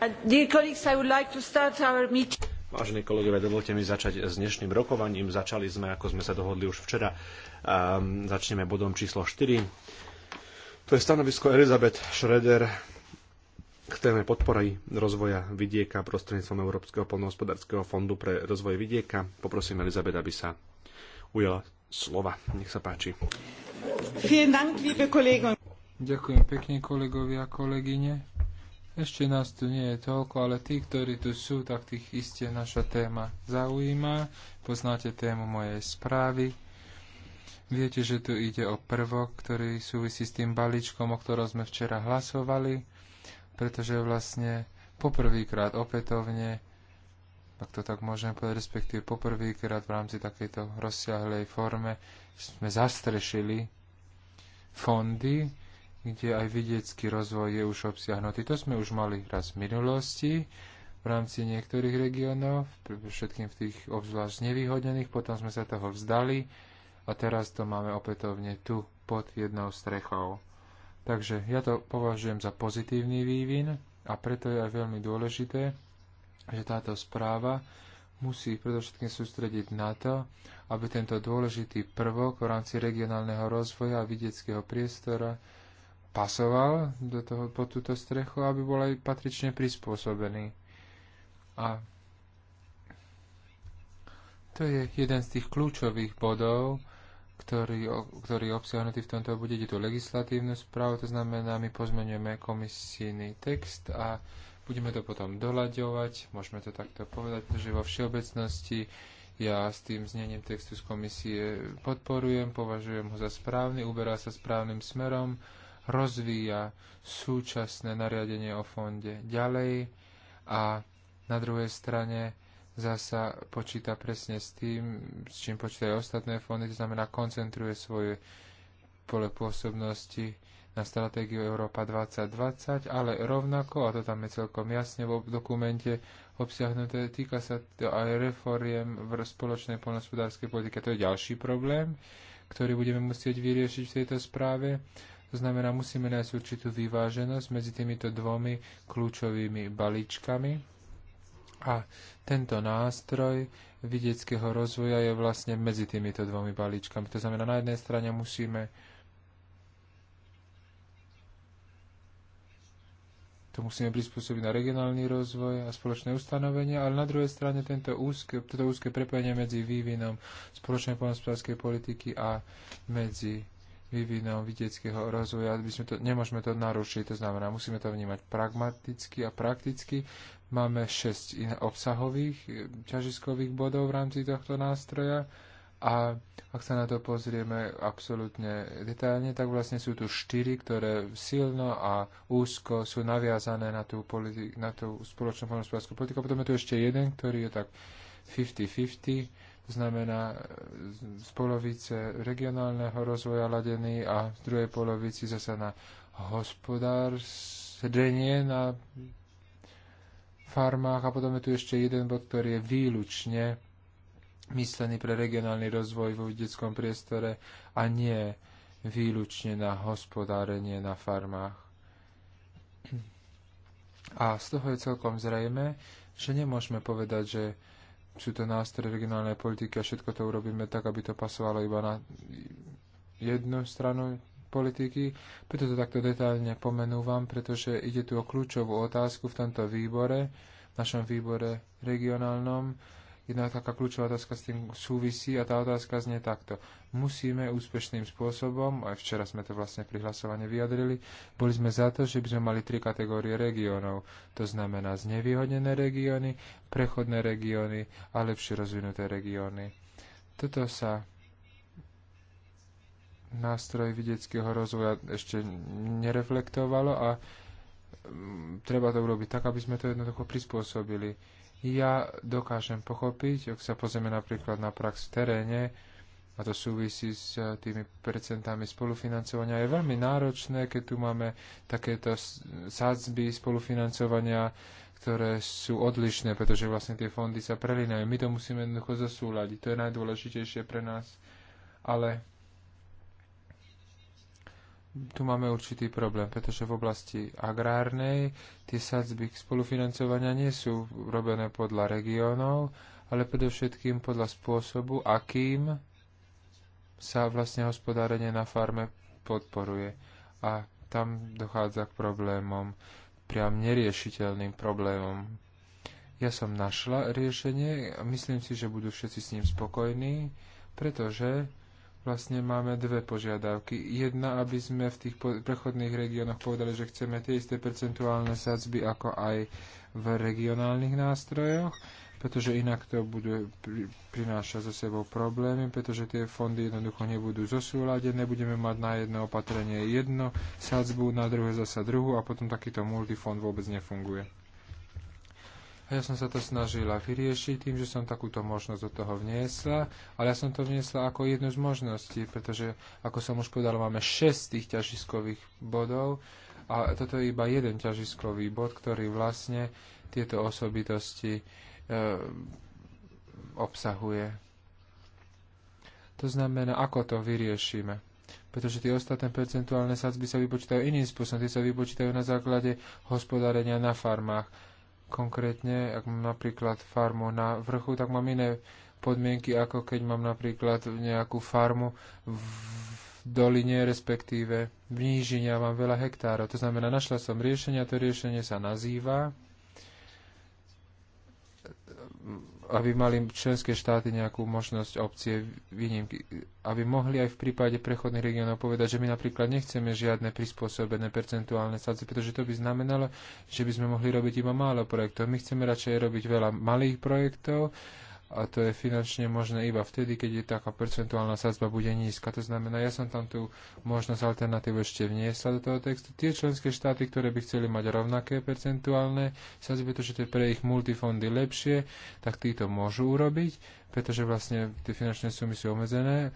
Uh, Vážení kolegovia, dovolte mi začať s dnešným rokovaním. Začali sme, ako sme sa dohodli už včera. Um, začneme bodom číslo 4. To je stanovisko Elizabeth Schroeder k téme podpory rozvoja vidieka prostredníctvom Európskeho polnohospodárskeho fondu pre rozvoj vidieka. Poprosím Elizabeth, aby sa ujela slova. Nech sa páči. Ďakujem pekne kolegovia a kolegyne. Ešte nás tu nie je toľko, ale tí, ktorí tu sú, tak tých iste naša téma zaujíma. Poznáte tému mojej správy. Viete, že tu ide o prvok, ktorý súvisí s tým balíčkom, o ktorom sme včera hlasovali, pretože vlastne poprvýkrát opätovne, ak to tak môžem povedať, respektíve poprvýkrát v rámci takejto rozsiahlej forme sme zastrešili fondy kde aj vidiecký rozvoj je už obsiahnutý. To sme už mali raz v minulosti v rámci niektorých regiónov, všetkým v tých obzvlášť nevýhodnených, potom sme sa toho vzdali a teraz to máme opätovne tu pod jednou strechou. Takže ja to považujem za pozitívny vývin a preto je aj veľmi dôležité, že táto správa musí predovšetkým sústrediť na to, aby tento dôležitý prvok v rámci regionálneho rozvoja a vidieckého priestora pasoval do toho, pod túto strechu, aby bol aj patrične prispôsobený. A to je jeden z tých kľúčových bodov, ktorý, ktorý je obsiahnutý v tomto bude. Je tu legislatívnu správu, to znamená, my pozmenujeme komisijný text a budeme to potom doľaďovať, môžeme to takto povedať, pretože vo všeobecnosti ja s tým znením textu z komisie podporujem, považujem ho za správny, uberá sa správnym smerom rozvíja súčasné nariadenie o fonde ďalej a na druhej strane zasa počíta presne s tým, s čím počítajú ostatné fondy, to znamená koncentruje svoje pole pôsobnosti na stratégiu Európa 2020, ale rovnako, a to tam je celkom jasne v dokumente obsiahnuté, týka sa to aj reforiem v spoločnej poľnohospodárskej politike. To je ďalší problém, ktorý budeme musieť vyriešiť v tejto správe. To znamená, musíme nájsť určitú vyváženosť medzi týmito dvomi kľúčovými balíčkami. A tento nástroj vidieckého rozvoja je vlastne medzi týmito dvomi balíčkami. To znamená, na jednej strane musíme to musíme prispôsobiť na regionálny rozvoj a spoločné ustanovenie, ale na druhej strane tento úzke, toto úzke prepojenie medzi vývinom spoločnej poľnospodárskej politiky a medzi vývinom vidieckého rozvoja, aby sme to, nemôžeme to narušiť. To znamená, musíme to vnímať pragmaticky a prakticky. Máme 6 obsahových e, ťažiskových bodov v rámci tohto nástroja a ak sa na to pozrieme absolútne detailne, tak vlastne sú tu 4, ktoré silno a úzko sú naviazané na tú, politi- na tú spoločnú politiku. Potom je tu ešte jeden, ktorý je tak 50-50 to znamená z polovice regionálneho rozvoja ladený a z druhej polovici zase na hospodárenie na farmách a potom je tu ešte jeden bod, ktorý je výlučne myslený pre regionálny rozvoj vo detskom priestore a nie výlučne na hospodárenie na farmách. A z toho je celkom zrejme, že nemôžeme povedať, že sú to nástroje regionálnej politiky a všetko to urobíme tak, aby to pasovalo iba na jednu stranu politiky. Preto to takto detailne pomenúvam, pretože ide tu o kľúčovú otázku v tomto výbore, v našom výbore regionálnom Jedna taká kľúčová otázka s tým súvisí a tá otázka znie takto. Musíme úspešným spôsobom, aj včera sme to vlastne pri hlasovaní vyjadrili, boli sme za to, že by sme mali tri kategórie regiónov. To znamená znevýhodnené regióny, prechodné regióny a lepšie rozvinuté regióny. Toto sa nástroj vidieckého rozvoja ešte nereflektovalo a treba to urobiť tak, aby sme to jednoducho prispôsobili ja dokážem pochopiť, ak sa pozrieme napríklad na prax v teréne, a to súvisí s e, tými percentami spolufinancovania, je veľmi náročné, keď tu máme takéto sádzby spolufinancovania, ktoré sú odlišné, pretože vlastne tie fondy sa prelinajú. My to musíme jednoducho zasúľadiť. to je najdôležitejšie pre nás. Ale tu máme určitý problém, pretože v oblasti agrárnej tie sadzby spolufinancovania nie sú robené podľa regiónov, ale predovšetkým podľa spôsobu, akým sa vlastne hospodárenie na farme podporuje. A tam dochádza k problémom, priam neriešiteľným problémom. Ja som našla riešenie a myslím si, že budú všetci s ním spokojní, pretože vlastne máme dve požiadavky. Jedna, aby sme v tých prechodných regiónoch povedali, že chceme tie isté percentuálne sadzby ako aj v regionálnych nástrojoch, pretože inak to bude prinášať so sebou problémy, pretože tie fondy jednoducho nebudú zosúľadené, budeme mať na jedno opatrenie jednu sadzbu, na druhé zasa druhú a potom takýto multifond vôbec nefunguje. A ja som sa to snažila vyriešiť tým, že som takúto možnosť do toho vniesla, ale ja som to vniesla ako jednu z možností, pretože, ako som už povedal, máme 6 tých ťažiskových bodov a toto je iba jeden ťažiskový bod, ktorý vlastne tieto osobitosti e, obsahuje. To znamená, ako to vyriešime pretože tie ostatné percentuálne sadzby sa vypočítajú iným spôsobom, tie sa vypočítajú na základe hospodárenia na farmách. Konkrétne, ak mám napríklad farmu na vrchu, tak mám iné podmienky, ako keď mám napríklad nejakú farmu v doline, respektíve v nížine a mám veľa hektárov. To znamená, našla som riešenie a to riešenie sa nazýva aby mali členské štáty nejakú možnosť opcie výnimky, aby mohli aj v prípade prechodných regiónov povedať, že my napríklad nechceme žiadne prispôsobené percentuálne sadzby, pretože to by znamenalo, že by sme mohli robiť iba málo projektov. My chceme radšej robiť veľa malých projektov a to je finančne možné iba vtedy, keď je taká percentuálna sadzba bude nízka. To znamená, ja som tam tú možnosť alternatívu ešte vniesla do toho textu. Tie členské štáty, ktoré by chceli mať rovnaké percentuálne sadzby, pretože to je pre ich multifondy lepšie, tak títo môžu urobiť, pretože vlastne tie finančné sumy sú obmedzené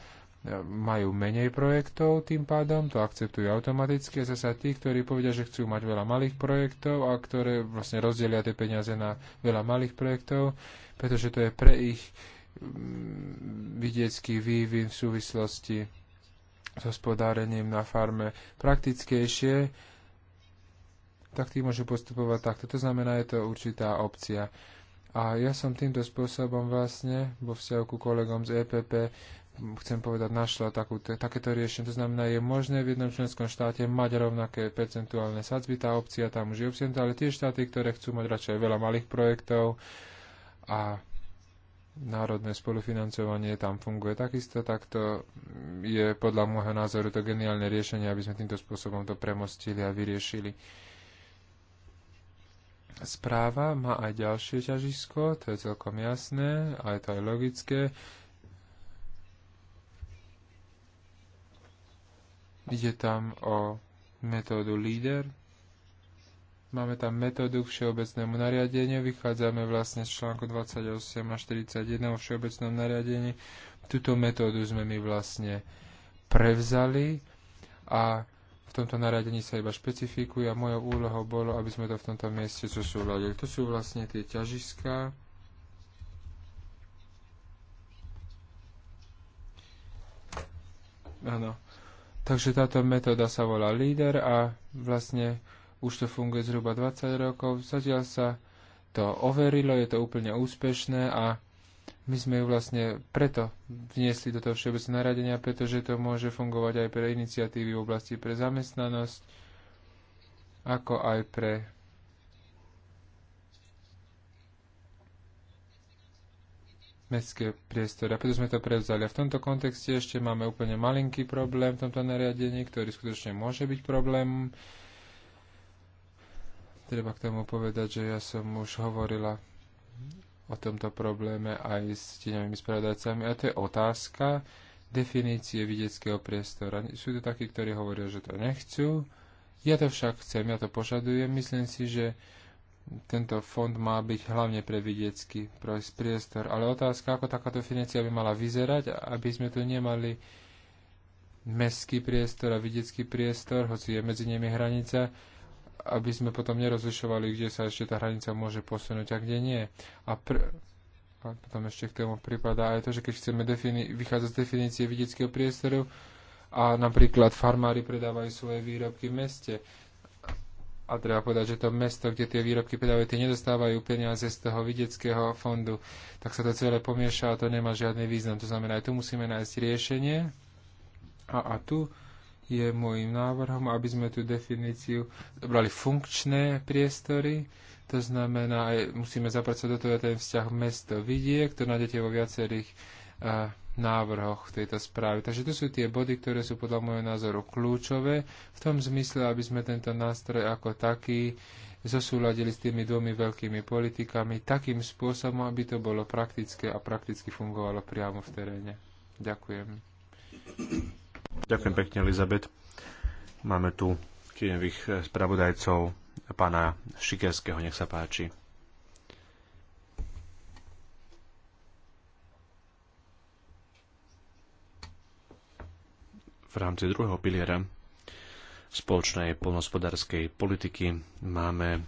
majú menej projektov tým pádom, to akceptujú automaticky a zase tí, ktorí povedia, že chcú mať veľa malých projektov a ktoré vlastne rozdelia tie peniaze na veľa malých projektov, pretože to je pre ich mm, vidiecký vývin v súvislosti s hospodárením na farme praktickejšie, tak tí môžu postupovať takto. To znamená, je to určitá opcia. A ja som týmto spôsobom vlastne vo vzťahu ku kolegom z EPP chcem povedať, našla takú, takéto riešenie. To znamená, je možné v jednom členskom štáte mať rovnaké percentuálne sadzby, tá opcia tam už je obsiahnutá, ale tie štáty, ktoré chcú mať radšej veľa malých projektov a národné spolufinancovanie tam funguje takisto, tak to je podľa môjho názoru to geniálne riešenie, aby sme týmto spôsobom to premostili a vyriešili. Správa má aj ďalšie ťažisko, to je celkom jasné a je to aj logické. Ide tam o metódu líder. Máme tam metódu k všeobecnému nariadeniu. Vychádzame vlastne z článku 28 a 41 o všeobecnom nariadení. Tuto metódu sme my vlastne prevzali a v tomto nariadení sa iba špecifikuje a mojou úlohou bolo, aby sme to v tomto mieste zosúľadili. To sú vlastne tie ťažiská, Áno. Takže táto metóda sa volá LEADER a vlastne už to funguje zhruba 20 rokov. Zatiaľ sa to overilo, je to úplne úspešné a my sme ju vlastne preto vniesli do toho všeobecného naradenia, pretože to môže fungovať aj pre iniciatívy v oblasti pre zamestnanosť, ako aj pre mestské priestory. A preto sme to prevzali. A v tomto kontexte ešte máme úplne malinký problém v tomto nariadení, ktorý skutočne môže byť problém. Treba k tomu povedať, že ja som už hovorila o tomto probléme aj s tieňovými spravodajcami. A to je otázka definície videckého priestora. Sú to takí, ktorí hovoria, že to nechcú. Ja to však chcem, ja to požadujem. Myslím si, že tento fond má byť hlavne pre vidiecký priestor. Ale otázka, ako takáto financia by mala vyzerať, aby sme tu nemali mestský priestor a vidiecký priestor, hoci je medzi nimi hranica, aby sme potom nerozlišovali, kde sa ešte tá hranica môže posunúť a kde nie. A, pr- a potom ešte k tomu pripadá aj to, že keď chceme defini- vychádzať z definície vidieckého priestoru a napríklad farmári predávajú svoje výrobky v meste, a treba povedať, že to mesto, kde tie výrobky predávajú, tie nedostávajú peniaze z toho videckého fondu, tak sa to celé pomieša a to nemá žiadny význam. To znamená, aj tu musíme nájsť riešenie. A, a tu je môjim návrhom, aby sme tú definíciu brali funkčné priestory, to znamená, aj musíme zapracovať do toho ten vzťah mesto-vidiek, to nájdete vo viacerých uh, návrhoch tejto správy. Takže to sú tie body, ktoré sú podľa môjho názoru kľúčové v tom zmysle, aby sme tento nástroj ako taký zosúladili s tými dvomi veľkými politikami takým spôsobom, aby to bolo praktické a prakticky fungovalo priamo v teréne. Ďakujem. Ďakujem pekne, Elizabet. Máme tu kieňových spravodajcov pána Šikerského. Nech sa páči. v rámci druhého piliera spoločnej polnospodárskej politiky máme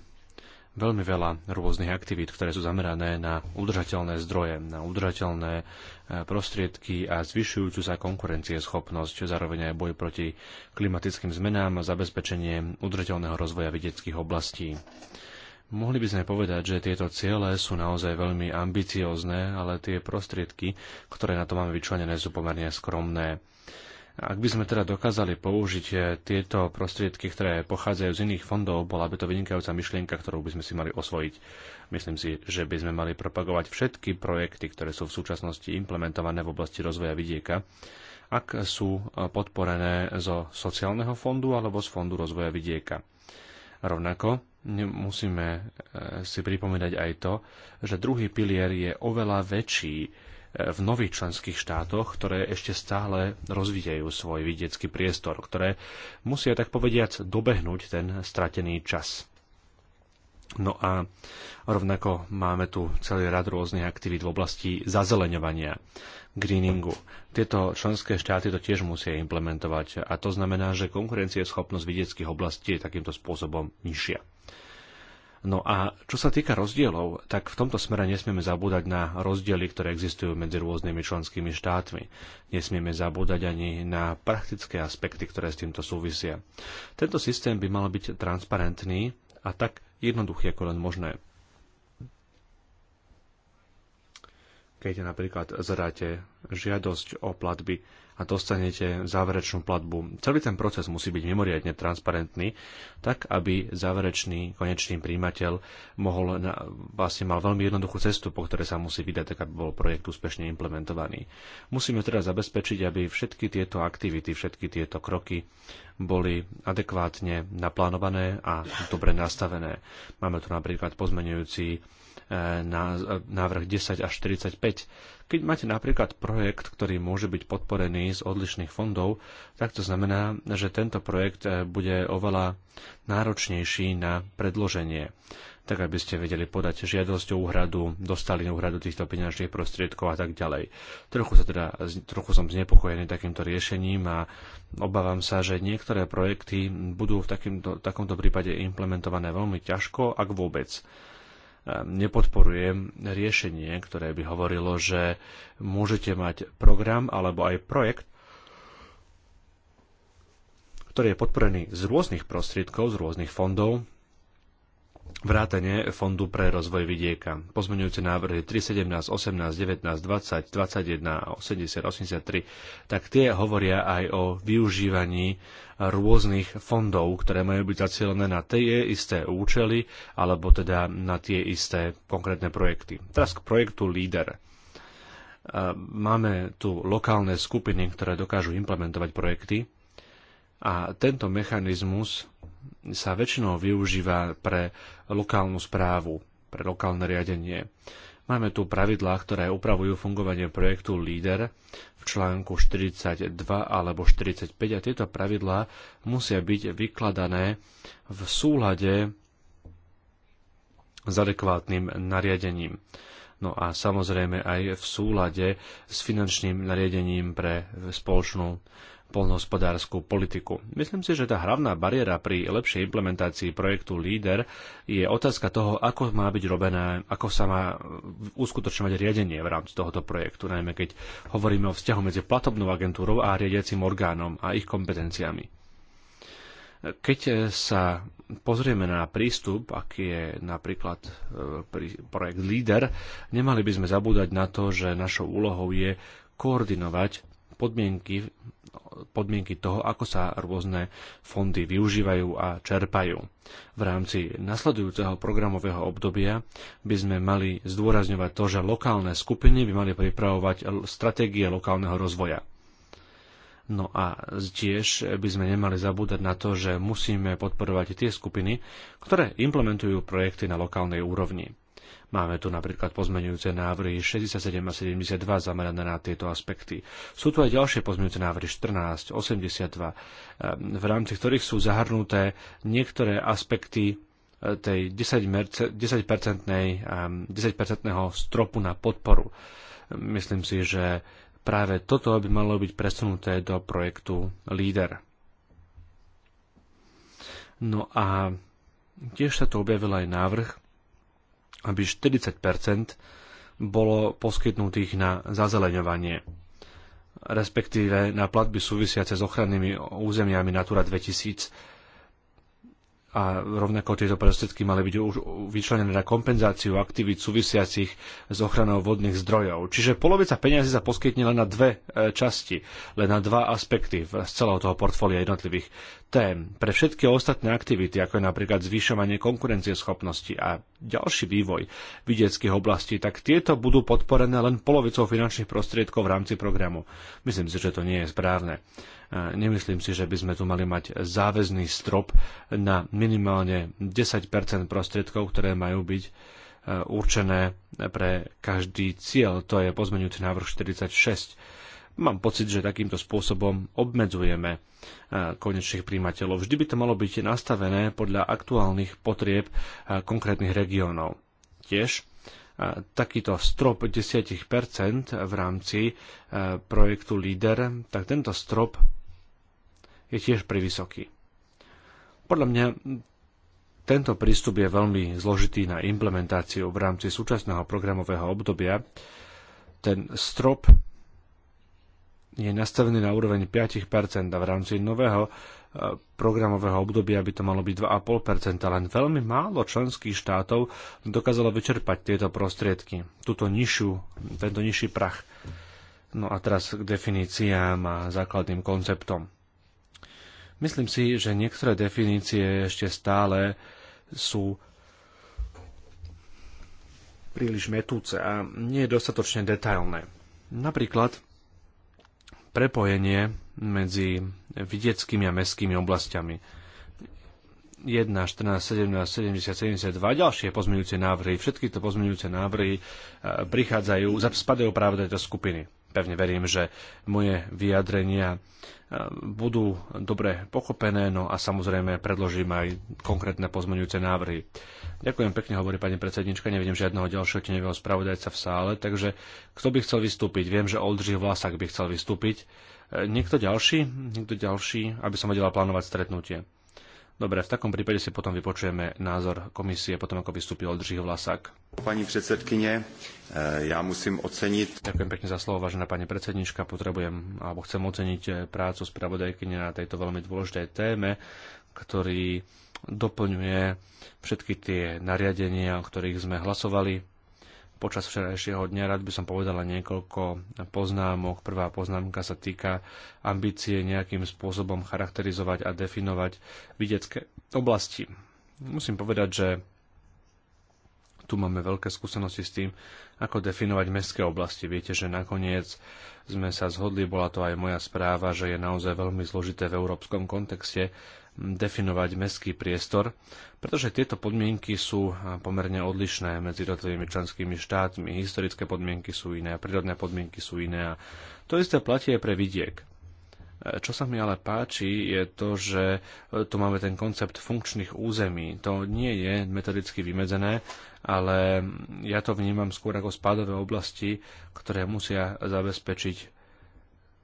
veľmi veľa rôznych aktivít, ktoré sú zamerané na udržateľné zdroje, na udržateľné e, prostriedky a zvyšujúcu sa konkurencieschopnosť, zároveň aj boj proti klimatickým zmenám a zabezpečenie udržateľného rozvoja vedeckých oblastí. Mohli by sme povedať, že tieto ciele sú naozaj veľmi ambiciózne, ale tie prostriedky, ktoré na to máme vyčlenené, sú pomerne skromné. Ak by sme teda dokázali použiť eh, tieto prostriedky, ktoré pochádzajú z iných fondov, bola by to vynikajúca myšlienka, ktorú by sme si mali osvojiť. Myslím si, že by sme mali propagovať všetky projekty, ktoré sú v súčasnosti implementované v oblasti rozvoja vidieka, ak sú eh, podporené zo sociálneho fondu alebo z fondu rozvoja vidieka. Rovnako musíme eh, si pripomínať aj to, že druhý pilier je oveľa väčší v nových členských štátoch, ktoré ešte stále rozvíjajú svoj vidiecký priestor, ktoré musia tak povediac dobehnúť ten stratený čas. No a rovnako máme tu celý rad rôznych aktivít v oblasti zazeleňovania, greeningu. Tieto členské štáty to tiež musia implementovať a to znamená, že konkurencieschopnosť vidieckých oblastí je takýmto spôsobom nižšia. No a čo sa týka rozdielov, tak v tomto smere nesmieme zabúdať na rozdiely, ktoré existujú medzi rôznymi členskými štátmi. Nesmieme zabúdať ani na praktické aspekty, ktoré s týmto súvisia. Tento systém by mal byť transparentný a tak jednoduchý ako len možné. keď napríklad zráte žiadosť o platby a dostanete záverečnú platbu. Celý ten proces musí byť mimoriadne transparentný, tak aby záverečný konečný príjimateľ mohol, vlastne mal veľmi jednoduchú cestu, po ktorej sa musí vydať, tak aby bol projekt úspešne implementovaný. Musíme teda zabezpečiť, aby všetky tieto aktivity, všetky tieto kroky boli adekvátne naplánované a dobre nastavené. Máme tu napríklad pozmenujúci na návrh 10 až 45. Keď máte napríklad projekt, ktorý môže byť podporený z odlišných fondov, tak to znamená, že tento projekt eh, bude oveľa náročnejší na predloženie tak aby ste vedeli podať žiadosť o úhradu, dostali úhradu týchto peňažných prostriedkov a tak ďalej. Trochu, sa teda, trochu som znepokojený takýmto riešením a obávam sa, že niektoré projekty budú v takýmto, takomto prípade implementované veľmi ťažko, ak vôbec nepodporujem riešenie, ktoré by hovorilo, že môžete mať program alebo aj projekt, ktorý je podporený z rôznych prostriedkov, z rôznych fondov, vrátane Fondu pre rozvoj vidieka. Pozmeňujúce návrhy 3, 17, 18, 19, 20, 21 a 80, 83, tak tie hovoria aj o využívaní rôznych fondov, ktoré majú byť zacielené na tie isté účely, alebo teda na tie isté konkrétne projekty. Teraz k projektu LEADER. Máme tu lokálne skupiny, ktoré dokážu implementovať projekty a tento mechanizmus sa väčšinou využíva pre lokálnu správu, pre lokálne riadenie. Máme tu pravidlá, ktoré upravujú fungovanie projektu LEADER v článku 42 alebo 45 a tieto pravidlá musia byť vykladané v súlade s adekvátnym nariadením. No a samozrejme aj v súlade s finančným nariadením pre spoločnú polnohospodárskú politiku. Myslím si, že tá hlavná bariéra pri lepšej implementácii projektu LEADER je otázka toho, ako má byť robené, ako sa má uskutočňovať riadenie v rámci tohoto projektu, najmä keď hovoríme o vzťahu medzi platobnou agentúrou a riadiacim orgánom a ich kompetenciami. Keď sa pozrieme na prístup, aký je napríklad e, projekt LEADER, nemali by sme zabúdať na to, že našou úlohou je koordinovať podmienky podmienky toho, ako sa rôzne fondy využívajú a čerpajú. V rámci nasledujúceho programového obdobia by sme mali zdôrazňovať to, že lokálne skupiny by mali pripravovať stratégie lokálneho rozvoja. No a tiež by sme nemali zabúdať na to, že musíme podporovať tie skupiny, ktoré implementujú projekty na lokálnej úrovni. Máme tu napríklad pozmenujúce návrhy 67 a 72 zamerané na tieto aspekty. Sú tu aj ďalšie pozmenujúce návrhy 14, 82, eh, v rámci ktorých sú zahrnuté niektoré aspekty eh, tej 10 10, 10 stropu na podporu. Myslím si, že práve toto by malo byť presunuté do projektu LEADER. No a tiež sa tu objavil aj návrh aby 40 bolo poskytnutých na zazeleňovanie, respektíve na platby súvisiace s ochrannými územiami Natura 2000 a rovnako tieto prostriedky mali byť už vyčlenené na kompenzáciu aktivít súvisiacich s ochranou vodných zdrojov. Čiže polovica peniazy sa poskytne len na dve e, časti, len na dva aspekty z celého toho portfólia jednotlivých tém. Pre všetky ostatné aktivity, ako je napríklad zvyšovanie konkurencieschopnosti a ďalší vývoj vidieckých oblastí, tak tieto budú podporené len polovicou finančných prostriedkov v rámci programu. Myslím si, že to nie je správne. Nemyslím si, že by sme tu mali mať záväzný strop na minimálne 10 prostriedkov, ktoré majú byť e, určené pre každý cieľ. To je pozmeňujúci návrh 46. Mám pocit, že takýmto spôsobom obmedzujeme e, konečných príjimateľov. Vždy by to malo byť nastavené podľa aktuálnych potrieb e, konkrétnych regiónov. Tiež takýto strop 10% v rámci projektu LEADER, tak tento strop je tiež privysoký. Podľa mňa tento prístup je veľmi zložitý na implementáciu v rámci súčasného programového obdobia. Ten strop je nastavený na úroveň 5% a v rámci nového e, programového obdobia by to malo byť 2,5%, len veľmi málo členských štátov dokázalo vyčerpať tieto prostriedky, túto nižšiu, tento nižší prach. No a teraz k definíciám a základným konceptom. Myslím si, že niektoré definície ešte stále sú príliš metúce a nie je dostatočne detailné. Napríklad prepojenie medzi vidieckými a mestskými oblastiami. 1, 14, 17, 70, 72 ďalšie pozmeňujúce návrhy. Všetky to pozmeňujúce návrhy e, prichádzajú, spadajú práve do tejto skupiny. Pevne verím, že moje vyjadrenia budú dobre pochopené, no a samozrejme predložím aj konkrétne pozmeňujúce návrhy. Ďakujem pekne, hovorí pani predsednička, nevidím žiadneho ďalšieho tenevého spravodajca v sále, takže kto by chcel vystúpiť? Viem, že Oldřich Vlasak by chcel vystúpiť. E, niekto ďalší? Niekto ďalší, aby som vedela plánovať stretnutie. Dobre, v takom prípade si potom vypočujeme názor komisie, potom ako vystúpil Oldřich Vlasák. Pani predsedkyne, e, ja musím oceniť... Ďakujem pekne za slovo, vážená pani predsednička. Potrebujem, alebo chcem oceniť e, prácu spravodajkyne na tejto veľmi dôležitej téme, ktorý doplňuje všetky tie nariadenia, o ktorých sme hlasovali počas včerajšieho dňa. Rád by som povedala niekoľko poznámok. Prvá poznámka sa týka ambície nejakým spôsobom charakterizovať a definovať vidiecké oblasti. Musím povedať, že tu máme veľké skúsenosti s tým, ako definovať mestské oblasti. Viete, že nakoniec sme sa zhodli, bola to aj moja správa, že je naozaj veľmi zložité v európskom kontexte definovať mestský priestor, pretože tieto podmienky sú pomerne odlišné medzi jednotlivými členskými štátmi, historické podmienky sú iné, prírodné podmienky sú iné a to isté platí aj pre vidiek. Čo sa mi ale páči, je to, že tu máme ten koncept funkčných území. To nie je metodicky vymedzené, ale ja to vnímam skôr ako spádové oblasti, ktoré musia zabezpečiť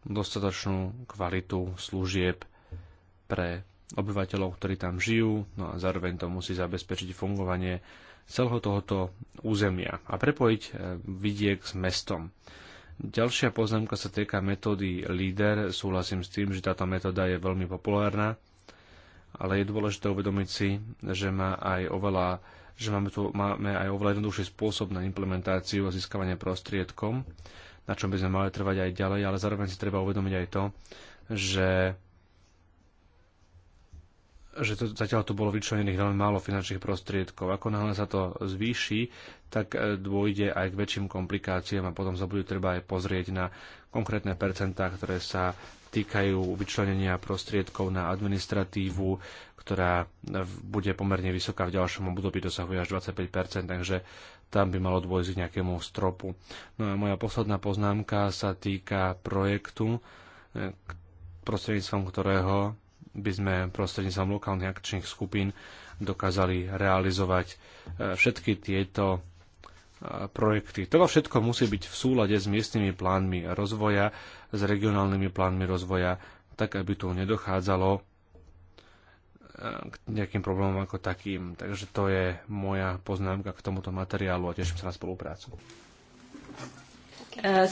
dostatočnú kvalitu služieb pre obyvateľov, ktorí tam žijú, no a zároveň to musí zabezpečiť fungovanie celého tohoto územia a prepojiť eh, vidiek s mestom. Ďalšia poznámka sa týka metódy LEADER. Súhlasím s tým, že táto metóda je veľmi populárna, ale je dôležité uvedomiť si, že má aj oveľa že máme, tu, máme aj oveľa jednoduchší spôsob na implementáciu a získavanie prostriedkom, na čom by sme mali trvať aj ďalej, ale zároveň si treba uvedomiť aj to, že že to, zatiaľ to bolo vyčlenených veľmi málo finančných prostriedkov. Ako náhle sa to zvýši, tak e, dôjde aj k väčším komplikáciám a potom sa bude treba aj pozrieť na konkrétne percentá, ktoré sa týkajú vyčlenenia prostriedkov na administratívu, ktorá e, bude pomerne vysoká v ďalšom období, dosahuje až 25%, takže tam by malo dôjsť k nejakému stropu. No a moja posledná poznámka sa týka projektu, e, prostredníctvom ktorého by sme prostredníctvom lokálnych akčných skupín dokázali realizovať e, všetky tieto e, projekty. Toto všetko musí byť v súlade s miestnymi plánmi rozvoja, s regionálnymi plánmi rozvoja, tak aby tu nedochádzalo e, k nejakým problémom ako takým. Takže to je moja poznámka k tomuto materiálu a teším sa na spoluprácu. Uh,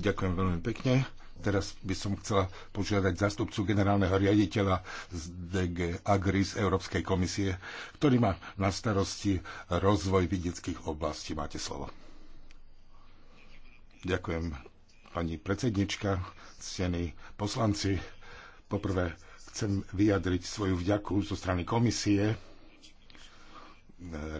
Ďakujem veľmi pekne. Teraz by som chcela požiadať zastupcu generálneho riaditeľa z DG Agri z Európskej komisie, ktorý má na starosti rozvoj vidieckých oblastí. Máte slovo. Ďakujem, pani predsednička, ctení poslanci. Poprvé chcem vyjadriť svoju vďaku zo strany komisie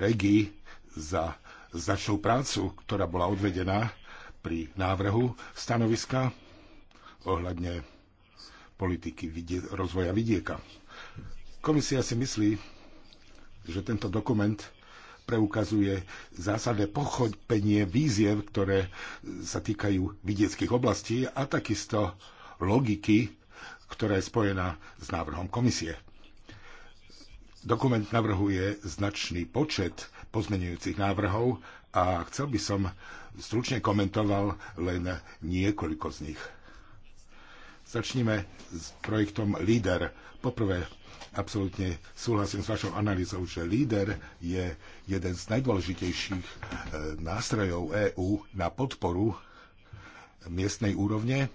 Regi za značnú prácu, ktorá bola odvedená pri návrhu stanoviska ohľadne politiky vidie, rozvoja vidieka. Komisia si myslí, že tento dokument preukazuje zásadné pochopenie víziev, ktoré sa týkajú vidieckých oblastí a takisto logiky, ktorá je spojená s návrhom komisie. Dokument navrhuje značný počet pozmenujúcich návrhov a chcel by som stručne komentoval len niekoľko z nich. Začníme s projektom LEADER. Poprvé, absolútne súhlasím s vašou analýzou, že LEADER je jeden z najdôležitejších e, nástrojov EÚ na podporu miestnej úrovne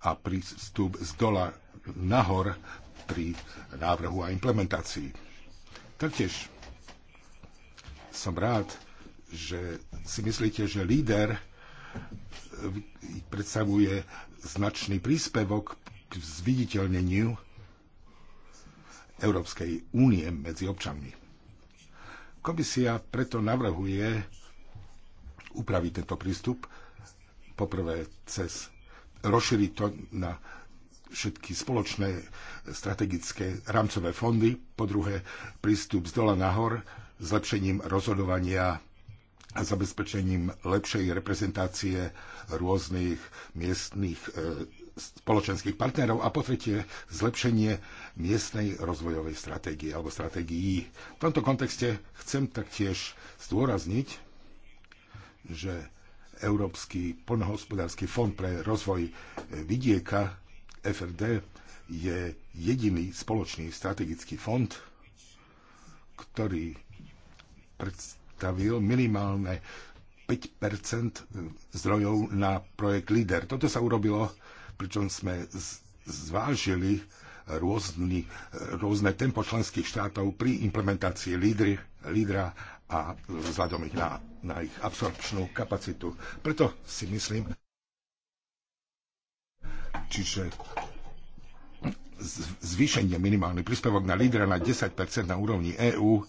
a prístup z dola nahor pri návrhu a implementácii. Taktiež som rád, že si myslíte, že líder predstavuje značný príspevok k zviditeľneniu Európskej únie medzi občanmi. Komisia preto navrhuje upraviť tento prístup poprvé cez rozšíriť to na všetky spoločné strategické rámcové fondy, po druhé prístup z dola nahor zlepšením rozhodovania a zabezpečením lepšej reprezentácie rôznych miestných e, spoločenských partnerov a po tretie zlepšenie miestnej rozvojovej stratégie alebo stratégií. V tomto kontexte chcem taktiež zdôrazniť, že Európsky poľnohospodársky fond pre rozvoj e, vidieka FRD je jediný spoločný strategický fond, ktorý predstavuje vystavil minimálne 5 zdrojov na projekt LIDER. Toto sa urobilo, pričom sme zvážili rôzny, rôzne tempo členských štátov pri implementácii lídry, lídra a vzhľadom ich na, na ich absorpčnú kapacitu. Preto si myslím, čiže zvýšenie minimálny príspevok na lídra na 10% na úrovni EÚ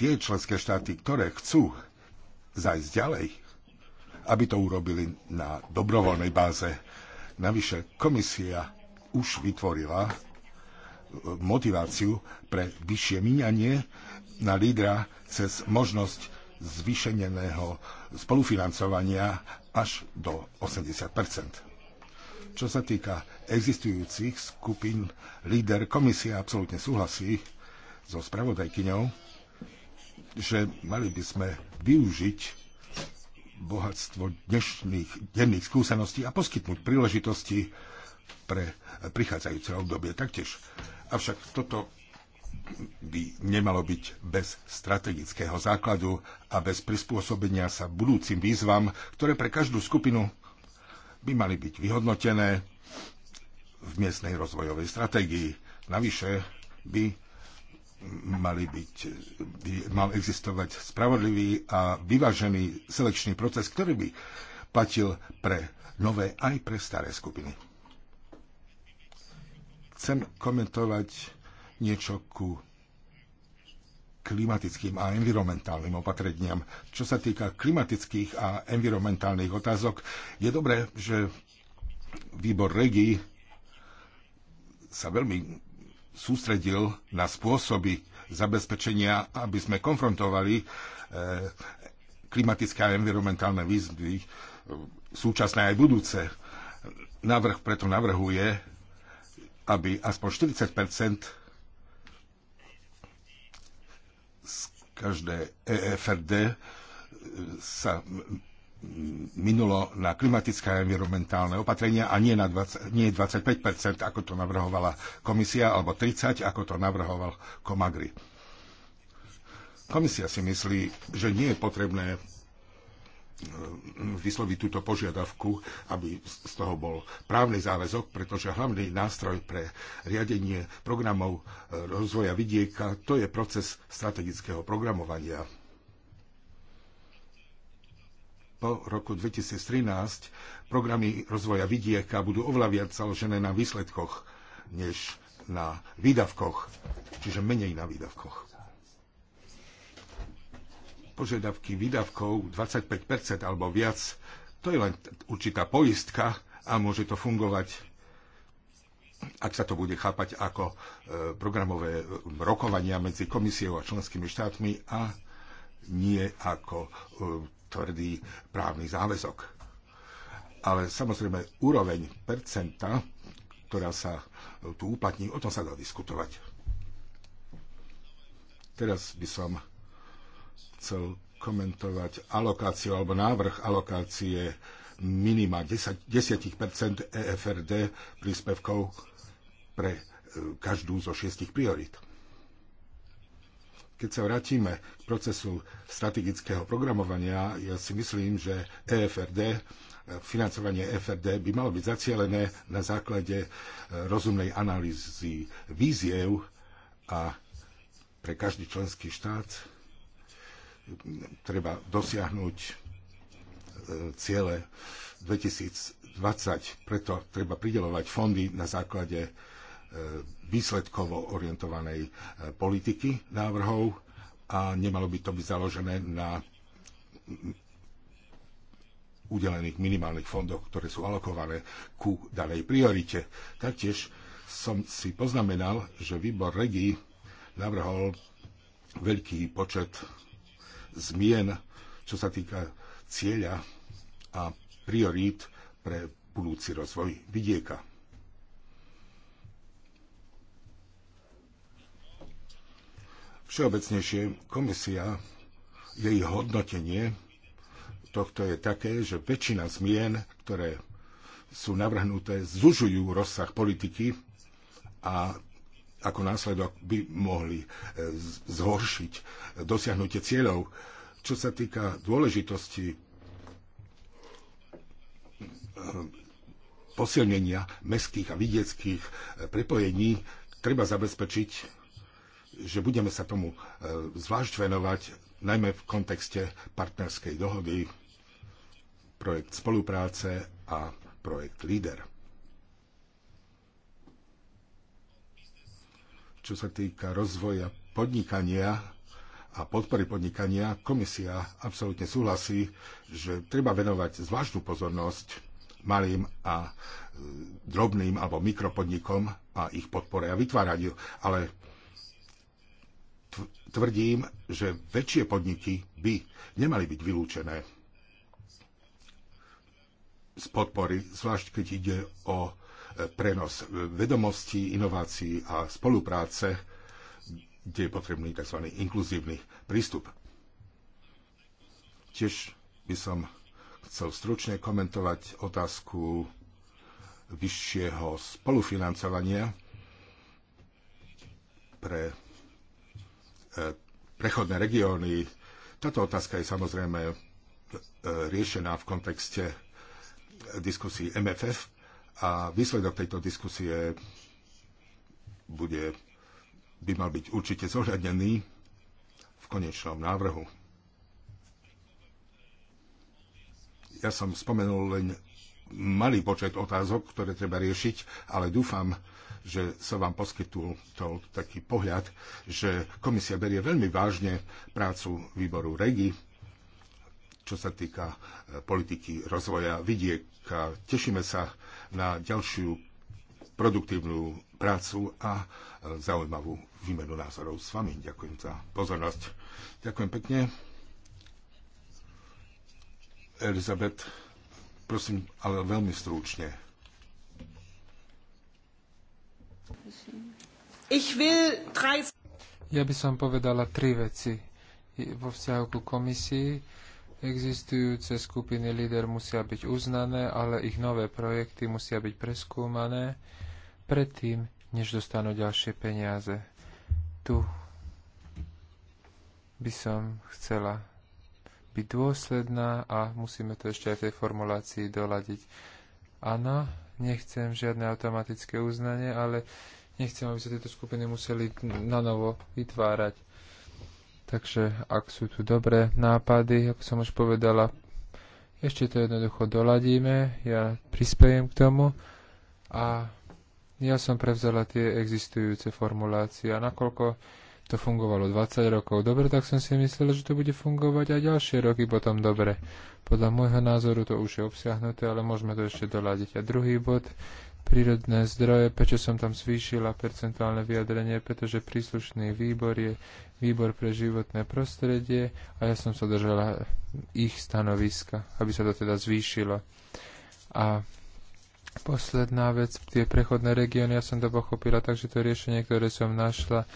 tie členské štáty, ktoré chcú zajsť ďalej, aby to urobili na dobrovoľnej báze. Navyše komisia už vytvorila e, motiváciu pre vyššie míňanie na lídra cez možnosť zvýšeneného spolufinancovania až do 80 Čo sa týka existujúcich skupín, líder komisie absolútne súhlasí so spravodajkyňou, že mali by sme využiť bohatstvo dnešných denných skúseností a poskytnúť príležitosti pre prichádzajúce obdobie taktiež. Avšak toto by nemalo byť bez strategického základu a bez prispôsobenia sa budúcim výzvam, ktoré pre každú skupinu by mali byť vyhodnotené v miestnej rozvojovej stratégii. Navyše by mali byť, by mal existovať spravodlivý a vyvážený selekčný proces, ktorý by platil pre nové aj pre staré skupiny. Chcem komentovať niečo ku klimatickým a environmentálnym opatreniam. Čo sa týka klimatických a environmentálnych otázok, je dobré, že výbor REGI sa veľmi sústredil na spôsoby zabezpečenia, aby sme konfrontovali e, klimatické a environmentálne výzvy, e, súčasné aj budúce. Návrh preto navrhuje, aby aspoň 40 z každé EFRD sa minulo na klimatické a environmentálne opatrenia a nie, na 20, nie 25 ako to navrhovala komisia, alebo 30 ako to navrhoval Komagri. Komisia si myslí, že nie je potrebné e, vysloviť túto požiadavku, aby z toho bol právny záväzok, pretože hlavný nástroj pre riadenie programov e, rozvoja vidieka to je proces strategického programovania po roku 2013 programy rozvoja vidieka budú oveľa viac založené na výsledkoch než na výdavkoch, čiže menej na výdavkoch. Požiadavky výdavkov 25% alebo viac, to je len určitá poistka a môže to fungovať, ak sa to bude chápať ako e, programové e, rokovania medzi komisiou a členskými štátmi a nie ako e, tvrdý právny záväzok. Ale samozrejme, úroveň percenta, ktorá sa tu uplatní, o tom sa dá diskutovať. Teraz by som chcel komentovať alokáciu alebo návrh alokácie minima 10, 10 EFRD príspevkov pre e, každú zo šiestich priorit. Keď sa vrátime k procesu strategického programovania, ja si myslím, že EFRD e, financovanie EFRD by malo byť zacielené na základe e, rozumnej analýzy víziev a pre každý členský štát treba dosiahnuť e, ciele 2020. Preto treba pridelovať fondy na základe E, výsledkovo orientovanej e, politiky návrhov a nemalo by to byť založené na udelených minimálnych fondoch, ktoré sú alokované ku danej priorite. Taktiež som si poznamenal, že výbor REGI navrhol veľký počet zmien, čo sa týka cieľa a priorít pre budúci rozvoj vidieka. Všeobecnejšie komisia, jej hodnotenie tohto je také, že väčšina zmien, ktoré sú navrhnuté, zužujú rozsah politiky a ako následok by mohli e, zhoršiť dosiahnutie cieľov. Čo sa týka dôležitosti e, posilnenia mestských a vidieckých e, prepojení, treba zabezpečiť že budeme sa tomu e, zvlášť venovať, najmä v kontexte partnerskej dohody, projekt spolupráce a projekt LEADER. Čo sa týka rozvoja podnikania a podpory podnikania, komisia absolútne súhlasí, že treba venovať zvláštnu pozornosť malým a e, drobným alebo mikropodnikom a ich podpore a vytváraniu. Ale tvrdím, že väčšie podniky by nemali byť vylúčené z podpory, zvlášť keď ide o e, prenos e, vedomostí, inovácií a spolupráce, kde je potrebný tzv. inkluzívny prístup. Tiež by som chcel stručne komentovať otázku vyššieho spolufinancovania pre E, prechodné regióny. Táto otázka je samozrejme e, riešená v kontexte diskusí MFF a výsledok tejto diskusie bude, by mal byť určite zohľadnený v konečnom návrhu. Ja som spomenul len malý počet otázok, ktoré treba riešiť, ale dúfam, že som vám poskytul to, taký pohľad, že komisia berie veľmi vážne prácu výboru REGI, čo sa týka e, politiky rozvoja vidieka. Tešíme sa na ďalšiu produktívnu prácu a e, zaujímavú výmenu názorov s vami. Ďakujem za pozornosť. Ďakujem pekne. Elizabet, prosím, ale veľmi stručne. Ja by som povedala tri veci vo vzťahu ku komisii. Existujúce skupiny líder musia byť uznané, ale ich nové projekty musia byť preskúmané predtým, než dostanú ďalšie peniaze. Tu by som chcela byť dôsledná a musíme to ešte aj v tej formulácii doľadiť. Áno, Nechcem žiadne automatické uznanie, ale nechcem, aby sa tieto skupiny museli na novo vytvárať. Takže ak sú tu dobré nápady, ako som už povedala, ešte to jednoducho doladíme, ja prispejem k tomu a ja som prevzala tie existujúce formulácie a nakoľko to fungovalo 20 rokov dobre, tak som si myslel, že to bude fungovať aj ďalšie roky potom dobre. Podľa môjho názoru to už je obsiahnuté, ale môžeme to ešte doľadiť. A druhý bod, prírodné zdroje, prečo som tam zvýšila percentuálne vyjadrenie, pretože príslušný výbor je výbor pre životné prostredie a ja som sa držala ich stanoviska, aby sa to teda zvýšilo. A posledná vec, tie prechodné regióny, ja som to pochopila, takže to riešenie, ktoré som našla,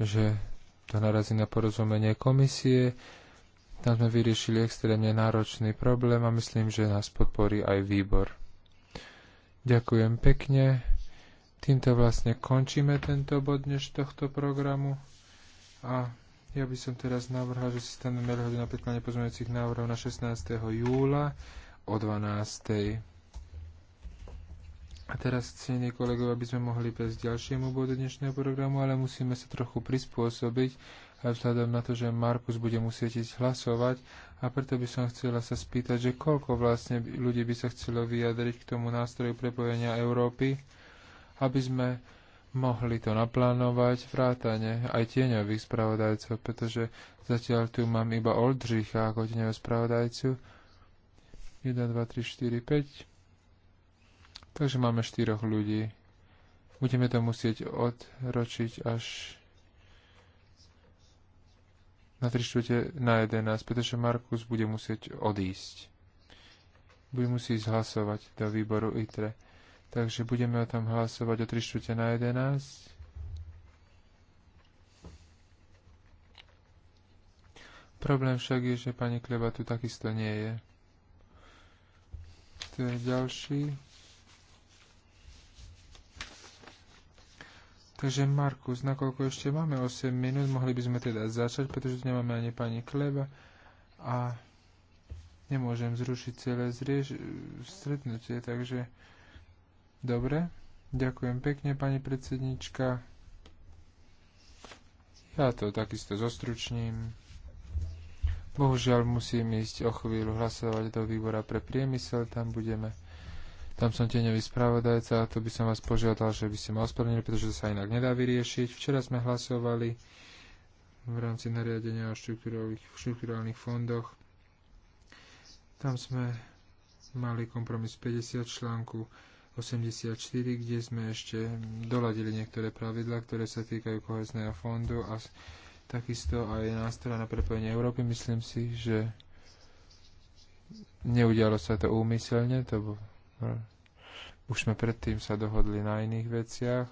že to narazí na porozumenie komisie. Tam sme vyriešili extrémne náročný problém a myslím, že nás podporí aj výbor. Ďakujem pekne. Týmto vlastne končíme tento bod dneš tohto programu a ja by som teraz navrhal, že si staneme lehodu na pekľanie pozmeňujúcich návrhov na 16. júla o 12. A teraz, cení kolegov, aby sme mohli prejsť ďalšiemu bodu dnešného programu, ale musíme sa trochu prispôsobiť, aj vzhľadom na to, že Markus bude musieť ísť hlasovať a preto by som chcela sa spýtať, že koľko vlastne ľudí by sa chcelo vyjadriť k tomu nástroju prepojenia Európy, aby sme mohli to naplánovať vrátane aj tieňových spravodajcov, pretože zatiaľ tu mám iba Oldřicha ako tieňového spravodajcu. 1, 2, 3, 4, 5. Takže máme štyroch ľudí. Budeme to musieť odročiť až na 3 na 11, pretože Markus bude musieť odísť. Bude musieť hlasovať do výboru ITRE. Takže budeme o tom hlasovať o 3 na 11. Problém však je, že pani Kleba tu takisto nie je. Tu je ďalší. Takže Markus, nakoľko ešte máme 8 minút, mohli by sme teda začať, pretože tu nemáme ani pani Kleba a nemôžem zrušiť celé zriež- stretnutie, takže dobre. Ďakujem pekne, pani predsednička. Ja to takisto zostručním. Bohužiaľ musím ísť o chvíľu hlasovať do výbora pre priemysel, tam budeme tam som tie spravodajca a tu by som vás požiadal, že by ste ma ospravedlnili, pretože to sa inak nedá vyriešiť. Včera sme hlasovali v rámci nariadenia o štruktúrálnych fondoch. Tam sme mali kompromis 50 článku 84, kde sme ešte doladili niektoré pravidlá, ktoré sa týkajú kohezného fondu a takisto aj nástroja na prepojenie Európy. Myslím si, že neudialo sa to úmyselne, to No. Už sme predtým sa dohodli na iných veciach,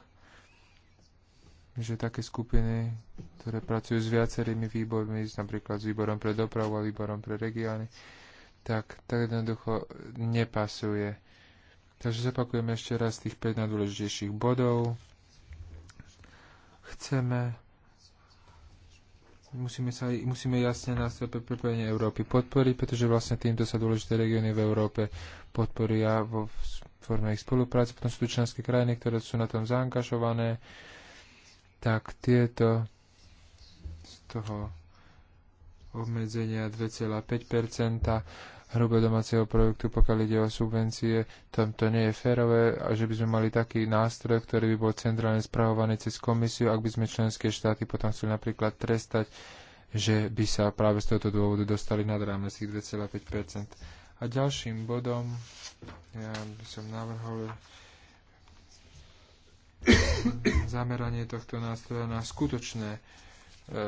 že také skupiny, ktoré pracujú s viacerými výbormi, napríklad s výborom pre dopravu a výborom pre regióny, tak, tak jednoducho nepasuje. Takže zapakujeme ešte raz tých 5 najdôležitejších bodov. Chceme musíme, sa, musíme jasne nástroj pre prepojenie Európy podporiť, pretože vlastne týmto sa dôležité regióny v Európe podporia vo forme ich spolupráce. Potom sú tu členské krajiny, ktoré sú na tom zaangažované, tak tieto z toho obmedzenia 2,5 hrubého domáceho projektu, pokiaľ ide o subvencie, tam to nie je férové a že by sme mali taký nástroj, ktorý by bol centrálne spravovaný cez komisiu, ak by sme členské štáty potom chceli napríklad trestať, že by sa práve z tohto dôvodu dostali nad rámec tých 2,5 A ďalším bodom ja by som navrhol zameranie tohto nástroja na skutočné e,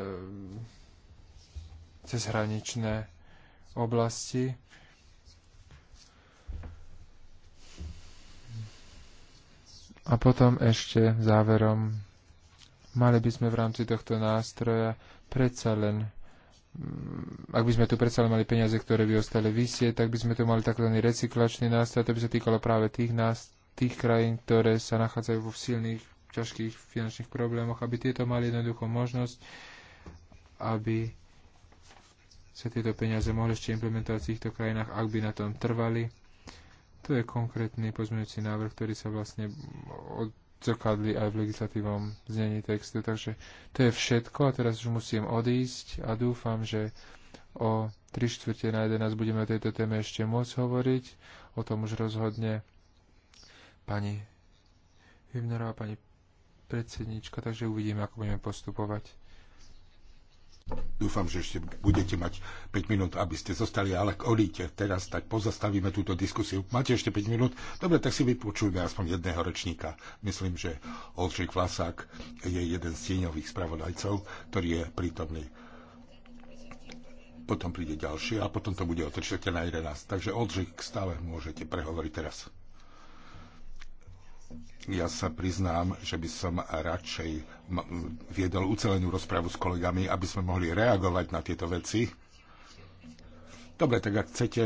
cezhraničné oblasti, A potom ešte záverom, mali by sme v rámci tohto nástroja predsa len mm, ak by sme tu predsa len mali peniaze, ktoré by ostali vysieť, tak by sme tu mali tzv. recyklačný nástroj, to by sa týkalo práve tých, nás, tých krajín, ktoré sa nachádzajú vo silných, ťažkých finančných problémoch, aby tieto mali jednoducho možnosť, aby sa tieto peniaze mohli ešte implementovať v týchto krajinách, ak by na tom trvali to je konkrétny pozmeňujúci návrh, ktorý sa vlastne odzrkadli aj v legislatívom znení textu. Takže to je všetko a teraz už musím odísť a dúfam, že o 3 čtvrte na 11 budeme o tejto téme ešte môcť hovoriť. O tom už rozhodne pani Hübnerová, pani predsednička, takže uvidíme, ako budeme postupovať. Dúfam, že ešte budete mať 5 minút, aby ste zostali, ale ak odíte teraz, tak pozastavíme túto diskusiu. Máte ešte 5 minút? Dobre, tak si vypočujme aspoň jedného rečníka. Myslím, že Olčík Vlasák je jeden z tieňových spravodajcov, ktorý je prítomný. Potom príde ďalší a potom to bude o na 11. Takže Oldřich, stále môžete prehovoriť teraz. Ja sa priznám, že by som radšej viedol ucelenú rozpravu s kolegami, aby sme mohli reagovať na tieto veci. Dobre, tak ak chcete,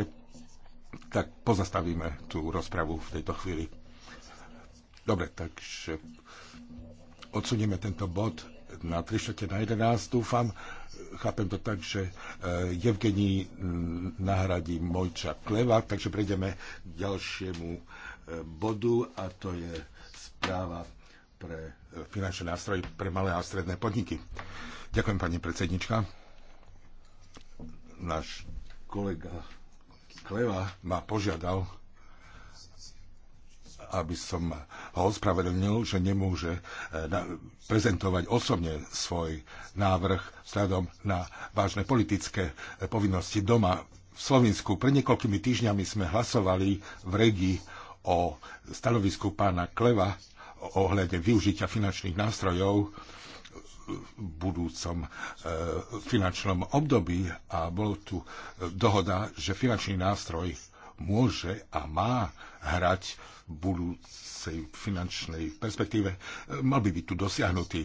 tak pozastavíme tú rozpravu v tejto chvíli. Dobre, takže odsunieme tento bod na 3 na 11, dúfam. Chápem to tak, že e, Evgení nahradí Mojča Kleva, takže prejdeme k ďalšiemu e, bodu a to je správa pre e, finančné nástroje pre malé a stredné podniky. Ďakujem, pani predsednička. Náš kolega Kleva ma požiadal, aby som ho ospravedlnil, že nemôže e, prezentovať osobne svoj návrh vzhľadom na vážne politické e, povinnosti doma v Slovensku. Pred niekoľkými týždňami sme hlasovali v regii o stanovisku pána Kleva ohľade využitia finančných nástrojov v budúcom e, finančnom období a bolo tu e, dohoda, že finančný nástroj môže a má hrať v budúcej finančnej perspektíve. E, mal by byť tu dosiahnutý.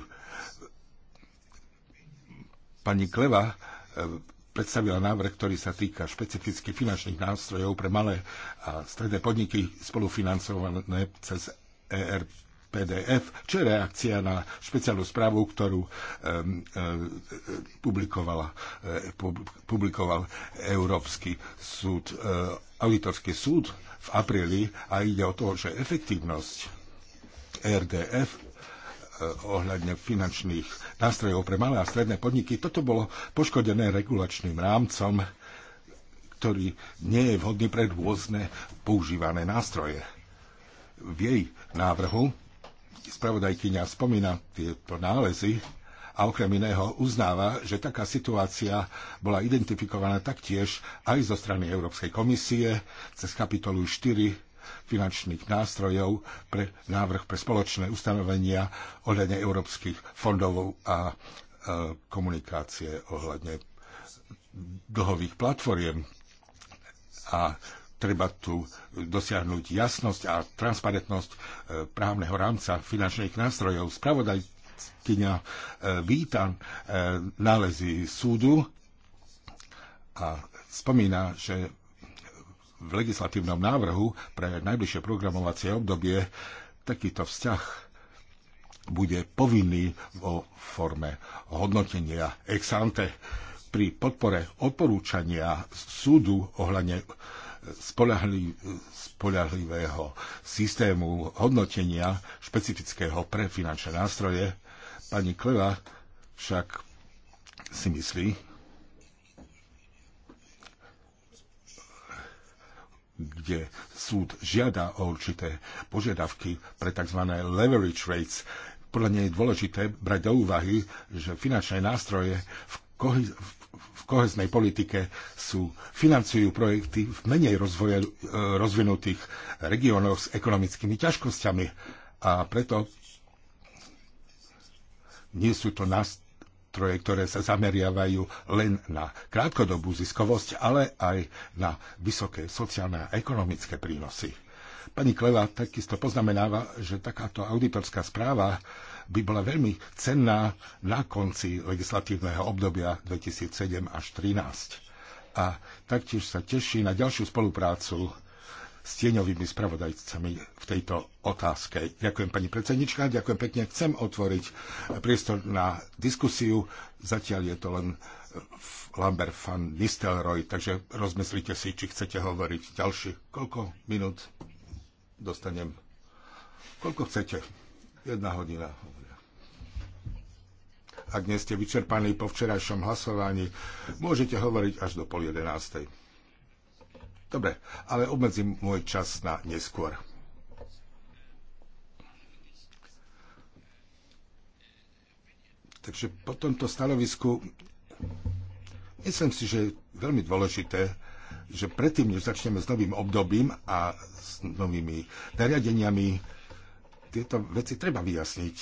Pani Kleva predstavila návrh, ktorý sa týka špecificky finančných nástrojov pre malé a stredné podniky spolufinancované cez ERP PDF, čo je reakcia na špeciálnu správu, ktorú um, um, publikovala, um, publikoval Európsky súd, um, auditorský súd v apríli a ide o to, že efektívnosť RDF eh, ohľadne finančných nástrojov pre malé a stredné podniky. Toto bolo poškodené regulačným rámcom, ktorý nie je vhodný pre rôzne používané nástroje. V jej návrhu spravodajkyňa spomína tieto nálezy a okrem iného uznáva, že taká situácia bola identifikovaná taktiež aj zo strany Európskej komisie cez kapitolu 4 finančných nástrojov pre návrh pre spoločné ustanovenia ohľadne európskych fondov a e, komunikácie ohľadne dlhových platformiem. A treba tu dosiahnuť jasnosť a transparentnosť e, právneho rámca finančných nástrojov. Spravodajkyňa e, víta e, nálezy súdu a spomína, že v legislatívnom návrhu pre najbližšie programovacie obdobie takýto vzťah bude povinný vo forme hodnotenia ex ante pri podpore odporúčania súdu ohľadne spolahlivého systému hodnotenia špecifického pre finančné nástroje. Pani Kleva však si myslí, kde súd žiada o určité požiadavky pre tzv. leverage rates. Podľa nej je dôležité brať do úvahy, že finančné nástroje v, kohi- v kohesnej politike sú, financujú projekty v menej e, rozvinutých regiónoch s ekonomickými ťažkosťami a preto nie sú to nástroje, ktoré sa zameriavajú len na krátkodobú ziskovosť, ale aj na vysoké sociálne a ekonomické prínosy. Pani Kleva takisto poznamenáva, že takáto auditorská správa by bola veľmi cenná na konci legislatívneho obdobia 2007 až 2013. A taktiež sa teší na ďalšiu spoluprácu s tieňovými spravodajcami v tejto otázke. Ďakujem pani predsednička, ďakujem pekne. Chcem otvoriť priestor na diskusiu. Zatiaľ je to len Lambert van Nistelrooy, takže rozmyslite si, či chcete hovoriť ďalšie. Koľko minút dostanem? Koľko chcete? Jedna hodina, hovoria. Ak nie ste vyčerpaní po včerajšom hlasovaní, môžete hovoriť až do pol jedenástej. Dobre, ale obmedzím môj čas na neskôr. Takže po tomto stanovisku myslím si, že je veľmi dôležité, že predtým, než začneme s novým obdobím a s novými nariadeniami, tieto veci treba vyjasniť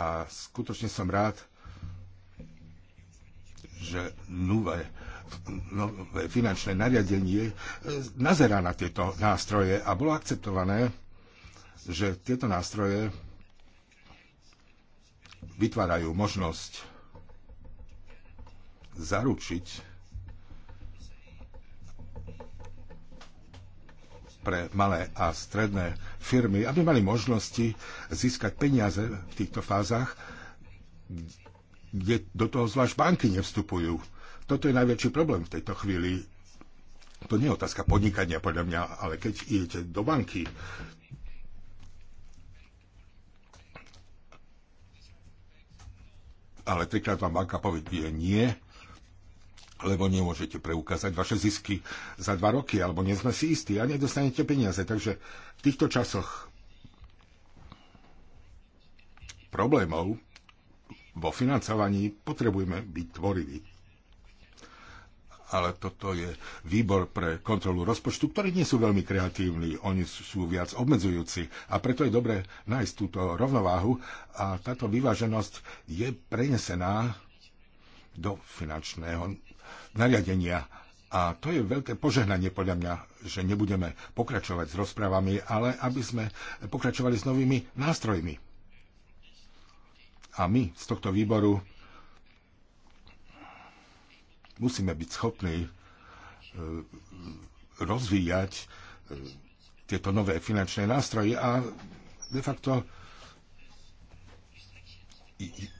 a skutočne som rád, že nové, nové finančné nariadenie e, nazerá na tieto nástroje a bolo akceptované, že tieto nástroje vytvárajú možnosť zaručiť pre malé a stredné firmy, aby mali možnosti získať peniaze v týchto fázach, kde do toho zvlášť banky nevstupujú. Toto je najväčší problém v tejto chvíli. To nie je otázka podnikania, podľa mňa, ale keď idete do banky, ale trikrát vám banka povie nie, lebo nemôžete preukázať vaše zisky za dva roky, alebo nie sme si istí a nedostanete peniaze. Takže v týchto časoch problémov vo financovaní potrebujeme byť tvoriví. Ale toto je výbor pre kontrolu rozpočtu, ktorí nie sú veľmi kreatívni, oni sú viac obmedzujúci. A preto je dobré nájsť túto rovnováhu a táto vyváženosť je prenesená do finančného nariadenia. A to je veľké požehnanie podľa mňa, že nebudeme pokračovať s rozprávami, ale aby sme pokračovali s novými nástrojmi. A my z tohto výboru musíme byť schopní e, rozvíjať e, tieto nové finančné nástroje a de facto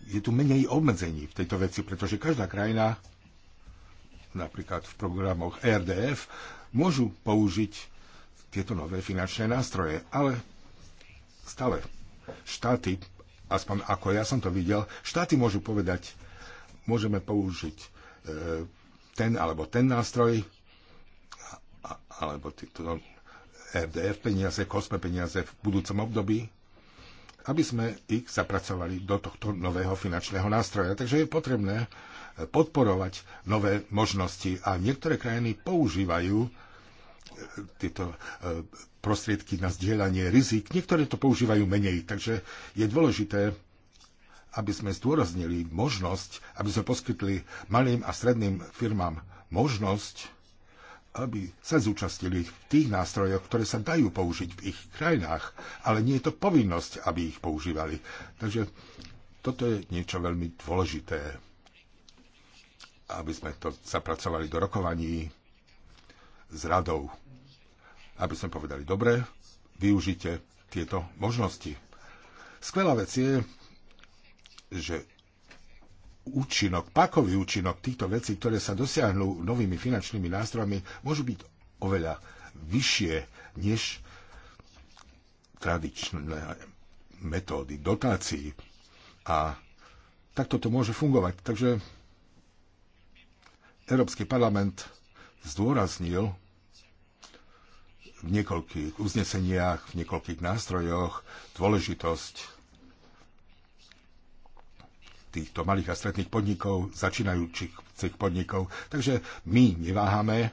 je tu menej obmedzení v tejto veci, pretože každá krajina napríklad v programoch RDF, môžu použiť tieto nové finančné nástroje. Ale stále štáty, aspoň ako ja som to videl, štáty môžu povedať, môžeme použiť e, ten alebo ten nástroj, alebo tieto RDF peniaze, COSPE peniaze v budúcom období, aby sme ich zapracovali do tohto nového finančného nástroja. Takže je potrebné podporovať nové možnosti a niektoré krajiny používajú e, tieto e, prostriedky na zdieľanie rizik. Niektoré to používajú menej, takže je dôležité, aby sme zdôraznili možnosť, aby sme poskytli malým a stredným firmám možnosť, aby sa zúčastnili v tých nástrojoch, ktoré sa dajú použiť v ich krajinách, ale nie je to povinnosť, aby ich používali. Takže toto je niečo veľmi dôležité aby sme to zapracovali do rokovaní s radou, aby sme povedali, dobre, využite tieto možnosti. Skvelá vec je, že účinok, pakový účinok týchto vecí, ktoré sa dosiahnu novými finančnými nástrojmi, môžu byť oveľa vyššie než tradičné metódy dotácií. A takto to môže fungovať. Takže Európsky parlament zdôraznil v niekoľkých uzneseniach, v niekoľkých nástrojoch dôležitosť týchto malých a stredných podnikov, začínajúcich podnikov. Takže my neváhame.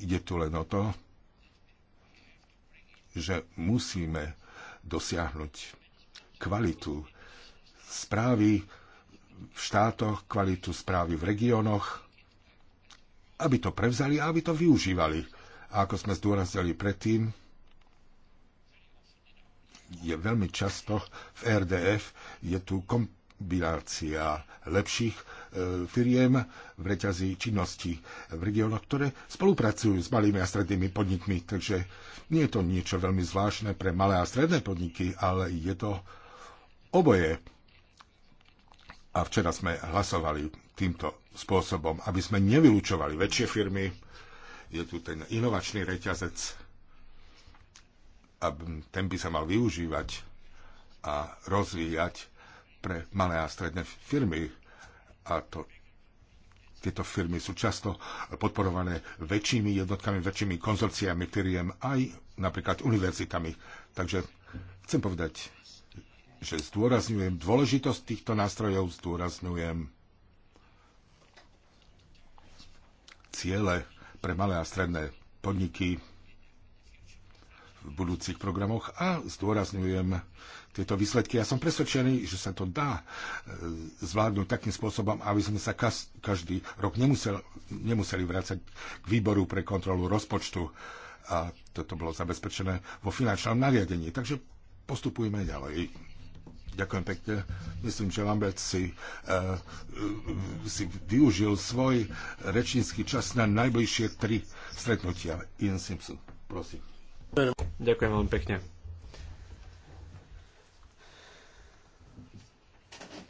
Ide tu len o to, že musíme dosiahnuť kvalitu správy, v štátoch, kvalitu správy v regiónoch, aby to prevzali a aby to využívali. A ako sme zdôrazili predtým, je veľmi často v RDF je tu kombinácia lepších e, firiem v reťazí činností v regiónoch, ktoré spolupracujú s malými a strednými podnikmi. Takže nie je to niečo veľmi zvláštne pre malé a stredné podniky, ale je to oboje a včera sme hlasovali týmto spôsobom, aby sme nevylučovali väčšie firmy. Je tu ten inovačný reťazec a ten by sa mal využívať a rozvíjať pre malé a stredné firmy. A to, tieto firmy sú často podporované väčšími jednotkami, väčšími konzorciami firiem, aj napríklad univerzitami. Takže chcem povedať, že zdôrazňujem dôležitosť týchto nástrojov, zdôrazňujem ciele pre malé a stredné podniky v budúcich programoch a zdôrazňujem tieto výsledky. Ja som presvedčený, že sa to dá e, zvládnuť takým spôsobom, aby sme sa každý rok nemusel, nemuseli vrácať k výboru pre kontrolu rozpočtu a toto bolo zabezpečené vo finančnom nariadení. Takže postupujme ďalej. Ďakujem pekne. Myslím, že Lambert si, uh, si využil svoj rečnícky čas na najbližšie tri stretnutia. Ian Simpson, prosím. Ďakujem veľmi pekne.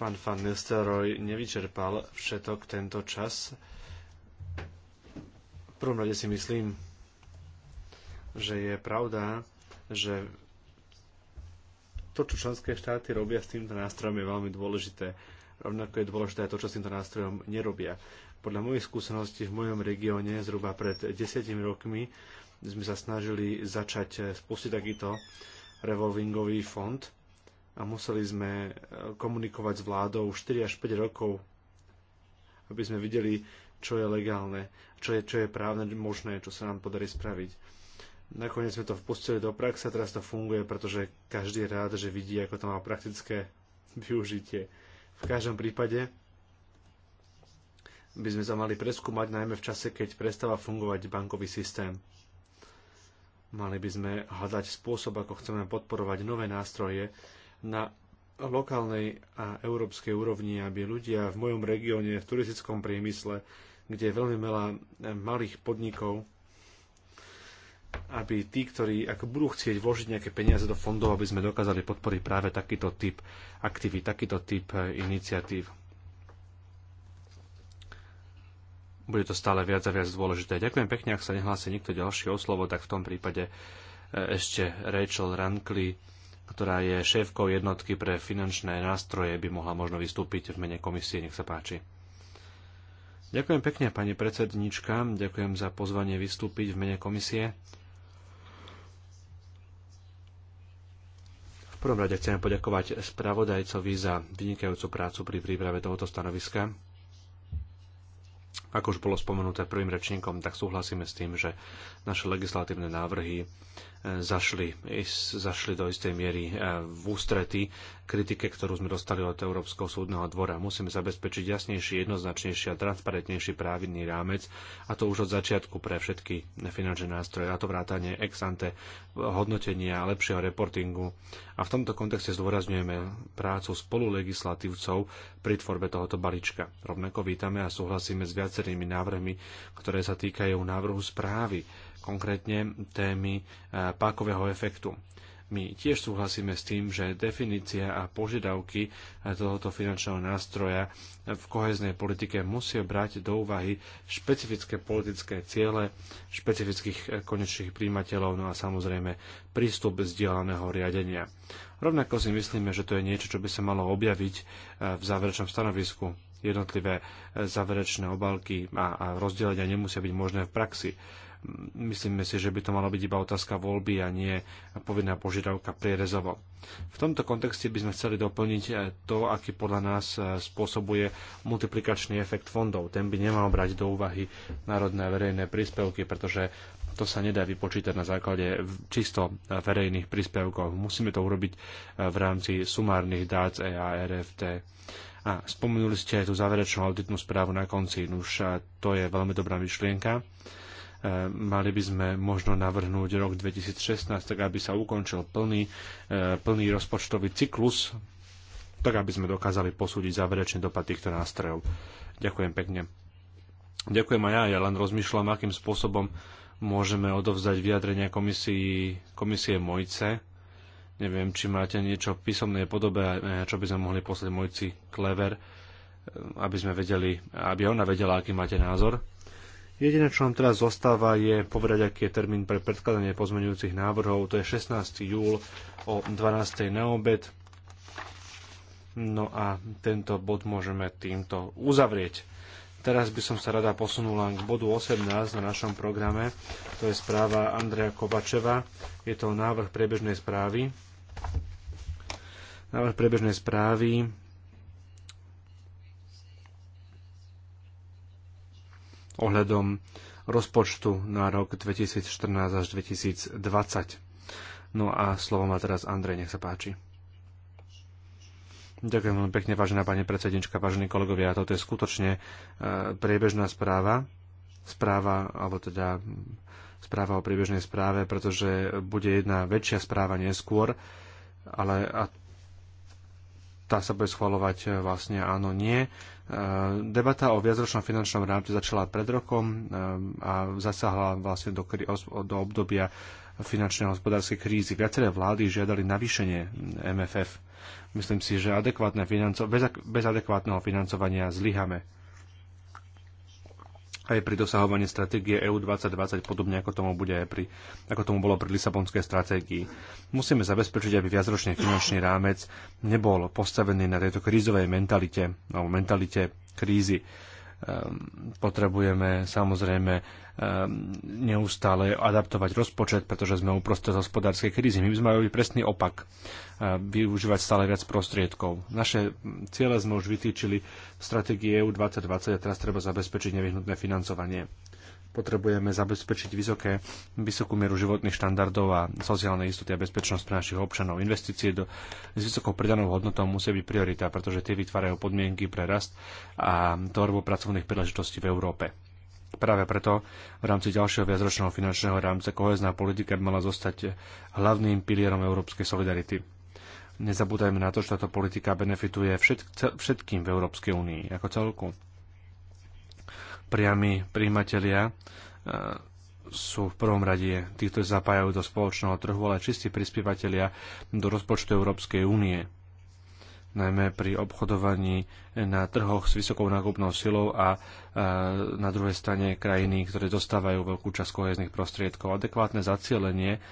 Pán Van Nistelrooy nevyčerpal všetok tento čas. V prvom rade si myslím, že je pravda, že to, čo členské štáty robia s týmto nástrojom, je veľmi dôležité. Rovnako je dôležité aj to, čo s týmto nástrojom nerobia. Podľa mojich skúseností v mojom regióne zhruba pred desiatimi rokmi sme sa snažili začať eh, spustiť takýto revolvingový fond a museli sme eh, komunikovať s vládou 4 až 5 rokov, aby sme videli, čo je legálne, čo je, čo je právne možné, čo sa nám podarí spraviť Nakoniec sme to vpustili do praxe, teraz to funguje, pretože každý rád, že vidí, ako to má praktické využitie. V každom prípade by sme sa mali preskúmať najmä v čase, keď prestáva fungovať bankový systém. Mali by sme hľadať spôsob, ako chceme podporovať nové nástroje na lokálnej a európskej úrovni, aby ľudia v mojom regióne, v turistickom priemysle, kde je veľmi veľa malých podnikov, aby tí, ktorí ako budú chcieť vložiť nejaké peniaze do fondov, aby sme dokázali podporiť práve takýto typ aktivy, takýto typ e, iniciatív. Bude to stále viac a viac dôležité. Ďakujem pekne, ak sa nehlási niekto ďalší o slovo, tak v tom prípade e, ešte Rachel Rankly, ktorá je šéfkou jednotky pre finančné nástroje, by mohla možno vystúpiť v mene komisie. Nech sa páči. Ďakujem pekne, pani predsednička. Ďakujem za pozvanie vystúpiť v mene komisie. V prvom rade chcem poďakovať spravodajcovi za vynikajúcu prácu pri príprave tohoto stanoviska. Ako už bolo spomenuté prvým rečníkom, tak súhlasíme s tým, že naše legislatívne návrhy e, zašli, zašli do istej miery e, v ústrety kritike, ktorú sme dostali od Európskeho súdneho dvora. Musíme zabezpečiť jasnejší, jednoznačnejší a transparentnejší právny rámec, a to už od začiatku pre všetky finančné nástroje, a to vrátanie ex ante hodnotenia a lepšieho reportingu. A v tomto kontexte zdôrazňujeme prácu spolulegislatívcov pri tvorbe tohoto balíčka. Rovnako vítame a súhlasíme s viacerými viacerými návrhmi, ktoré sa týkajú návrhu správy, konkrétne témy e, pákového efektu. My tiež súhlasíme s tým, že definícia a požiadavky e, tohoto finančného nástroja v koheznej politike musia brať do úvahy špecifické politické ciele špecifických e, konečných príjimateľov, no a samozrejme prístup zdieľaného riadenia. Rovnako si myslíme, že to je niečo, čo by sa malo objaviť v záverečnom stanovisku jednotlivé e, záverečné obálky a, a rozdelenia nemusia byť možné v praxi. Myslíme si, že by to malo byť iba otázka voľby a nie povinná požiadavka prierezovo. V tomto kontexte by sme chceli doplniť e, to, aký podľa nás e, spôsobuje multiplikačný efekt fondov. Ten by nemal brať do úvahy národné verejné príspevky, pretože to sa nedá vypočítať na základe čisto verejných príspevkov. Musíme to urobiť v rámci sumárnych dát EARFT. A spomenuli ste aj tú záverečnú auditnú správu na konci. Už to je veľmi dobrá myšlienka e, mali by sme možno navrhnúť rok 2016, tak aby sa ukončil plný, e, plný rozpočtový cyklus, tak aby sme dokázali posúdiť záverečný dopad týchto nástrojov. Ďakujem pekne. Ďakujem aj ja, ja len rozmýšľam, akým spôsobom môžeme odovzdať vyjadrenia komisii, komisie Mojce Neviem, či máte niečo v písomnej podobe, e, čo by sme mohli poslať Mojci Klever, e, aby sme vedeli, aby ona vedela, aký máte názor. Jediné, čo nám teraz zostáva, je povedať, aký je termín pre predkladanie pozmeňujúcich návrhov. To je 16. júl o 12. na obed. No a tento bod môžeme týmto uzavrieť. Teraz by som sa rada posunula k bodu 18 na našom programe. To je správa Andreja Kovačeva. Je to návrh prebežnej správy Návrh prebežnej správy ohľadom rozpočtu na rok 2014 až 2020. No a slovo má teraz Andrej, nech sa páči. Ďakujem veľmi pekne, vážená pani predsednička, vážení kolegovia. Toto je skutočne e, priebežná správa, správa, alebo teda správa o priebežnej správe, pretože bude jedna väčšia správa neskôr, ale a tá sa bude schvalovať e, vlastne áno, nie. E, debata o viacročnom finančnom rámci začala pred rokom e, a zasahla vlastne do, do obdobia finančnej a hospodárskej krízy. Viaceré vlády žiadali navýšenie MFF. Myslím si, že adekvátne financo- bez, bez adekvátneho financovania zlyhame aj pri dosahovaní stratégie EU 2020, podobne ako tomu, bude aj pri, ako tomu bolo pri Lisabonskej stratégii. Musíme zabezpečiť, aby viacročný finančný rámec nebol postavený na tejto krízovej mentalite, alebo mentalite krízy Ehm, potrebujeme samozrejme ehm, neustále adaptovať rozpočet, pretože sme uprostred hospodárskej krízy. My by sme mali presný opak, ehm, využívať stále viac prostriedkov. Naše hm, ciele sme už vytýčili v stratégii EU 2020 a teraz treba zabezpečiť nevyhnutné financovanie potrebujeme zabezpečiť vysoké, vysokú mieru životných štandardov a sociálnej istoty a bezpečnosť pre našich občanov. Investície do, s vysokou pridanou hodnotou musia byť priorita, pretože tie vytvárajú podmienky pre rast a tvorbu pracovných príležitostí v Európe. Práve preto v rámci ďalšieho viacročného finančného rámca kohezná politika by mala zostať hlavným pilierom európskej solidarity. Nezabúdajme na to, že táto politika benefituje všetkým v Európskej únii ako celku priami príjimatelia e, sú v prvom rade tí, ktorí zapájajú do spoločného trhu, ale čistí prispievateľia do rozpočtu Európskej únie najmä pri obchodovaní na trhoch s vysokou nákupnou silou a e, na druhej strane krajiny, ktoré dostávajú veľkú časť kohezných prostriedkov. Adekvátne zacielenie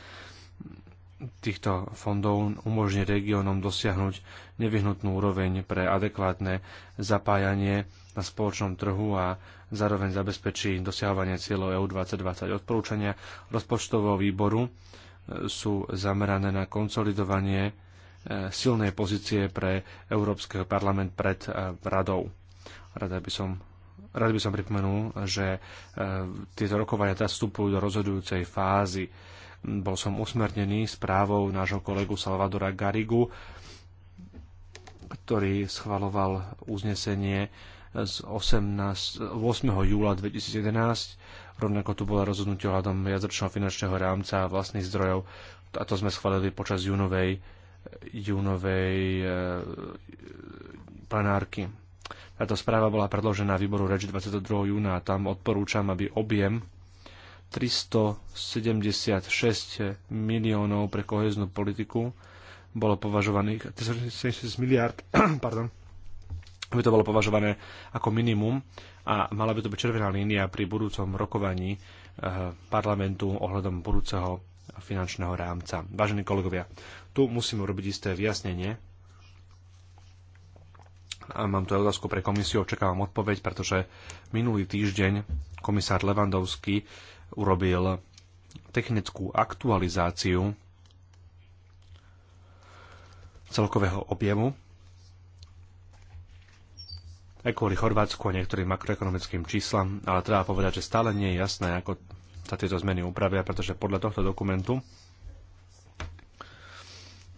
týchto fondov umožní regiónom dosiahnuť nevyhnutnú úroveň pre adekvátne zapájanie na spoločnom trhu a zároveň zabezpečí dosiahovanie cieľov EU 2020. Odporúčania rozpočtového výboru e, sú zamerané na konsolidovanie e, silnej pozície pre Európsky parlament pred e, radou. Rada by som Rád by som pripomenul, že tieto rokovania teraz vstupujú do rozhodujúcej fázy. Bol som usmernený správou nášho kolegu Salvadora Garigu, ktorý schvaloval uznesenie z 18, 8. júla 2011. Rovnako tu bola rozhodnutie ohľadom viacročného finančného rámca a vlastných zdrojov. A to sme schválili počas júnovej, júnovej e, plenárky. Táto správa bola predložená výboru reči 22. júna a tam odporúčam, aby objem 376 miliónov pre koheznú politiku bolo považovaných 376 miliard pardon, by to bolo považované ako minimum a mala by to byť červená línia pri budúcom rokovaní eh, parlamentu ohľadom budúceho finančného rámca. Vážení kolegovia, tu musím urobiť isté vyjasnenie. A mám tu aj otázku pre komisiu, očakávam odpoveď, pretože minulý týždeň komisár Levandovský urobil technickú aktualizáciu celkového objemu aj kvôli Chorvátsku a niektorým makroekonomickým číslam, ale treba povedať, že stále nie je jasné, ako sa tieto zmeny upravia, pretože podľa tohto dokumentu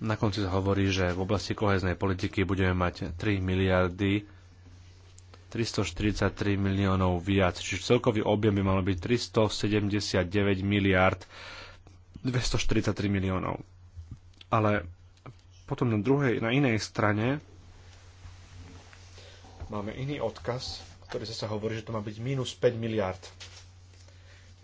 na konci sa hovorí, že v oblasti koheznej politiky budeme mať 3 miliardy 343 miliónov viac, čiže celkový objem by malo byť 379 miliard 243 miliónov. Ale potom na druhej, na inej strane Máme iný odkaz, ktorý sa hovorí, že to má byť minus 5 miliard.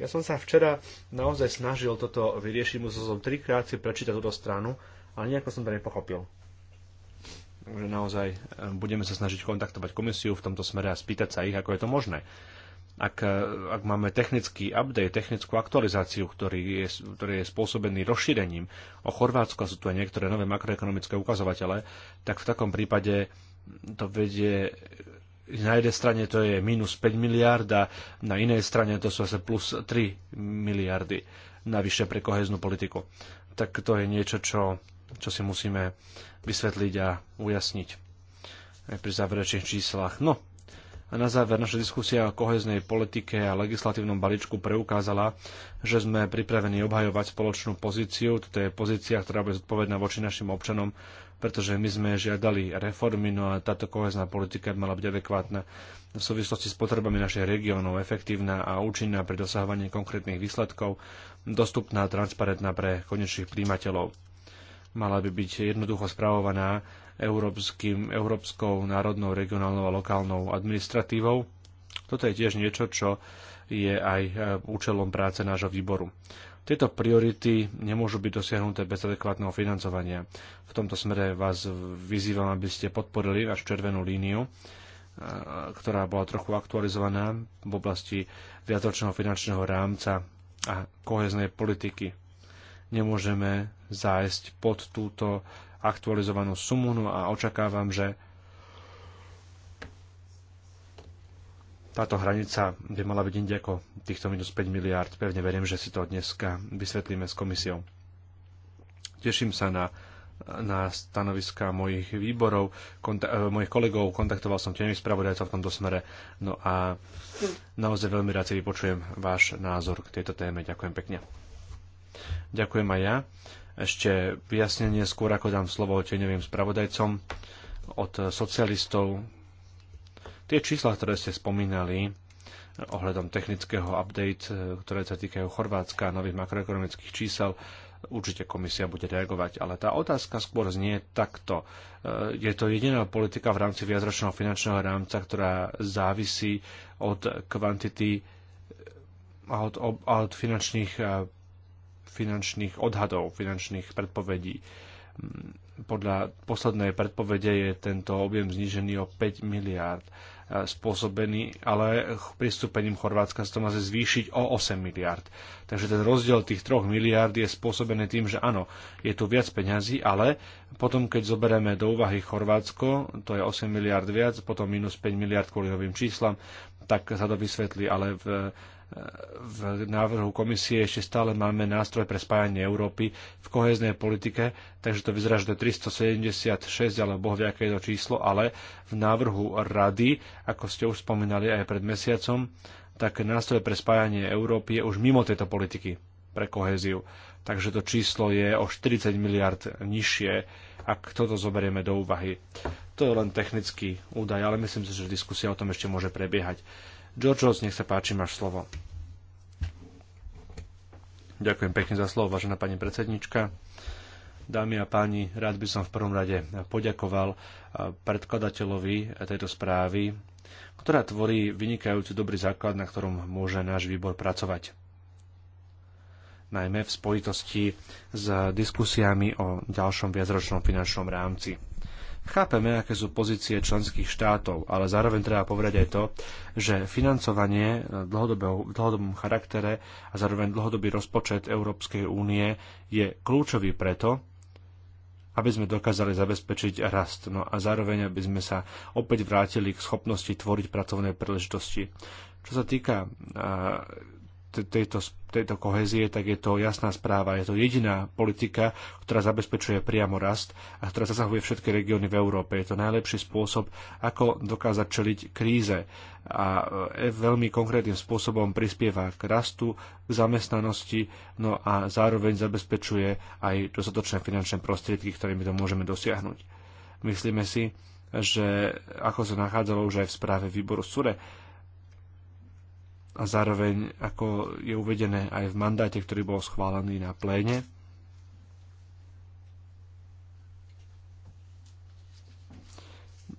Ja som sa včera naozaj snažil toto vyriešiť, musel som trikrát si prečítať túto stranu, ale nejako som to nepochopil. Takže naozaj e, budeme sa snažiť kontaktovať komisiu v tomto smere a spýtať sa ich, ako je to možné ak, e, ak máme technický update, technickú aktualizáciu, ktorý je, ktorý je spôsobený rozšírením o Chorvátsko, sú tu aj niektoré nové makroekonomické ukazovatele, tak v takom prípade to vedie na jednej strane to je minus 5 miliard a na inej strane to sú zase plus 3 miliardy navyše pre koheznú politiku. Tak to je niečo, čo, čo si musíme vysvetliť a ujasniť aj pri záverečných číslach. No, a na záver naša diskusia o koheznej politike a legislatívnom balíčku preukázala, že sme pripravení obhajovať spoločnú pozíciu. Toto je pozícia, ktorá bude zodpovedná voči našim občanom pretože my sme žiadali reformy, no a táto kohezná politika mala byť adekvátna v súvislosti s potrebami našich regiónov, efektívna a účinná pre dosahovanie konkrétnych výsledkov, dostupná a transparentná pre konečných príjimateľov. Mala by byť jednoducho spravovaná európskym, európskou národnou, regionálnou a lokálnou administratívou. Toto je tiež niečo, čo je aj e, účelom práce nášho výboru. Tieto priority nemôžu byť dosiahnuté bez adekvátneho financovania. V tomto smere vás vyzývam, aby ste podporili až červenú líniu, ktorá bola trochu aktualizovaná v oblasti viacročného finančného rámca a koheznej politiky. Nemôžeme zájsť pod túto aktualizovanú sumu no a očakávam, že táto hranica by mala byť inde ako týchto minus 5 miliárd. Pevne verím, že si to dneska vysvetlíme s komisiou. Teším sa na na stanoviska mojich výborov, konta- eh, mojich kolegov, kontaktoval som tiež spravodajcov v tomto smere. No a naozaj veľmi rád si vypočujem váš názor k tejto téme. Ďakujem pekne. Ďakujem aj ja. Ešte vyjasnenie skôr, ako dám slovo tieňovým spravodajcom od socialistov Tie čísla, ktoré ste spomínali, eh, ohľadom technického update, eh, ktoré sa týkajú Chorvátska a nových makroekonomických čísel, určite komisia bude reagovať. Ale tá otázka skôr znie takto. Eh, je to jediná politika v rámci viacročného finančného rámca, ktorá závisí od kvantity a od, od finančných, finančných odhadov, finančných predpovedí mm, podľa poslednej predpovede je tento objem znížený o 5 miliárd spôsobený, ale pristúpením Chorvátska sa to má zvýšiť o 8 miliard. Takže ten rozdiel tých 3 miliard je spôsobený tým, že áno, je tu viac peňazí, ale potom, keď zoberieme do úvahy Chorvátsko, to je 8 miliard viac, potom minus 5 miliard kvôli novým číslam, tak sa to vysvetlí, ale v v návrhu komisie ešte stále máme nástroj pre spájanie Európy v koheznej politike, takže to vyzerá, že to je 376 alebo boh aké je to číslo, ale v návrhu rady, ako ste už spomínali aj pred mesiacom, tak nástroj pre spájanie Európy je už mimo tejto politiky pre kohéziu. Takže to číslo je o 40 miliard nižšie, ak toto zoberieme do úvahy. To je len technický údaj, ale myslím si, že diskusia o tom ešte môže prebiehať. Georgios, nech sa páči, máš slovo. Ďakujem pekne za slovo, vážená pani predsednička. Dámy a páni, rád by som v prvom rade poďakoval eh, predkladateľovi tejto správy, ktorá tvorí vynikajúci dobrý základ, na ktorom môže náš výbor pracovať. Najmä v spojitosti s diskusiami o ďalšom viacročnom finančnom rámci. Chápeme, aké sú pozície členských štátov, ale zároveň treba povedať aj to, že financovanie v dlhodobom charaktere a zároveň dlhodobý rozpočet Európskej únie je kľúčový preto, aby sme dokázali zabezpečiť rast, no a zároveň, aby sme sa opäť vrátili k schopnosti tvoriť pracovné príležitosti. Čo sa týka tejto, tejto kohezie, tak je to jasná správa. Je to jediná politika, ktorá zabezpečuje priamo rast a ktorá zasahuje všetky regióny v Európe. Je to najlepší spôsob, ako dokázať čeliť kríze a e, veľmi konkrétnym spôsobom prispieva k rastu, k zamestnanosti, no a zároveň zabezpečuje aj dostatočné finančné prostriedky, ktorými to môžeme dosiahnuť. Myslíme si, že ako sa nachádzalo už aj v správe výboru SURE, a zároveň, ako je uvedené aj v mandáte, ktorý bol schválený na pléne,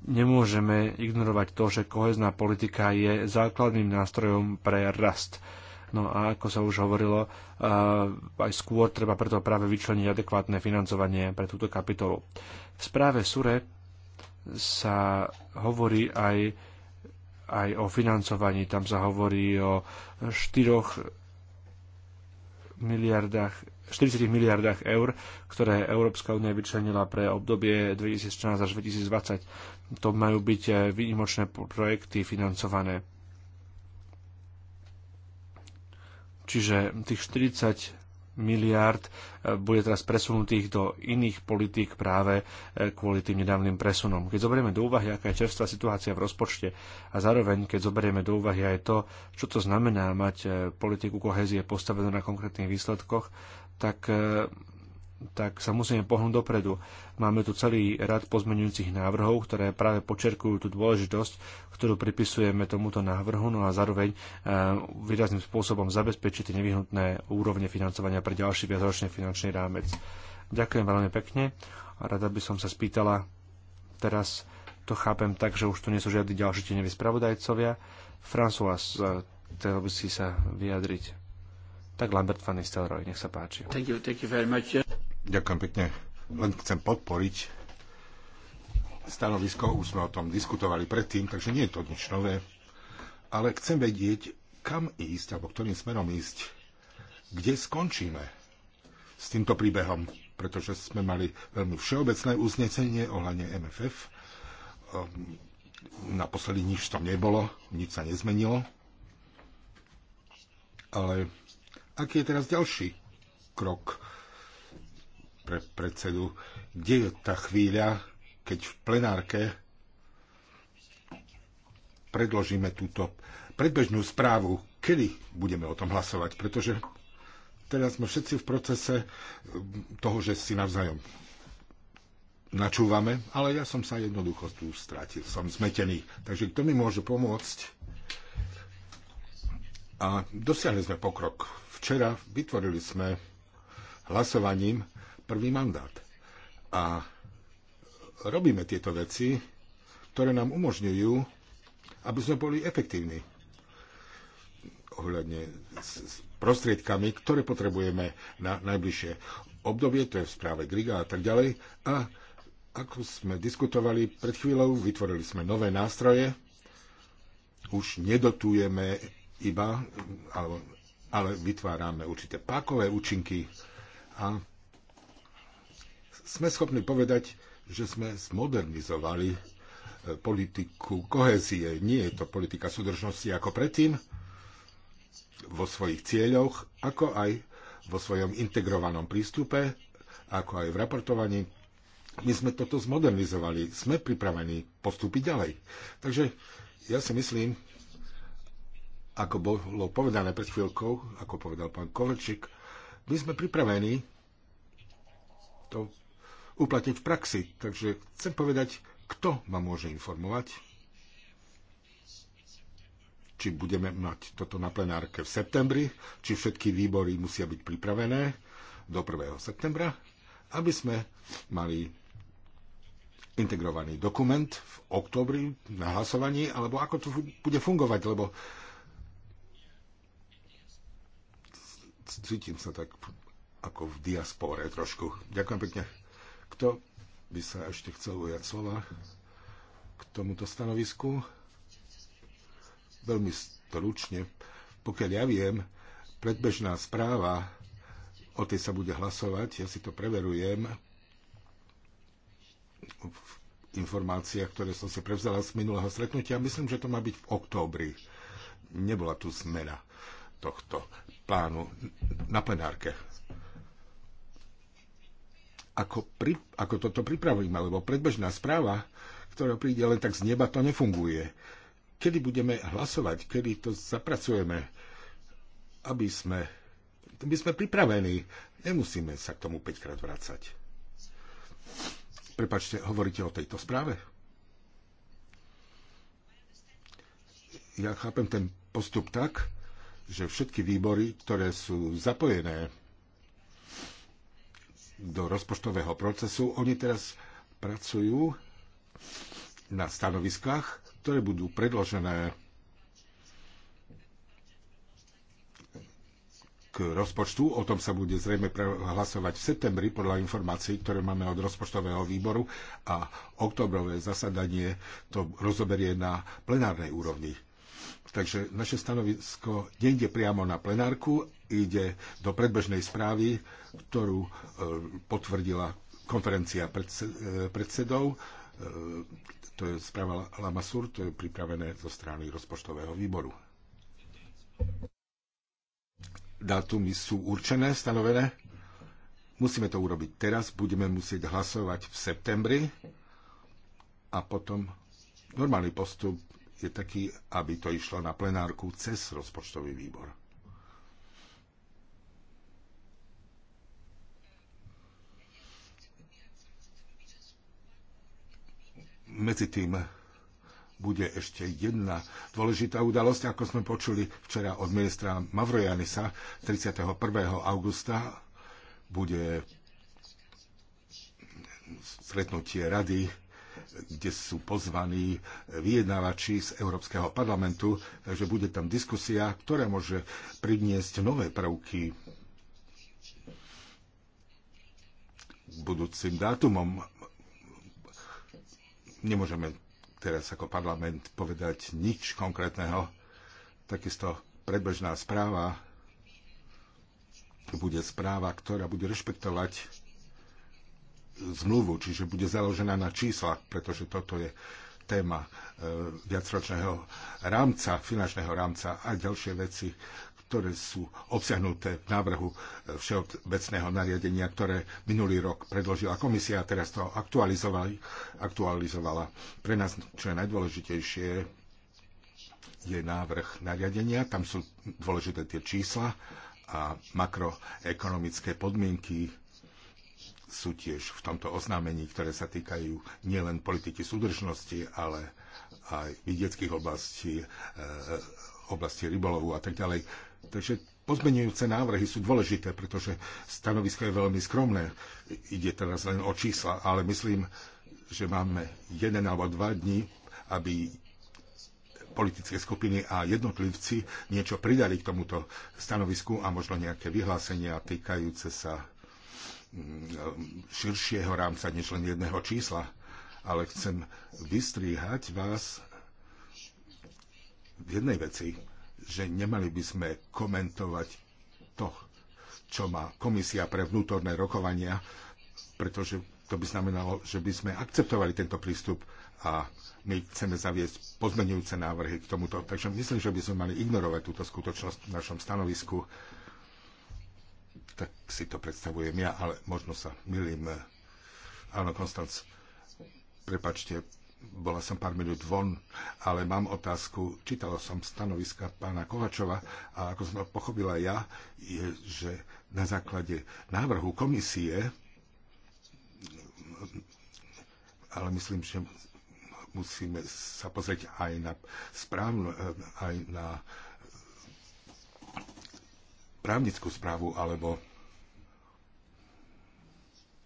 nemôžeme ignorovať to, že kohezná politika je základným nástrojom pre rast. No a ako sa už hovorilo, aj skôr treba preto práve vyčleniť adekvátne financovanie pre túto kapitolu. V správe SURE sa hovorí aj aj o financovaní. Tam sa hovorí o 4 miliardách 40 miliardách eur, ktoré Európska únia vyčlenila pre obdobie 2014 až 2020. To majú byť eh, výnimočné projekty financované. Čiže tých 40 miliárd e, bude teraz presunutých do iných politík práve e, kvôli tým nedávnym presunom. Keď zoberieme do úvahy, aká je čerstvá situácia v rozpočte a zároveň, keď zoberieme do úvahy aj to, čo to znamená mať e, politiku kohezie postavenú na konkrétnych výsledkoch, tak tak sa musíme pohnúť dopredu. Máme tu celý rad pozmenujúcich návrhov, ktoré práve počerkujú tú dôležitosť, ktorú pripisujeme tomuto návrhu, no a zároveň eh, výrazným spôsobom zabezpečiť nevyhnutné úrovne financovania pre ďalší viacročný finančný rámec. Ďakujem veľmi pekne a rada by som sa spýtala teraz, to chápem tak, že už tu nie sú žiadni ďalší tenevi spravodajcovia. François, eh, chcel by si sa vyjadriť. Tak Lambert van Nistelrooy, nech sa páči. Thank you, thank you very much. Ďakujem pekne. Len chcem podporiť stanovisko, už sme o tom diskutovali predtým, takže nie je to nič nové. Ale chcem vedieť, kam ísť, alebo ktorým smerom ísť, kde skončíme s týmto príbehom, pretože sme mali veľmi všeobecné uznesenie ohľadne MFF. Ehm, naposledy nič tam nebolo, nič sa nezmenilo. Ale aký je teraz ďalší krok? pre predsedu, kde je tá chvíľa, keď v plenárke predložíme túto predbežnú správu, kedy budeme o tom hlasovať, pretože teraz sme všetci v procese eh, toho, že si navzájom načúvame, ale ja som sa jednoducho tu strátil, som zmetený. Takže kto mi môže pomôcť? A dosiahli sme pokrok. Včera vytvorili sme hlasovaním prvý mandát. A robíme tieto veci, ktoré nám umožňujú, aby sme boli efektívni ohľadne s prostriedkami, ktoré potrebujeme na najbližšie obdobie, to je v správe Griga a tak ďalej. A ako sme diskutovali pred chvíľou, vytvorili sme nové nástroje, už nedotujeme iba, ale, ale vytvárame určité pákové účinky a sme schopní povedať, že sme zmodernizovali e, politiku kohezie. Nie je to politika súdržnosti ako predtým vo svojich cieľoch, ako aj vo svojom integrovanom prístupe, ako aj v raportovaní. My sme toto zmodernizovali, sme pripravení postúpiť ďalej. Takže ja si myslím, ako bolo povedané pred chvíľkou, ako povedal pán Kovačik, my sme pripravení to uplatniť v praxi. Takže chcem povedať, kto ma môže informovať, či budeme mať toto na plenárke v septembri, či všetky výbory musia byť pripravené do 1. septembra, aby sme mali integrovaný dokument v oktobri na hlasovaní, alebo ako to bude fungovať, lebo cítim sa tak ako v diaspore trošku. Ďakujem pekne. Kto by sa ešte chcel ujať slova k tomuto stanovisku? Veľmi stručne. Pokiaľ ja viem, predbežná správa, o tej sa bude hlasovať, ja si to preverujem v informáciách, ktoré som si prevzala z minulého stretnutia. Myslím, že to má byť v októbri. Nebola tu zmena tohto plánu na plenárke ako, pri, ako toto pripravíme, lebo predbežná správa, ktorá príde len tak z neba, to nefunguje. Kedy budeme hlasovať, kedy to zapracujeme, aby sme, aby sme pripravení. Nemusíme sa k tomu 5 krát vrácať. Prepačte, hovoríte o tejto správe? Ja chápem ten postup tak, že všetky výbory, ktoré sú zapojené do rozpočtového procesu. Oni teraz pracujú na stanoviskách, ktoré budú predložené k rozpočtu. O tom sa bude zrejme hlasovať v septembri podľa informácií, ktoré máme od rozpočtového výboru a oktobrové zasadanie to rozoberie na plenárnej úrovni. Takže naše stanovisko nejde priamo na plenárku, ide do predbežnej správy, ktorú e, potvrdila konferencia e, predsedov. E, to je správa Lamasur, to je pripravené zo strany rozpočtového výboru. Dátumy sú určené, stanovené. Musíme to urobiť teraz, budeme musieť hlasovať v septembri a potom normálny postup je taký, aby to išlo na plenárku cez rozpočtový výbor. Medzi tým bude ešte jedna dôležitá udalosť, ako sme počuli včera od ministra Mavrojanisa 31. augusta bude stretnutie rady kde sú pozvaní vyjednávači z Európskeho parlamentu, takže bude tam diskusia, ktorá môže priniesť nové prvky budúcim dátumom. Nemôžeme teraz ako parlament povedať nič konkrétneho. Takisto predbežná správa bude správa, ktorá bude rešpektovať zmluvu, čiže bude založená na číslach, pretože toto je téma e, viacročného rámca, finančného rámca a ďalšie veci, ktoré sú obsiahnuté v návrhu e, všeobecného nariadenia, ktoré minulý rok predložila komisia a teraz to aktualizovala. aktualizovala. Pre nás, čo je najdôležitejšie, je návrh nariadenia, tam sú dôležité tie čísla a makroekonomické podmienky sú tiež v tomto oznámení, ktoré sa týkajú nielen politiky súdržnosti, ale aj vidieckých oblastí, e, oblasti rybolovu a tak ďalej. Takže pozmenujúce návrhy sú dôležité, pretože stanovisko je veľmi skromné. Ide teraz len o čísla, ale myslím, že máme jeden alebo dva dní, aby politické skupiny a jednotlivci niečo pridali k tomuto stanovisku a možno nejaké vyhlásenia týkajúce sa Mm, širšieho rámca, než len jedného čísla, ale chcem vystriehať vás v jednej veci, že nemali by sme komentovať to, čo má komisia pre vnútorné rokovania, pretože to by znamenalo, že by sme akceptovali tento prístup a my chceme zaviesť pozmenujúce návrhy k tomuto. Takže myslím, že by sme mali ignorovať túto skutočnosť v našom stanovisku tak si to predstavujem ja, ale možno sa milím. Áno, eh, Konstanc, prepačte, bola som pár minút von, ale mám otázku. Čítala som stanoviska pána Kovačova a ako som pochopila ja, je, že na základe návrhu komisie, ale myslím, že musíme sa pozrieť aj na správnu, eh, aj na právnickú správu, alebo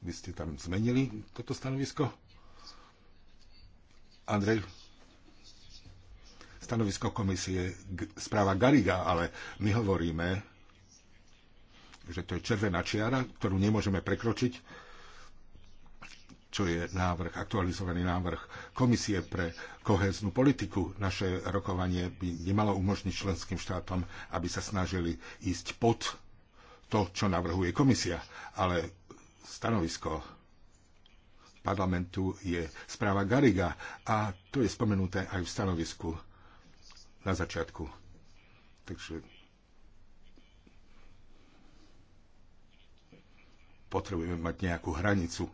vy ste tam zmenili toto stanovisko? Andrej? Stanovisko komisie správa Gariga, ale my hovoríme, že to je červená čiara, ktorú nemôžeme prekročiť čo je návrh, aktualizovaný návrh Komisie pre koheznú politiku. Naše rokovanie by nemalo umožniť členským štátom, aby sa snažili ísť pod to, čo navrhuje komisia, ale stanovisko parlamentu je správa Gariga a to je spomenuté aj v stanovisku na začiatku. Takže potrebujeme mať nejakú hranicu, e,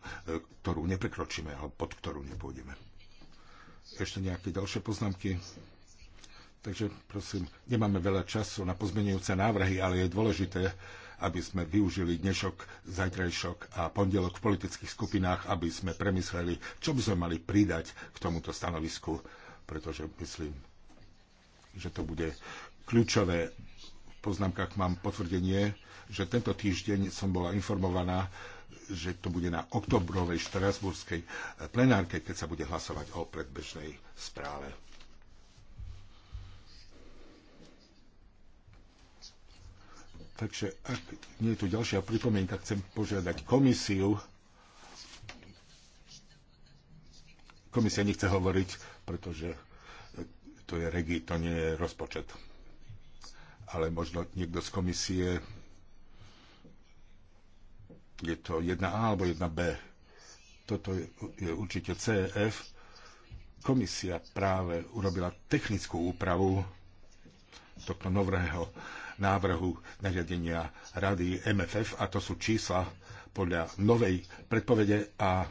ktorú neprekročíme alebo pod ktorú nepôjdeme. Ešte nejaké ďalšie poznámky? Takže prosím, nemáme veľa času na pozmenujúce návrhy, ale je dôležité, aby sme využili dnešok, zajtrajšok a pondelok v politických skupinách, aby sme premysleli, čo by sme mali pridať k tomuto stanovisku, pretože myslím, že to bude kľúčové poznámkach mám potvrdenie, že tento týždeň som bola informovaná, že to bude na oktobrovej štrasburskej eh, plenárke, keď sa bude hlasovať o predbežnej správe. Takže ak nie je tu ďalšia pripomienka, chcem požiadať komisiu. Komisia nechce hovoriť, pretože eh, to je regi, to nie je rozpočet ale možno niekto z komisie je to 1A alebo 1B. Toto je, je určite CF. Komisia práve urobila technickú úpravu tohto nového návrhu nariadenia Rady MFF a to sú čísla podľa novej predpovede a,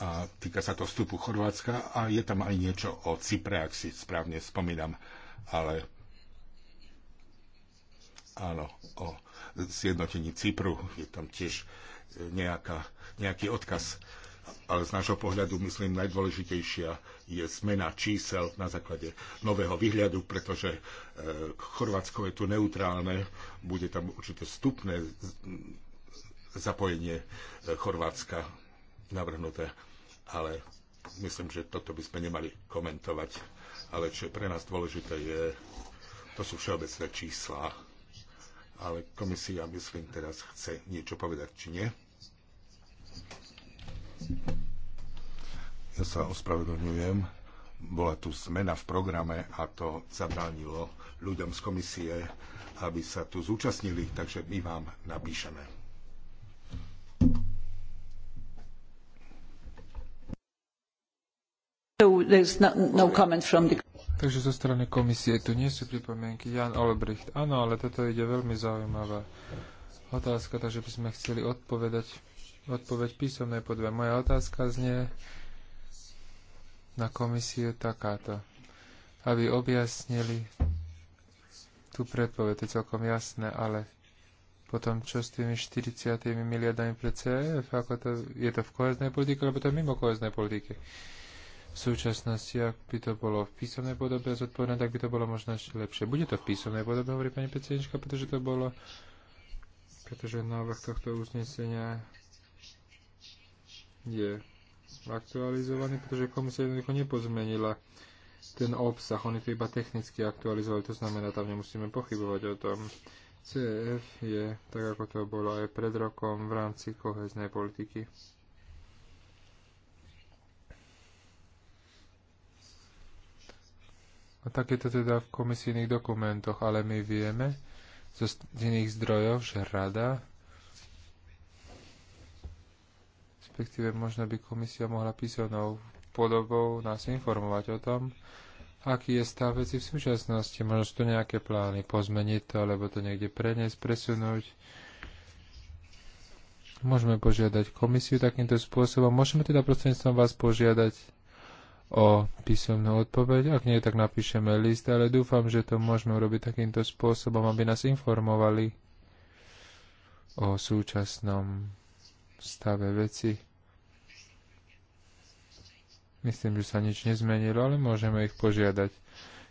a týka sa to vstupu Chorvátska a je tam aj niečo o Cypre, ak si správne spomínam ale áno, o zjednotení Cypru je tam tiež nejaká, nejaký odkaz. Ale z nášho pohľadu, myslím, najdôležitejšia je zmena čísel na základe nového výhľadu, pretože e, Chorvátsko je tu neutrálne, bude tam určité stupné zapojenie e, Chorvátska navrhnuté, ale myslím, že toto by sme nemali komentovať ale čo je pre nás dôležité je, to sú všeobecné čísla, ale komisia, myslím, teraz chce niečo povedať, či nie? Ja sa ospravedlňujem. Bola tu zmena v programe a to zabránilo ľuďom z komisie, aby sa tu zúčastnili, takže my vám napíšeme. No, no takže zo strany komisie tu nie sú pripomienky. Jan Olbricht. Áno, ale toto ide veľmi zaujímavá otázka, takže by sme chceli odpovedať odpoveď písomnej podve. Moja otázka znie na komisiu takáto. Aby objasnili tú predpoveď, je celkom jasné, ale potom čo s tými 40 miliardami pre CEF, ako to, je to v koheznej politike, alebo to je mimo koheznej politiky v súčasnosti, ak by to bolo v písomnej podobe zodpovedané, tak by to bolo možno ešte lepšie. Bude to v písomnej podobe, hovorí pani predsednička, pretože to bolo pretože návrh tohto uznesenia je aktualizovaný, pretože komisia jednoducho nepozmenila ten obsah, oni to iba technicky aktualizovali, to znamená, tam nemusíme pochybovať o tom. CEF je, tak ako to bolo aj pred rokom, v rámci koheznej politiky. A tak je to teda v komisijných dokumentoch, ale my vieme zo iných zdrojov, že rada, respektíve možno by komisia mohla písanou podobou nás informovať o tom, aký je stav veci v súčasnosti. Možno sú to nejaké plány pozmeniť to, alebo to niekde preniesť, presunúť. Môžeme požiadať komisiu takýmto spôsobom. Môžeme teda prostredníctvom vás požiadať o písomnú odpoveď. Ak nie, tak napíšeme list, ale dúfam, že to môžeme urobiť takýmto spôsobom, aby nás informovali o súčasnom stave veci. Myslím, že sa nič nezmenilo, ale môžeme ich požiadať.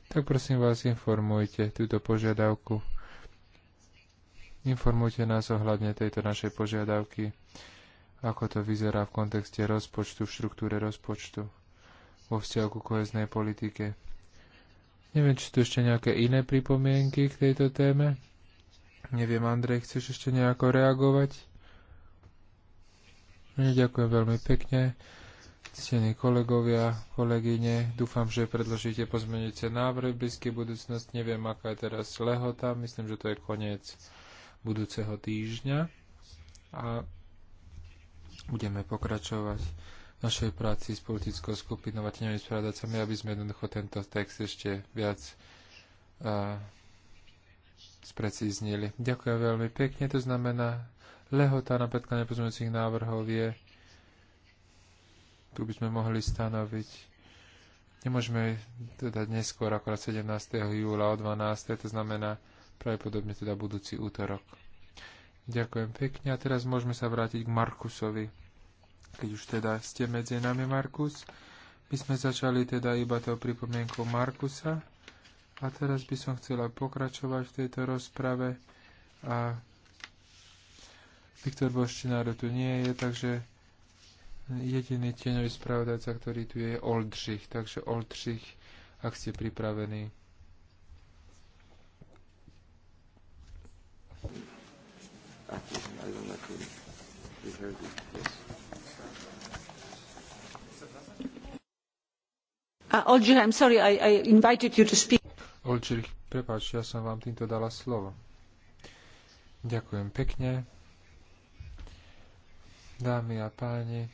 Tak prosím vás, informujte túto požiadavku. Informujte nás ohľadne tejto našej požiadavky, ako to vyzerá v kontexte rozpočtu, v štruktúre rozpočtu vo vzťahu ku koheznej politike. Neviem, či tu ešte nejaké iné pripomienky k tejto téme. Neviem, Andrej, chceš ešte nejako reagovať? Ďakujem veľmi pekne. Ctení kolegovia, kolegyne, dúfam, že predložíte pozmeňujúce návrhy v blízkej budúcnosti. Neviem, aká je teraz lehota. Myslím, že to je koniec budúceho týždňa. A budeme pokračovať našej práci s politickou skupinou a tenými spravodajcami, aby sme jednoducho tento text ešte viac uh, sprecíznili. Ďakujem veľmi pekne, to znamená, lehota na predkladanie pozmeňujúcich návrhov je, tu by sme mohli stanoviť, nemôžeme teda neskôr, akorát 17. júla o 12. to znamená pravdepodobne teda budúci útorok. Ďakujem pekne a teraz môžeme sa vrátiť k Markusovi keď už teda ste medzi nami, Markus. My sme začali teda iba tou pripomienkou Markusa a teraz by som chcela pokračovať v tejto rozprave a Viktor Boštinár tu nie je, takže jediný tieňový spravodajca, ktorý tu je, je Oldřich. Takže Oldřich, ak ste pripravení. Thank you. prepáč, ja som vám týmto dala slovo. Ďakujem pekne. Dámy a páni,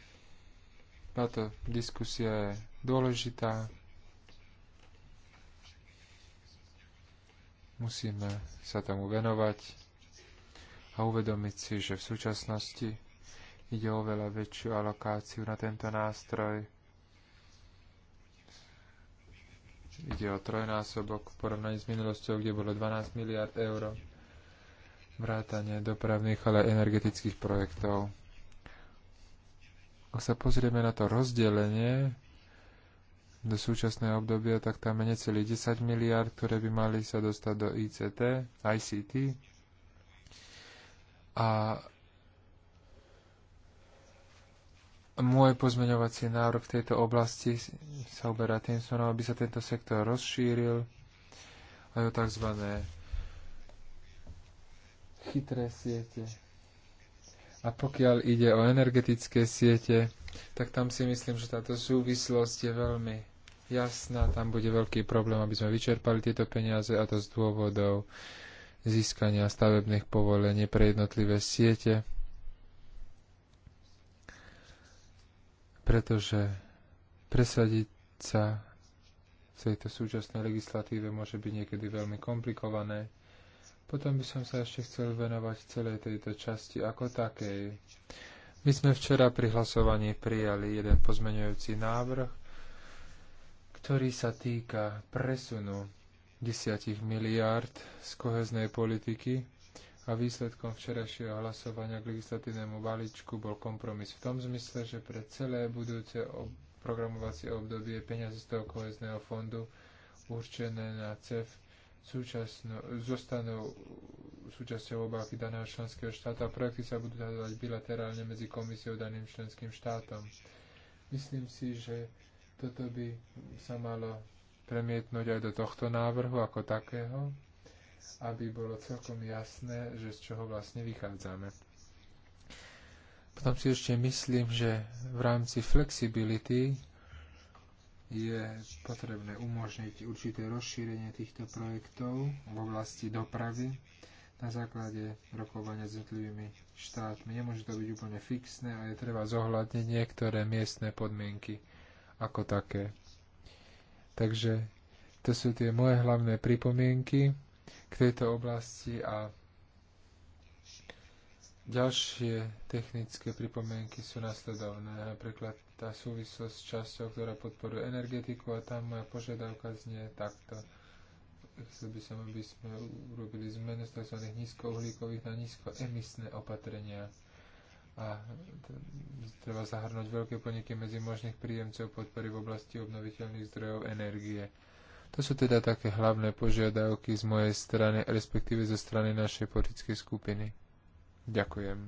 táto diskusia je dôležitá. Musíme sa tomu venovať a uvedomiť si, že v súčasnosti ide o veľa väčšiu alokáciu na tento nástroj, Ide o trojnásobok v porovnaní s minulosťou, kde bolo 12 miliard eur vrátanie dopravných, ale energetických projektov. Ak sa pozrieme na to rozdelenie do súčasného obdobia, tak tam je necelý 10 miliard, ktoré by mali sa dostať do ICT, ICT. A Môj pozmeňovací návrh v tejto oblasti sa uberá tým smerom, aby sa tento sektor rozšíril aj o tzv. chytré siete. A pokiaľ ide o energetické siete, tak tam si myslím, že táto súvislosť je veľmi jasná. Tam bude veľký problém, aby sme vyčerpali tieto peniaze a to z dôvodov získania stavebných povolení pre jednotlivé siete pretože presadiť sa v tejto súčasnej legislatíve môže byť niekedy veľmi komplikované. Potom by som sa ešte chcel venovať celej tejto časti ako takej. My sme včera pri hlasovaní prijali jeden pozmeňujúci návrh, ktorý sa týka presunu 10 miliárd z koheznej politiky a výsledkom včerajšieho hlasovania k legislatívnemu balíčku bol kompromis v tom zmysle, že pre celé budúce programovacie obdobie peniaze z toho kohezného fondu určené na CEF zostanú súčasťou obálky daného členského štátu a projekty sa budú hľadať bilaterálne medzi komisiou a daným členským štátom. Myslím si, že toto by sa malo premietnúť aj do tohto návrhu ako takého aby bolo celkom jasné, že z čoho vlastne vychádzame. Potom si ešte myslím, že v rámci flexibility je potrebné umožniť určité rozšírenie týchto projektov v oblasti dopravy na základe rokovania s jednotlivými štátmi. Nemôže to byť úplne fixné a je treba zohľadniť niektoré miestne podmienky ako také. Takže to sú tie moje hlavné pripomienky k tejto oblasti a ďalšie technické pripomienky sú nasledovné. Napríklad tá súvislosť s časťou, ktorá podporuje energetiku a tam moja požiadavka znie takto. Chcel by som, aby sme urobili zmenu z tzv. nízkouhlíkových na nízkoemisné opatrenia a treba zahrnúť veľké podniky medzi možných príjemcov podpory v oblasti obnoviteľných zdrojov energie. To sú teda také hlavné požiadavky z mojej strany, respektíve zo strany našej politickej skupiny. Ďakujem.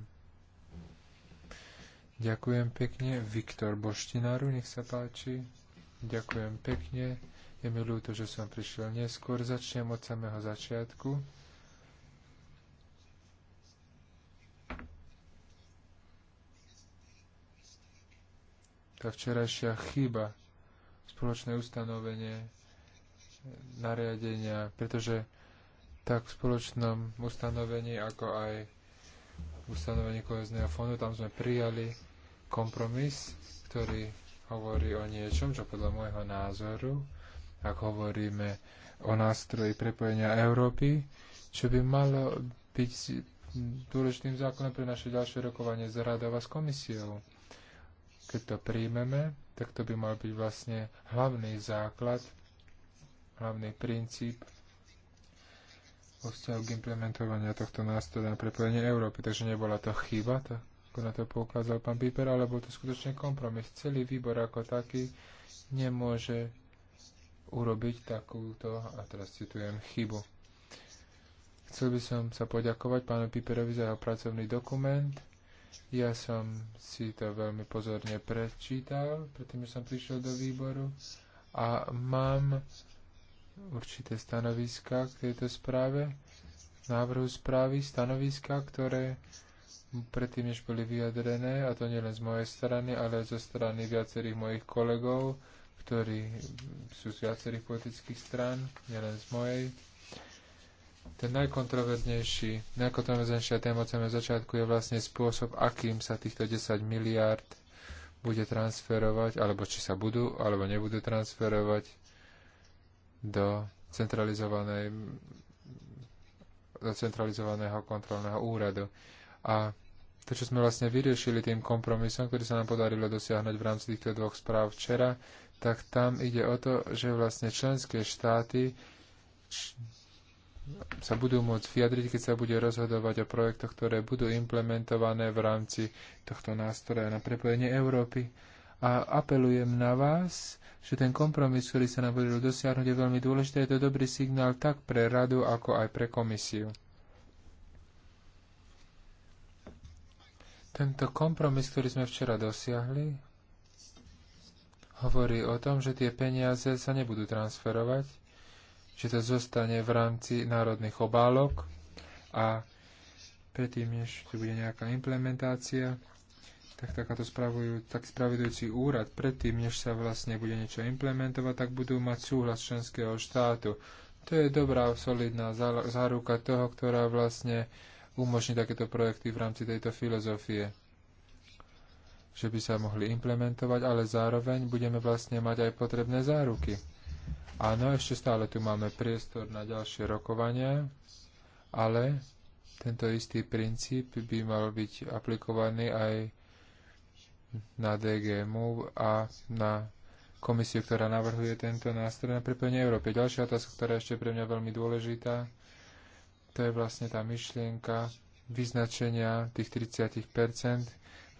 Ďakujem pekne. Viktor Boštinaru, nech sa páči. Ďakujem pekne. Je mi ľúto, že som prišiel neskôr. Začnem od samého začiatku. Tá včerajšia chyba, spoločné ustanovenie nariadenia, pretože tak v spoločnom ustanovení, ako aj v ustanovení kohezného fondu, tam sme prijali kompromis, ktorý hovorí o niečom, čo podľa môjho názoru, ak hovoríme o nástroji prepojenia Európy, čo by malo byť dôležitým zákonom pre naše ďalšie rokovanie s radou a s komisiou. Keď to príjmeme, tak to by mal byť vlastne hlavný základ hlavný princíp vo vzťahu k implementovaniu tohto nástroja na prepojenie Európy. Takže nebola to chyba, to, ako na to poukázal pán Piper, ale bol to skutočne kompromis. Celý výbor ako taký nemôže urobiť takúto, a teraz citujem, chybu. Chcel by som sa poďakovať pánu Piperovi za jeho pracovný dokument. Ja som si to veľmi pozorne prečítal, pretože som prišiel do výboru a mám určité stanoviska k tejto správe, návrhu správy, stanoviska, ktoré predtým, než boli vyjadrené, a to nielen z mojej strany, ale aj zo strany viacerých mojich kolegov, ktorí sú z viacerých politických strán, nielen z mojej. Ten najkontroverznejší, najkontroverznejšia téma od samého začiatku je vlastne spôsob, akým sa týchto 10 miliárd bude transferovať, alebo či sa budú, alebo nebudú transferovať do centralizovanej do centralizovaného kontrolného úradu. A to, čo sme vlastne vyriešili tým kompromisom, ktorý sa nám podarilo dosiahnuť v rámci týchto dvoch správ včera, tak tam ide o to, že vlastne členské štáty sa budú môcť vyjadriť, keď sa bude rozhodovať o projektoch, ktoré budú implementované v rámci tohto nástroja na prepojenie Európy a apelujem na vás, že ten kompromis, ktorý sa nám podarilo dosiahnuť, je veľmi dôležitý. Je to dobrý signál tak pre radu, ako aj pre komisiu. Tento kompromis, ktorý sme včera dosiahli, hovorí o tom, že tie peniaze sa nebudú transferovať, že to zostane v rámci národných obálok a predtým, než tu bude nejaká implementácia, tak takáto spravujú, tak spravidujúci úrad predtým, než sa vlastne bude niečo implementovať, tak budú mať súhlas členského štátu. To je dobrá, solidná záruka toho, ktorá vlastne umožní takéto projekty v rámci tejto filozofie že by sa mohli implementovať, ale zároveň budeme vlastne mať aj potrebné záruky. Áno, ešte stále tu máme priestor na ďalšie rokovania, ale tento istý princíp by mal byť aplikovaný aj na DG MOVE a na komisiu, ktorá navrhuje tento nástroj na prepojenie Európy. Ďalšia otázka, ktorá je ešte pre mňa veľmi dôležitá, to je vlastne tá myšlienka vyznačenia tých 30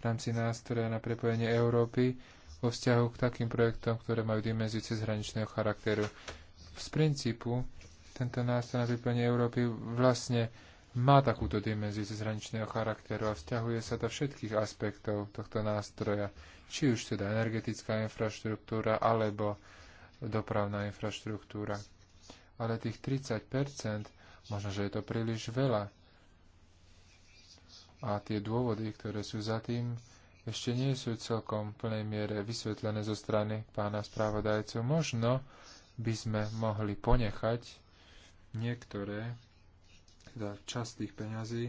v rámci nástroja na prepojenie Európy vo vzťahu k takým projektom, ktoré majú dimenziu cezhraničného charakteru. Z princípu tento nástroj na prepojenie Európy vlastne má takúto dimenziu cezhraničného charakteru a vzťahuje sa do všetkých aspektov tohto nástroja, či už teda energetická infraštruktúra alebo dopravná infraštruktúra. Ale tých 30 možno, že je to príliš veľa. A tie dôvody, ktoré sú za tým, ešte nie sú celkom v plnej miere vysvetlené zo strany pána správodajcu. Možno by sme mohli ponechať niektoré teda časť tých peňazí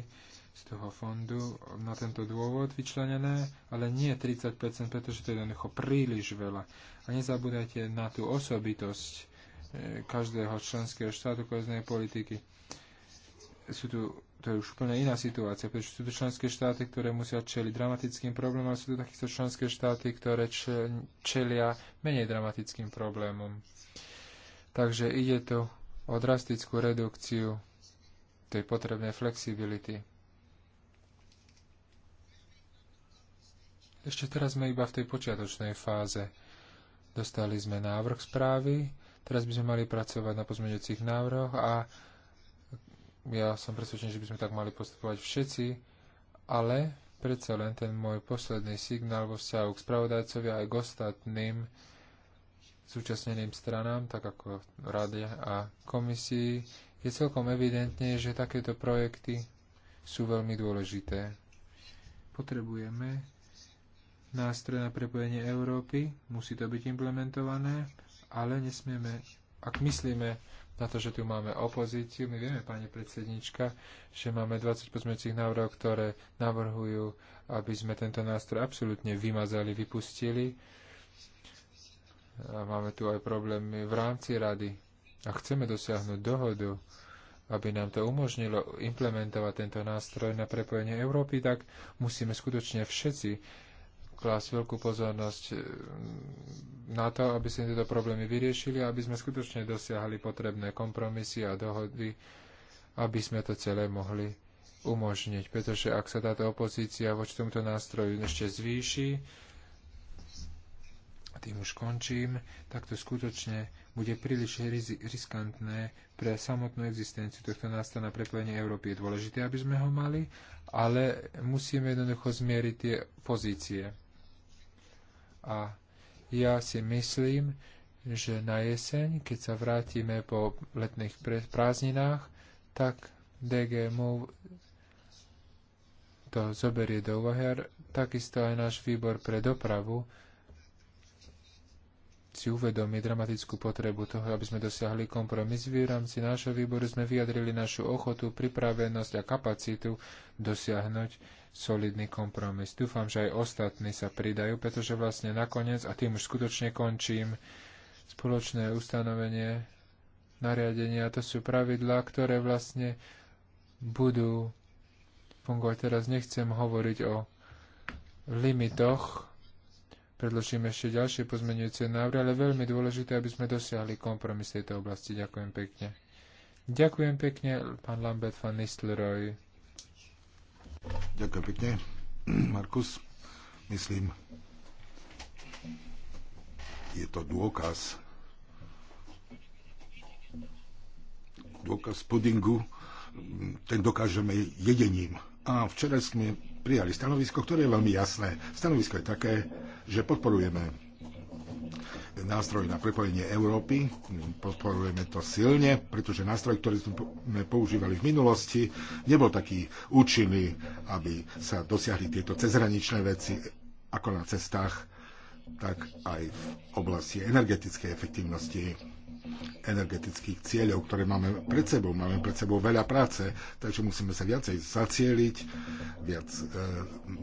z toho fondu na tento dôvod vyčlenené, ale nie 30%, pretože to je jednoducho príliš veľa. A nezabúdajte na tú osobitosť e, každého členského štátu koheznej politiky. Sú tu, to je už úplne iná situácia, pretože sú tu členské štáty, ktoré musia čeliť dramatickým problémom, ale sú tu takisto členské štáty, ktoré čelia menej dramatickým problémom. Takže ide tu o drastickú redukciu tej potrebnej flexibility. Ešte teraz sme iba v tej počiatočnej fáze. Dostali sme návrh správy, teraz by sme mali pracovať na pozmeňujúcich návrhoch a ja som presvedčený, že by sme tak mali postupovať všetci, ale predsa len ten môj posledný signál vo vzťahu k spravodajcovi aj k ostatným súčasneným stranám, tak ako rade a komisii, je celkom evidentné, že takéto projekty sú veľmi dôležité. Potrebujeme nástroj na prepojenie Európy, musí to byť implementované, ale nesmieme, ak myslíme na to, že tu máme opozíciu, my vieme, pani predsednička, že máme 20 pozmeňujúcich návrhov, ktoré navrhujú, aby sme tento nástroj absolútne vymazali, vypustili. A máme tu aj problémy v rámci rady a chceme dosiahnuť dohodu, aby nám to umožnilo implementovať tento nástroj na prepojenie Európy, tak musíme skutočne všetci klásť veľkú pozornosť e, na to, aby sme tieto problémy vyriešili, aby sme skutočne dosiahli potrebné kompromisy a dohody, aby sme to celé mohli umožniť. Pretože ak sa táto opozícia voči tomuto nástroju ešte zvýši, tým už končím, tak to skutočne bude príliš riskantné pre samotnú existenciu tohto nástroja na prepojenie Európy. Je dôležité, aby sme ho mali, ale musíme jednoducho zmieriť tie pozície. A ja si myslím, že na jeseň, keď sa vrátime po letných prázdninách, tak DGM to zoberie do úvahy, takisto aj náš výbor pre dopravu si uvedomí dramatickú potrebu toho, aby sme dosiahli kompromis. V rámci nášho výboru sme vyjadrili našu ochotu, pripravenosť a kapacitu dosiahnuť solidný kompromis. Dúfam, že aj ostatní sa pridajú, pretože vlastne nakoniec, a tým už skutočne končím, spoločné ustanovenie nariadenia, to sú pravidlá, ktoré vlastne budú fungovať. Teraz nechcem hovoriť o limitoch, predložím ešte ďalšie pozmenujúce návrhy, ale veľmi dôležité, aby sme dosiahli kompromis v tejto oblasti. Ďakujem pekne. Ďakujem pekne, pán Lambert van Nistelrooy. Ďakujem pekne, Markus. Myslím, je to dôkaz dôkaz pudingu, ten dokážeme jedením. A včera sme prijali stanovisko, ktoré je veľmi jasné. Stanovisko je také, že podporujeme nástroj na prepojenie Európy. Podporujeme to silne, pretože nástroj, ktorý sme používali v minulosti, nebol taký účinný, aby sa dosiahli tieto cezhraničné veci ako na cestách, tak aj v oblasti energetickej efektivnosti energetických cieľov, ktoré máme pred sebou. Máme pred sebou veľa práce, takže musíme sa viacej zacieliť, viac e,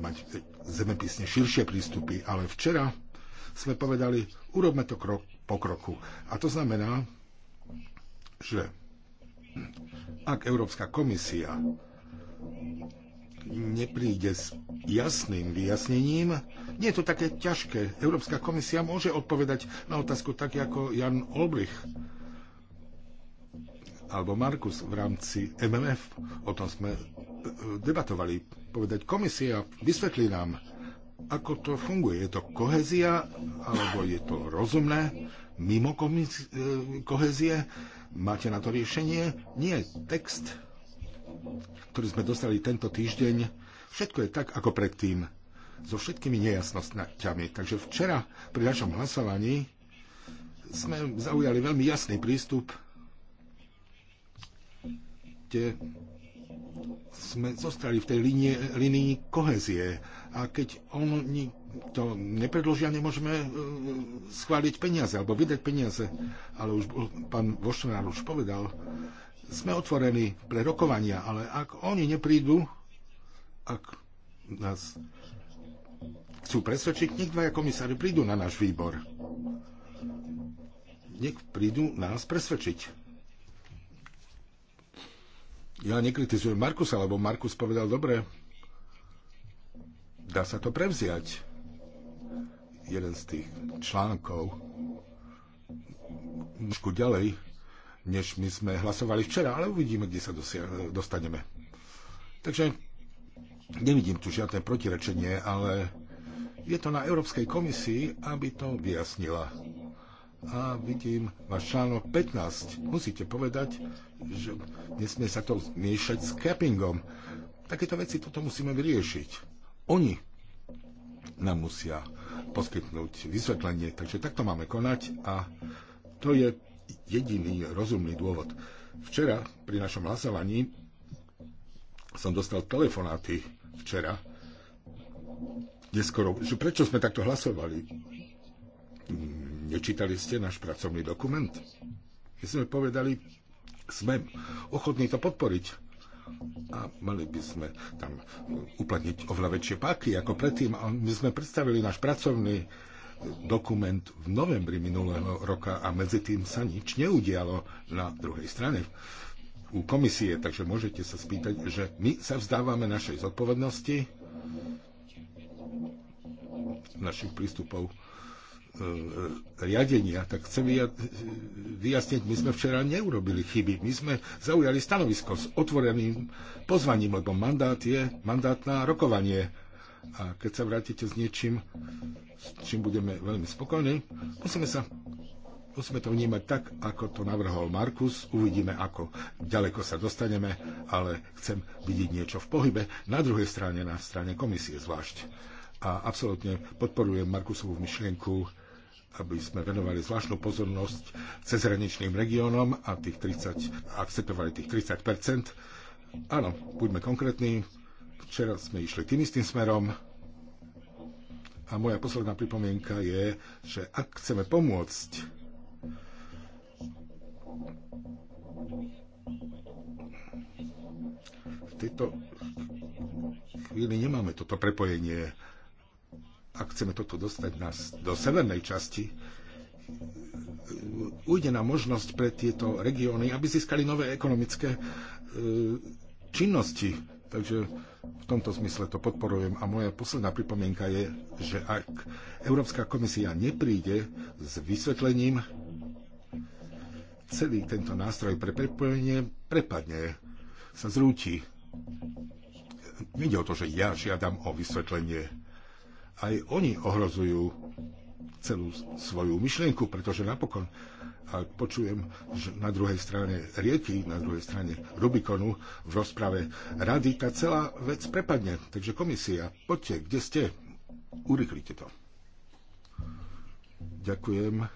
mať zemepisne širšie prístupy. Ale včera sme povedali, urobme to krok po kroku. A to znamená, že ak Európska komisia nepríde s jasným vyjasnením, nie je to také ťažké. Európska komisia môže odpovedať na otázku tak, ako Jan Olbrich alebo Markus v rámci MMF. O tom sme e, debatovali. Povedať komisia, vysvetlí nám, ako to funguje. Je to kohezia, alebo je to rozumné, mimo e, kohezie? Máte na to riešenie? Nie, text ktorý sme dostali tento týždeň, všetko je tak ako predtým, so všetkými nejasnosťami. Takže včera pri našom hlasovaní sme zaujali veľmi jasný prístup, kde sme zostali v tej linie, linii kohezie. A keď oni to nepredložia, nemôžeme e, schváliť peniaze alebo vydať peniaze. Ale už bol, pán Vošnár už povedal, sme otvorení pre rokovania, ale ak oni neprídu, ak nás chcú presvedčiť, nech dvaja komisári prídu na náš výbor. Nech prídu nás presvedčiť. Ja nekritizujem Markusa, lebo Markus povedal dobre. Dá sa to prevziať. Jeden z tých článkov. Trošku ďalej než my sme hlasovali včera, ale uvidíme, kde sa dosia- dostaneme. Takže nevidím tu žiadne protirečenie, ale je to na Európskej komisii, aby to vyjasnila. A vidím váš článok 15. Musíte povedať, že nesmie sa to miešať s cappingom. Takéto veci toto musíme vyriešiť. Oni nám musia poskytnúť vysvetlenie. Takže takto máme konať a to je jediný rozumný dôvod. Včera pri našom hlasovaní som dostal telefonáty včera, neskoro, že prečo sme takto hlasovali. Mm, nečítali ste náš pracovný dokument? My sme povedali, sme ochotní to podporiť. A mali by sme tam uplatniť oveľa väčšie páky ako predtým. A my sme predstavili náš pracovný dokument v novembri minulého roka a medzi tým sa nič neudialo na druhej strane u komisie, takže môžete sa spýtať, že my sa vzdávame našej zodpovednosti, našich prístupov e, riadenia, tak chcem vyjasniť, my sme včera neurobili chyby. My sme zaujali stanovisko s otvoreným pozvaním, lebo mandát je mandát na rokovanie a keď sa vrátite s niečím, s čím budeme veľmi spokojní, musíme sa musíme to vnímať tak, ako to navrhol Markus. Uvidíme, ako ďaleko sa dostaneme, ale chcem vidieť niečo v pohybe. Na druhej strane, na strane komisie zvlášť. A absolútne podporujem Markusovú myšlienku, aby sme venovali zvláštnu pozornosť cezhraničným regiónom a tých 30, akceptovali tých 30 Áno, buďme konkrétni, Včera sme išli tým istým smerom a moja posledná pripomienka je, že ak chceme pomôcť v tejto chvíli nemáme toto prepojenie. Ak chceme toto dostať nás do severnej časti, ujde nám možnosť pre tieto regióny, aby získali nové ekonomické e, činnosti. Takže v tomto zmysle to podporujem. A moja posledná pripomienka je, že ak Európska komisia nepríde s vysvetlením, celý tento nástroj pre prepojenie prepadne, sa zrúti. Nede o to, že ja žiadam o vysvetlenie. Aj oni ohrozujú celú svoju myšlienku, pretože napokon a počujem, že na druhej strane rieky, na druhej strane Rubikonu v rozprave rady tá celá vec prepadne. Takže komisia, poďte, kde ste? Urychlite to. Ďakujem.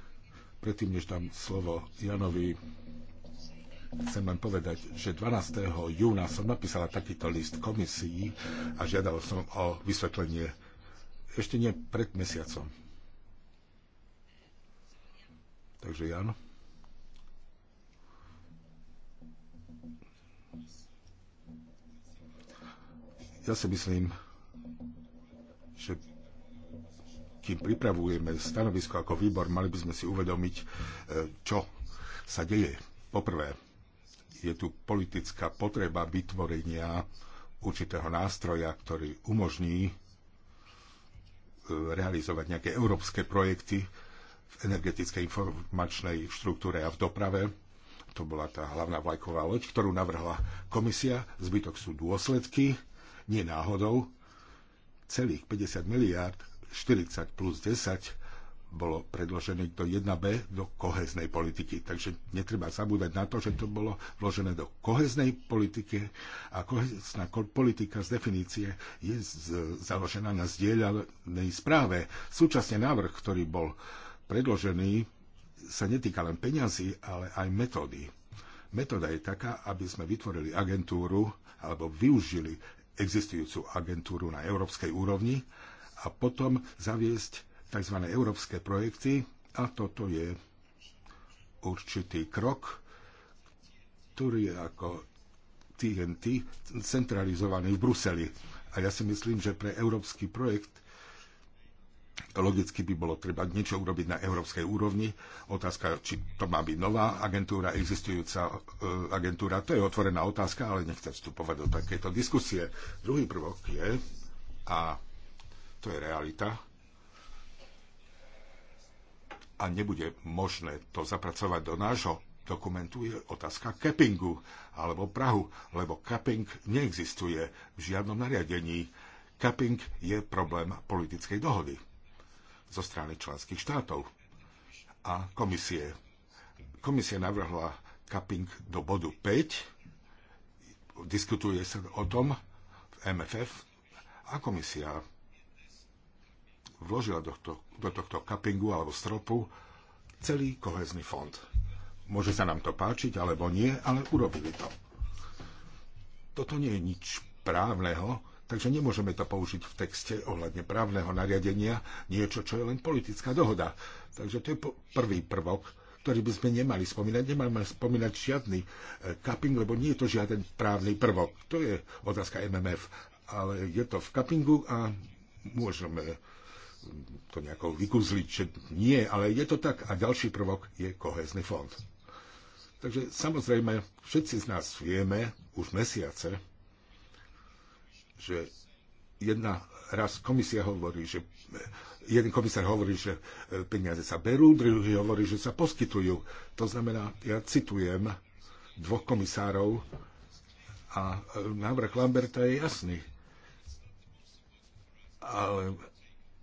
Predtým, než dám slovo Janovi, chcem len povedať, že 12. júna som napísala takýto list komisii a žiadal som o vysvetlenie ešte nie pred mesiacom. Takže Jan. Ja si myslím, že kým pripravujeme stanovisko ako výbor, mali by sme si uvedomiť, e, čo sa deje. Poprvé, je tu politická potreba vytvorenia určitého nástroja, ktorý umožní e, realizovať nejaké európske projekty v energetickej informačnej štruktúre a v doprave. To bola tá hlavná vlajková loď, ktorú navrhla komisia. Zbytok sú dôsledky nie náhodou. Celých 50 miliárd, 40 plus 10 bolo predložené do 1B, do koheznej politiky. Takže netreba zabúdať na to, že to bolo vložené do koheznej politiky a kohezná politika z definície je z, založená na zdieľanej správe. Súčasne návrh, ktorý bol predložený, sa netýka len peňazí, ale aj metódy. Metóda je taká, aby sme vytvorili agentúru alebo využili existujúcu agentúru na európskej úrovni a potom zaviesť tzv. európske projekty a toto je určitý krok, ktorý je ako TNT centralizovaný v Bruseli. A ja si myslím, že pre európsky projekt Logicky by bolo treba niečo urobiť na európskej úrovni. Otázka, či to má byť nová agentúra, existujúca e, agentúra, to je otvorená otázka, ale nechcem vstupovať do takéto diskusie. Druhý prvok je, a to je realita, a nebude možné to zapracovať do nášho dokumentu je otázka cappingu alebo Prahu, lebo capping neexistuje v žiadnom nariadení. Capping je problém politickej dohody zo strany členských štátov a komisie. Komisia navrhla cupping do bodu 5. Diskutuje sa o tom v MFF a komisia vložila do, to, do tohto cuppingu alebo stropu celý kohezný fond. Môže sa nám to páčiť alebo nie, ale urobili to. Toto nie je nič právneho, Takže nemôžeme to použiť v texte ohľadne právneho nariadenia, niečo, čo je len politická dohoda. Takže to je prvý prvok, ktorý by sme nemali spomínať. Nemáme spomínať žiadny kapping, e, lebo nie je to žiaden právny prvok. To je otázka MMF. Ale je to v kapingu a môžeme e, to nejako vykúzliť, že nie, ale je to tak. A ďalší prvok je kohezný fond. Takže samozrejme, všetci z nás vieme už mesiace, že jedna raz komisia hovorí, že jeden komisár hovorí, že e, peniaze sa berú, druhý hovorí, že sa poskytujú. To znamená, ja citujem dvoch komisárov a e, návrh Lamberta je jasný. Ale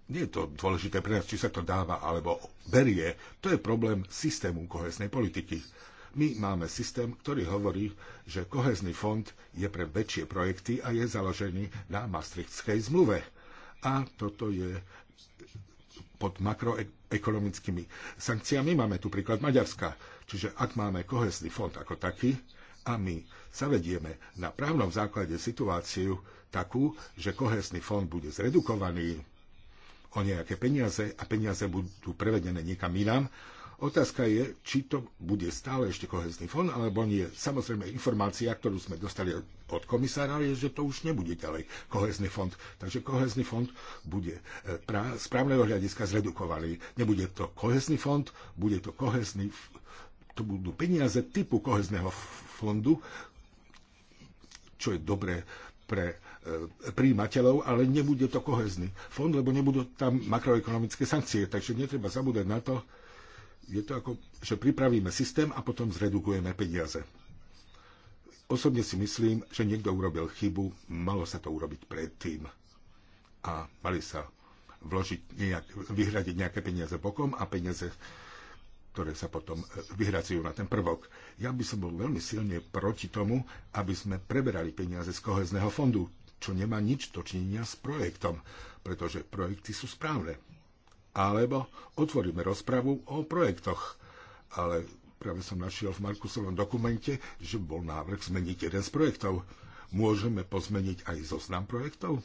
nie je to dôležité pre nás, či sa to dáva alebo berie. To je problém systému kohesnej politiky. My máme systém, ktorý hovorí, že kohezný fond je pre väčšie projekty a je založený na Maastrichtskej zmluve. A toto je pod makroekonomickými sankciami. Máme tu príklad Maďarska. Čiže ak máme kohezný fond ako taký a my sa vedieme na právnom základe situáciu takú, že kohezný fond bude zredukovaný o nejaké peniaze a peniaze budú prevedené niekam inám, Otázka je, či to bude stále ešte kohezný fond, alebo nie. Samozrejme, informácia, ktorú sme dostali od komisára, je, že to už nebude ďalej kohezný fond. Takže kohezný fond bude e, z správneho hľadiska zredukovaný. Nebude to kohezný fond, bude to kohezný to budú peniaze typu kohezného fondu, čo je dobré pre e, príjimateľov, ale nebude to kohezný fond, lebo nebudú tam makroekonomické sankcie. Takže netreba zabúdať na to, je to ako, že pripravíme systém a potom zredukujeme peniaze. Osobne si myslím, že niekto urobil chybu, malo sa to urobiť predtým. A mali sa vložiť nejak, vyhradiť nejaké peniaze bokom a peniaze, ktoré sa potom e, vyhracujú na ten prvok. Ja by som bol veľmi silne proti tomu, aby sme preberali peniaze z kohezného fondu, čo nemá nič točenia s projektom, pretože projekty sú správne alebo otvoríme rozpravu o projektoch. Ale práve som našiel v Markusovom dokumente, že bol návrh zmeniť jeden z projektov. Môžeme pozmeniť aj zoznam projektov?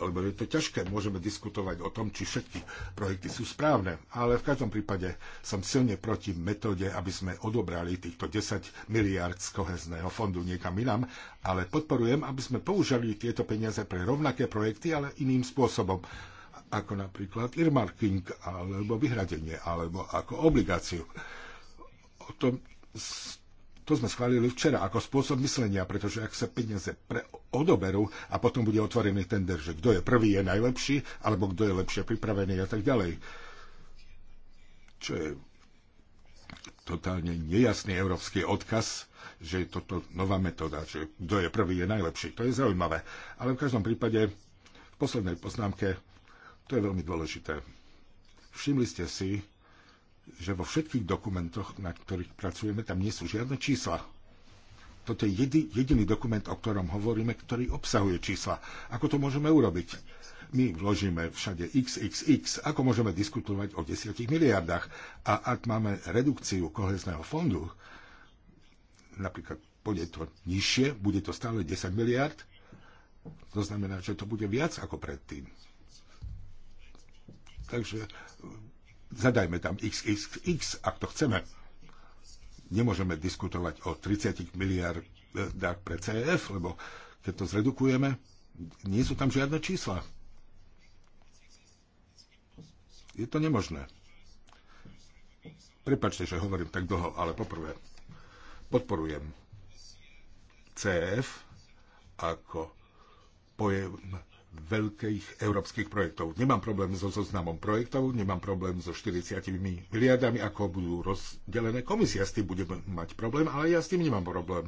lebo je to ťažké, môžeme diskutovať o tom, či všetky projekty sú správne, ale v každom prípade som silne proti metóde, aby sme odobrali týchto 10 miliard z kohezného fondu niekam inám, ale podporujem, aby sme použili tieto peniaze pre rovnaké projekty, ale iným spôsobom ako napríklad earmarking alebo vyhradenie alebo ako obligáciu. O tom, to sme schválili včera ako spôsob myslenia, pretože ak sa peniaze pre odoberú a potom bude otvorený tender, že kto je prvý je najlepší alebo kto je lepšie pripravený a tak ďalej. Čo je totálne nejasný európsky odkaz, že je toto nová metóda, že kto je prvý je najlepší. To je zaujímavé. Ale v každom prípade v poslednej poznámke to je veľmi dôležité. Všimli ste si, že vo všetkých dokumentoch, na ktorých pracujeme, tam nie sú žiadne čísla. Toto je jediný dokument, o ktorom hovoríme, ktorý obsahuje čísla. Ako to môžeme urobiť? My vložíme všade XXX. Ako môžeme diskutovať o desiatich miliardách? A ak máme redukciu kohezného fondu, napríklad bude to nižšie, bude to stále 10 miliard, to znamená, že to bude viac ako predtým. Takže e, zadajme tam XXX, ak to chceme. Nemôžeme diskutovať o 30 miliardách pre CF, e lebo keď to zredukujeme, nie sú tam žiadne čísla. Je to nemožné. Prepačte, že hovorím tak dlho, ale poprvé podporujem CF e ako pojem veľkých európskych projektov. Nemám problém so zoznamom so projektov, nemám problém so 40 miliardami, ako budú rozdelené. Komisia s tým bude mať problém, ale ja s tým nemám problém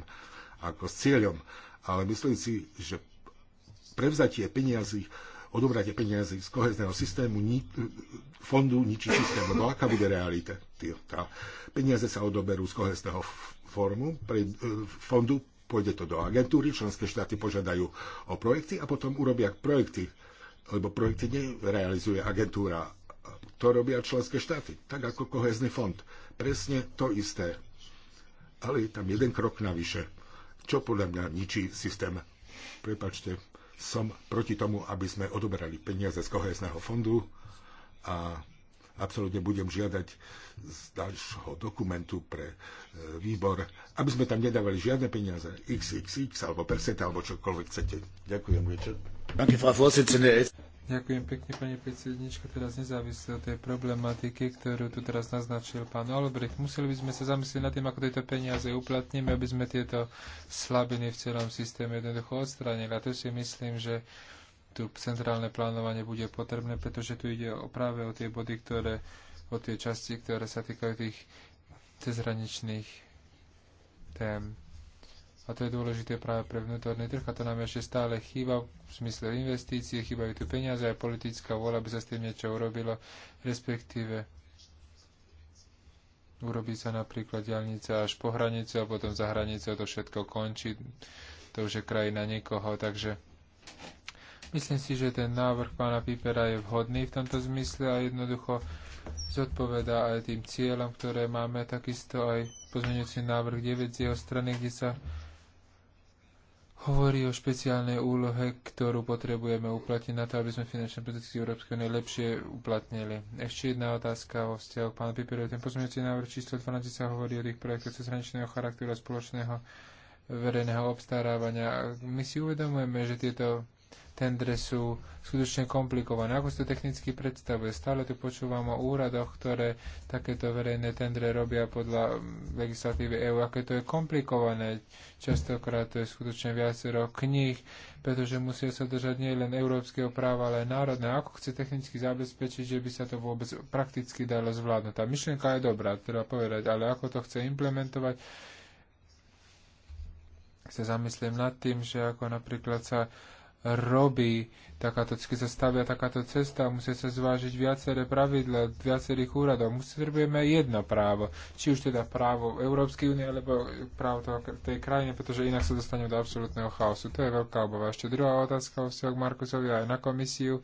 ako s cieľom. Ale myslím si, že prevzatie peniazy, odobratie peniazy z kohezného systému, ni, fondu ničí systém, lebo aká bude realita? Tá peniaze sa odoberú z kohezného formu, pre, eh, fondu pôjde to do agentúry, členské štáty požiadajú o projekty a potom urobia projekty, lebo projekty nerealizuje agentúra. To robia členské štáty, tak ako kohezný fond. Presne to isté. Ale je tam jeden krok navyše, čo podľa mňa ničí systém. Prepačte, som proti tomu, aby sme odoberali peniaze z kohezného fondu a absolútne budem žiadať z ďalšieho dokumentu pre e, výbor, aby sme tam nedávali žiadne peniaze, XXX alebo percent alebo čokoľvek chcete. Ďakujem. Ďakujem pekne, pani predsednička. Teraz nezávisle od tej problematiky, ktorú tu teraz naznačil pán Olbrich, museli by sme sa zamyslieť nad tým, ako tieto peniaze uplatníme, aby sme tieto slabiny v celom systéme jednoducho odstránili. A to si myslím, že tu centrálne plánovanie bude potrebné, pretože tu ide o, práve o tie body, ktoré, o tie časti, ktoré sa týkajú tých cezhraničných tém. A to je dôležité práve pre vnútorný trh a to nám ešte stále chýba v smysle investície, chýbajú tu peniaze aj politická vôľa, aby sa s tým niečo urobilo, respektíve urobí sa napríklad diálnica až po hranicu a potom za hranice to všetko končí, to už je krajina niekoho, takže Myslím si, že ten návrh pána Pipera je vhodný v tomto zmysle a jednoducho zodpovedá aj tým cieľom, ktoré máme, takisto aj pozmeňujúci návrh 9 z jeho strany, kde sa hovorí o špeciálnej úlohe, ktorú potrebujeme uplatniť na to, aby sme finančné prostriedky Európskej únie lepšie uplatnili. Ešte jedna otázka o vzťahu pána Piperovi. Ten pozmeňujúci návrh číslo 12 sa hovorí o tých projektoch cezhraničného charakteru a spoločného verejného obstarávania. My si uvedomujeme, že tieto tendre sú skutočne komplikované. Ako si to technicky predstavuje? Stále tu počúvam o úradoch, ktoré takéto verejné tendre robia podľa mm, legislatívy EÚ. Aké to je komplikované? Častokrát to je skutočne viacero kníh, pretože musia sa držať nie len európskeho práva, ale aj národné. Ako chce technicky zabezpečiť, že by sa to vôbec prakticky dalo zvládnuť? Tá myšlienka je dobrá, treba povedať, ale ako to chce implementovať? sa zamyslím nad tým, že ako napríklad sa uh, robí takáto, keď sa stavia takáto cesta, musí sa zvážiť viaceré pravidla viacerých úradov. Potrebujeme jedno právo, či už teda právo Európskej únie, alebo právo toho, tej krajine, pretože inak sa dostaneme do absolútneho chaosu. To je veľká obava. Ešte druhá otázka o vzťahu Markusovi aj na komisiu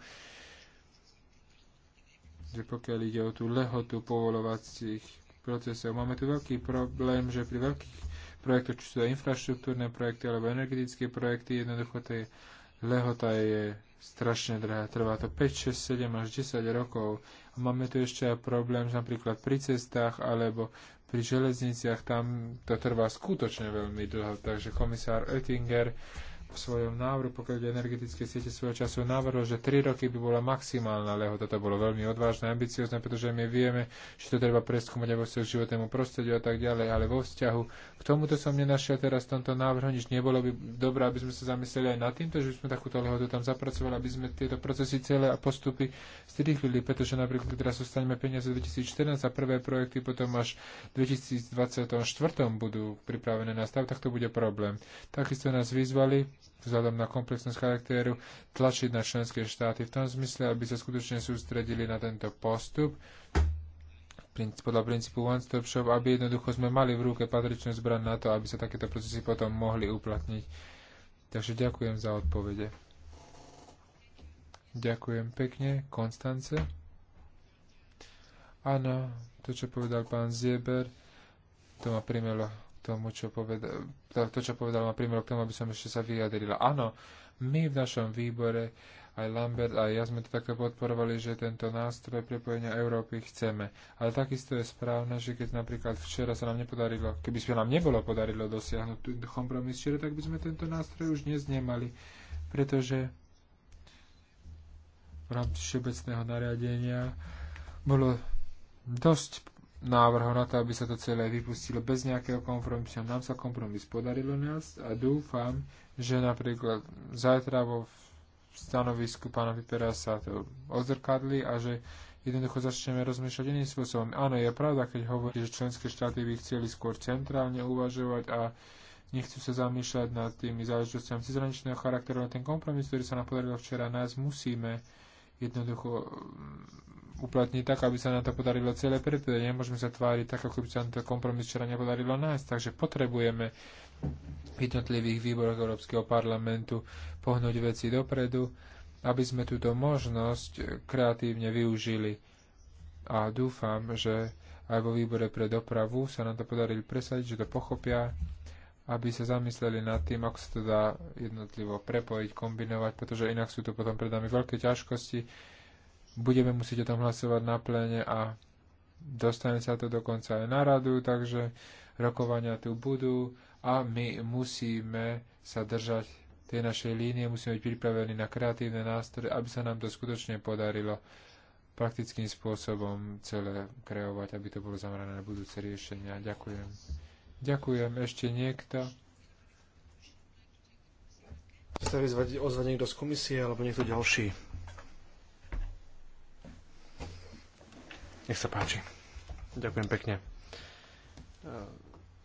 že pokiaľ ide o tú lehotu povolovacích procesov, máme tu veľký problém, že pri veľkých projektoch, či sú to infraštruktúrne projekty alebo energetické projekty, jednoducho tie Lehota je strašne drahá, trvá to 5, 6, 7 až 10 rokov. A máme tu ešte aj problém napríklad pri cestách alebo pri železniciach, tam to trvá skutočne veľmi dlho. Takže komisár Oettinger v svojom návrhu, pokiaľ ide energetické siete svojho času, návrhol, že 3 roky by bola maximálna lehota. To bolo veľmi odvážne, ambiciozne, pretože my vieme, že to treba preskúmať aj vo vzťahu k životnému prostrediu a tak ďalej, ale vo vzťahu k tomuto som nenašiel teraz v tomto návrhu nič. Nebolo by dobré, aby sme sa zamysleli aj nad týmto, že by sme takúto lehotu tam zapracovali, aby sme tieto procesy celé a postupy strýchlili, pretože napríklad teraz zostaneme peniaze 2014 a prvé projekty potom až 2024 budú pripravené na stav, tak to bude problém. Takisto nás vyzvali, vzhľadom na komplexnosť charakteru tlačiť na členské štáty v tom zmysle, aby sa skutočne sústredili na tento postup podľa princípu One Stop Shop, aby jednoducho sme mali v ruke patričnú zbran na to, aby sa takéto procesy potom mohli uplatniť. Takže ďakujem za odpovede. Ďakujem pekne. Konstance? Áno, to, čo povedal pán Zieber, to ma primelo tomu, čo povedal, to, čo povedal ma k tomu, aby som ešte sa vyjadrila. Áno, my v našom výbore, aj Lambert, aj ja sme to také podporovali, že tento nástroj prepojenia Európy chceme. Ale takisto je správne, že keď napríklad včera sa nám nepodarilo, keby sme nám nebolo podarilo dosiahnuť kompromis včera, tak by sme tento nástroj už dnes nemali, pretože v rámci všeobecného nariadenia bolo dosť Návrhu na to, aby sa to celé vypustilo bez nejakého kompromisu. Nám sa kompromis podarilo nás a dúfam, že napríklad zajtra vo stanovisku pána Vypera sa to odzrkadli a že jednoducho začneme rozmýšľať iným spôsobom. Áno, je pravda, keď hovorí, že členské štáty by chceli skôr centrálne uvažovať a nechcú sa zamýšľať nad tými záležitostiami cizraničného charakteru, ale ten kompromis, ktorý sa nám podarilo včera nás musíme jednoducho uplatniť tak, aby sa nám to podarilo celé prepojiť. Nemôžeme sa tváriť tak, ako by sa nám to kompromis včera nepodarilo nájsť. Takže potrebujeme v jednotlivých výboroch Európskeho parlamentu pohnúť veci dopredu, aby sme túto možnosť kreatívne využili. A dúfam, že aj vo výbore pre dopravu sa nám to podarili presadiť, že to pochopia, aby sa zamysleli nad tým, ako sa to dá jednotlivo prepojiť, kombinovať, pretože inak sú to potom pred nami veľké ťažkosti budeme musieť o tom hlasovať na pléne a dostane sa to dokonca aj na radu, takže rokovania tu budú a my musíme sa držať tej našej línie, musíme byť pripravení na kreatívne nástroje, aby sa nám to skutočne podarilo praktickým spôsobom celé kreovať, aby to bolo zamerané na budúce riešenia. Ďakujem. Ďakujem. Ešte niekto? Chce vyzvať, ozvať niekto z komisie alebo niekto ďalší? Nech sa páči. Ďakujem pekne. E,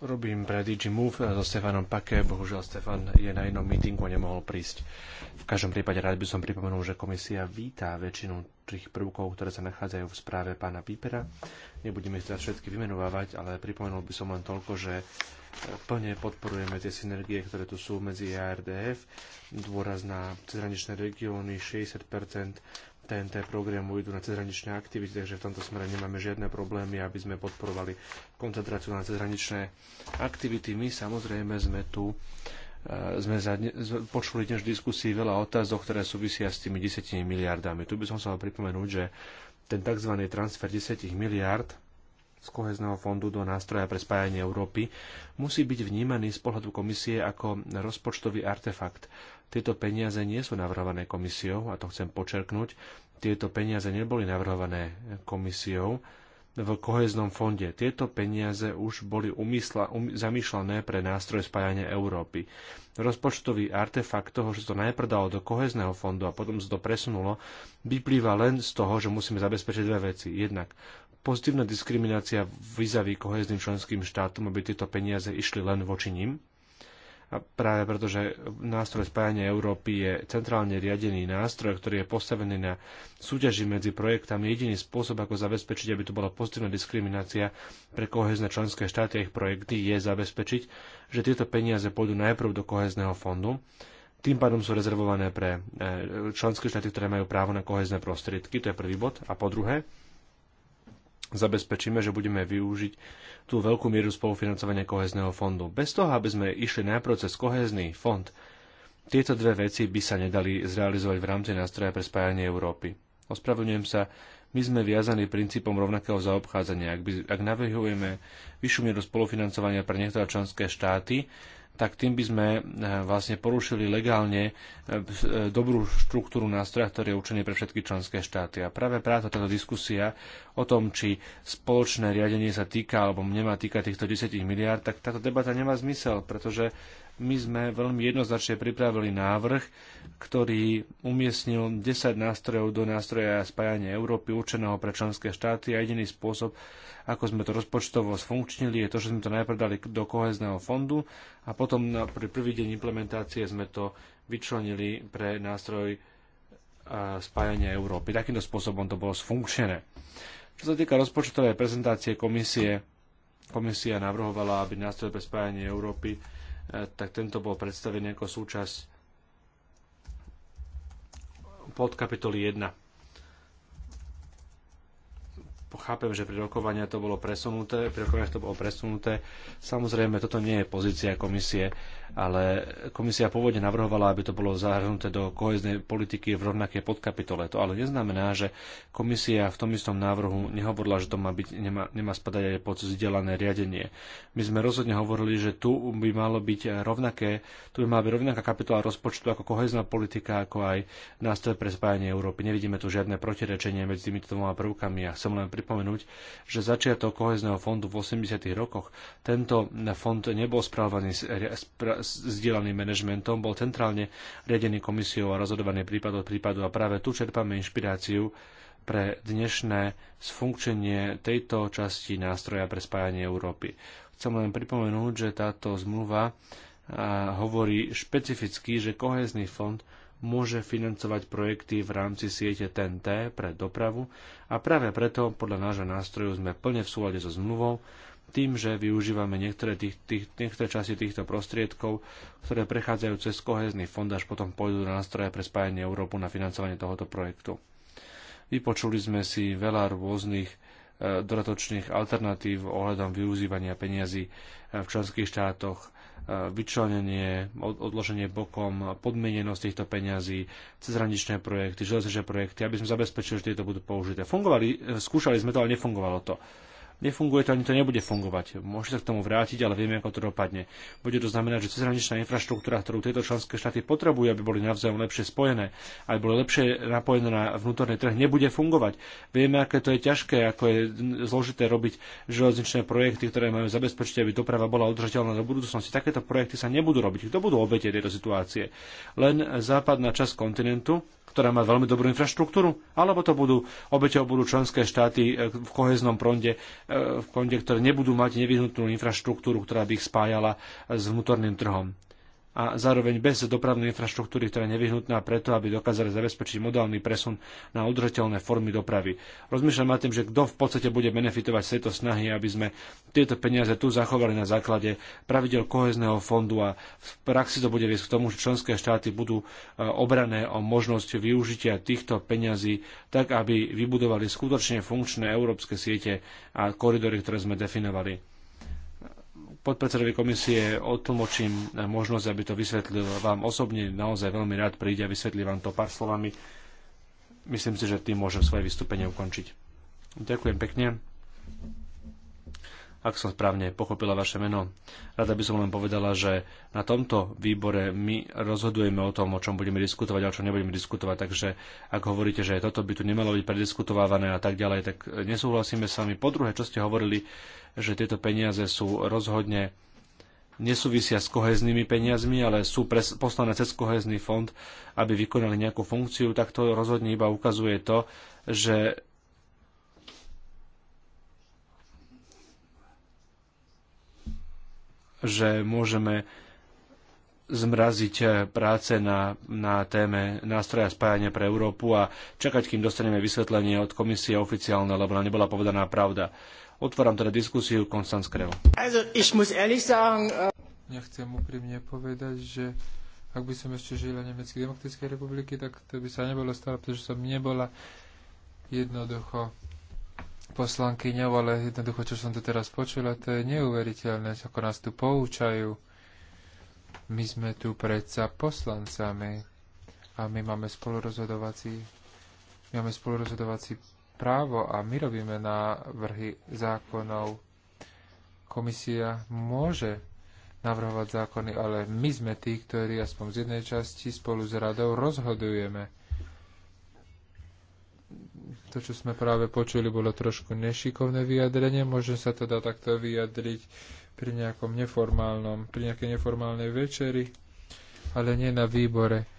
robím pre DG Move e, so Stefanom Pake. Bohužiaľ, Stefan je na jednom mítingu a nemohol prísť. V každom prípade rád by som pripomenul, že komisia vítá väčšinu tých prvkov, ktoré sa nachádzajú v správe pána Pípera. Nebudeme ich teraz všetky vymenovávať, ale pripomenul by som len toľko, že e, plne podporujeme tie synergie, ktoré tu sú medzi ARDF, dôraz na cezhraničné regióny, 60% TNT programu idú na cezhraničné aktivity, takže v tomto smere nemáme žiadne problémy, aby sme podporovali koncentráciu na cezhraničné aktivity. My samozrejme sme tu e, sme za, počuli dnes v diskusii veľa otázok, ktoré súvisia s tými 10 miliardami. Tu by som chcel pripomenúť, že ten tzv. transfer 10 miliard z kohezného fondu do nástroja pre spájanie Európy, musí byť vnímaný z pohľadu komisie ako rozpočtový artefakt. Tieto peniaze nie sú navrhované komisiou, a to chcem počerknúť, tieto peniaze neboli navrhované komisiou, v koheznom fonde. Tieto peniaze už boli umysla, um, zamýšľané pre nástroj spájania Európy. Rozpočtový artefakt toho, že to najprv dalo do kohezného fondu a potom sa to presunulo, vyplýva len z toho, že musíme zabezpečiť dve veci. Jednak pozitívna diskriminácia vyzaví kohezným členským štátom, aby tieto peniaze išli len voči ním. A práve preto, že nástroj spájania Európy je centrálne riadený nástroj, ktorý je postavený na súťaži medzi projektami. Jediný spôsob, ako zabezpečiť, aby tu bola pozitívna diskriminácia pre kohezné členské štáty a ich projekty, je zabezpečiť, že tieto peniaze pôjdu najprv do kohezného fondu, tým pádom sú rezervované pre eh, členské štáty, ktoré majú právo na kohezné prostriedky. To je prvý bod. A po druhé, zabezpečíme, že budeme využiť tú veľkú mieru spolufinancovania kohezného fondu. Bez toho, aby sme išli najprv cez kohezný fond, tieto dve veci by sa nedali zrealizovať v rámci nástroja pre spájanie Európy. Ospravedlňujem sa, my sme viazaní princípom rovnakého zaobchádzania. Ak, by, ak navrhujeme vyššiu mieru spolufinancovania pre niektoré členské štáty, tak tým by sme e, vlastne porušili legálne e, e, dobrú štruktúru nástroja, ktorý je určený pre všetky členské štáty. A práve práve táto diskusia o tom, či spoločné riadenie sa týka alebo nemá týka týchto 10 miliard, tak táto debata nemá zmysel, pretože my sme veľmi jednoznačne pripravili návrh, ktorý umiestnil 10 nástrojov do nástroja spájania Európy určeného pre členské štáty a jediný spôsob, ako sme to rozpočtovo sfunkčnili, je to, že sme to najprv dali do kohezného fondu a potom pri prvý deň implementácie sme to vyčlenili pre nástroj e, spájania Európy. Takýmto spôsobom to bolo sfunkčené. Čo sa týka rozpočtovej prezentácie komisie, komisia navrhovala, aby nástroj pre spájanie Európy, e, tak tento bol predstavený ako súčasť pod kapitoly 1 chápem, že pri rokovania to bolo presunuté, pri rokovaniach to bolo presunuté. Samozrejme, toto nie je pozícia komisie ale komisia pôvodne navrhovala, aby to bolo zahrnuté do koheznej politiky v rovnakej podkapitole. To ale neznamená, že komisia v tom istom návrhu nehovorila, že to má, byť, nemá, nemá spadať aj pod vzdelané riadenie. My sme rozhodne hovorili, že tu by malo byť rovnaké, tu by mala byť rovnaká kapitola rozpočtu ako kohezná politika, ako aj nástroj pre spájanie Európy. Nevidíme tu žiadne protirečenie medzi týmito dvoma prvkami a ja chcem len pripomenúť, že začiatok kohezného fondu v 80. rokoch tento fond nebol spravovaný sdielaným manažmentom, bol centrálne riadený komisiou a rozhodovaný prípad od prípadu a práve tu čerpame inšpiráciu pre dnešné sfunkčenie tejto časti nástroja pre spájanie Európy. Chcem len pripomenúť, že táto zmluva hovorí špecificky, že kohezný fond môže financovať projekty v rámci siete TNT pre dopravu a práve preto podľa nášho nástroju sme plne v súlade so zmluvou tým, že využívame niektoré, tých, tých, niektoré časti týchto prostriedkov, ktoré prechádzajú cez kohezný fond, až potom pôjdu na nástroje pre spájanie Európu na financovanie tohoto projektu. Vypočuli sme si veľa rôznych e, dodatočných alternatív ohľadom využívania peniazy e, v členských štátoch, e, vyčlenenie, odloženie bokom, podmienenosť týchto peňazí, cezhraničné projekty, železničné projekty, aby sme zabezpečili, že tieto budú použité. Fungovali, e, skúšali sme to, ale nefungovalo to nefunguje to, ani to nebude fungovať. Môže sa k tomu vrátiť, ale vieme, ako to dopadne. Bude to znamenať, že cezhraničná infraštruktúra, ktorú tieto členské štáty potrebujú, aby boli navzájom lepšie spojené, aby boli lepšie napojené na vnútorný trh, nebude fungovať. Vieme, aké to je ťažké, ako je zložité robiť železničné projekty, ktoré majú zabezpečiť, aby doprava bola udržateľná do budúcnosti. Takéto projekty sa nebudú robiť. Kto budú obete tejto situácie? Len západná časť kontinentu, ktorá má veľmi dobrú infraštruktúru, alebo to budú obeťou budú členské štáty eh, v koheznom pronde, v konde, ktoré nebudú mať nevyhnutnú infraštruktúru, ktorá by ich spájala s vnútorným trhom a zároveň bez dopravnej infraštruktúry, ktorá je nevyhnutná preto, aby dokázali zabezpečiť modálny presun na udržateľné formy dopravy. Rozmýšľam nad tým, že kto v podstate bude benefitovať z tejto snahy, aby sme tieto peniaze tu zachovali na základe pravidel kohezného fondu a v praxi to bude viesť k tomu, že členské štáty budú e, obrané o možnosť využitia týchto peňazí tak, aby vybudovali skutočne funkčné európske siete a koridory, ktoré sme definovali podpredsedovi komisie odtlmočím možnosť, aby to vysvetlil vám osobne. Naozaj veľmi rád príde a vysvetlí vám to pár slovami. Myslím si, že tým môžem svoje vystúpenie ukončiť. Ďakujem pekne. Ak som správne pochopila vaše meno, rada by som len povedala, že na tomto výbore my rozhodujeme o tom, o čom budeme diskutovať a o čom nebudeme diskutovať. Takže ak hovoríte, že toto by tu nemalo byť prediskutovávané a tak ďalej, tak nesúhlasíme s vami. Po druhé, čo ste hovorili, že tieto peniaze sú rozhodne nesúvisia s koheznými peniazmi, ale sú pres, poslané cez kohezný fond, aby vykonali nejakú funkciu, tak to rozhodne iba ukazuje to, že že môžeme zmraziť práce na, na téme nástroja spájania pre Európu a čakať, kým dostaneme vysvetlenie od komisie oficiálne, lebo nám nebola povedaná pravda. Otváram teda diskusiu Konstanz Krevo. Ja chcem úprimne povedať, že ak by som ešte žila v Nemeckej demokratickej republiky, tak to by sa nebolo stalo, pretože som nebola jednoducho poslankyňou, ale jednoducho, čo som tu teraz počula, to je neuveriteľné, ako nás tu poučajú. My sme tu predsa poslancami a my máme spolurozhodovací, my máme spolurozhodovací právo a my robíme návrhy zákonov. Komisia môže navrhovať zákony, ale my sme tí, ktorí aspoň z jednej časti spolu s radou rozhodujeme. To, čo sme práve počuli, bolo trošku nešikovné vyjadrenie. Môže sa teda takto vyjadriť pri nejakom neformálnom, pri nejakej neformálnej večeri, ale nie na výbore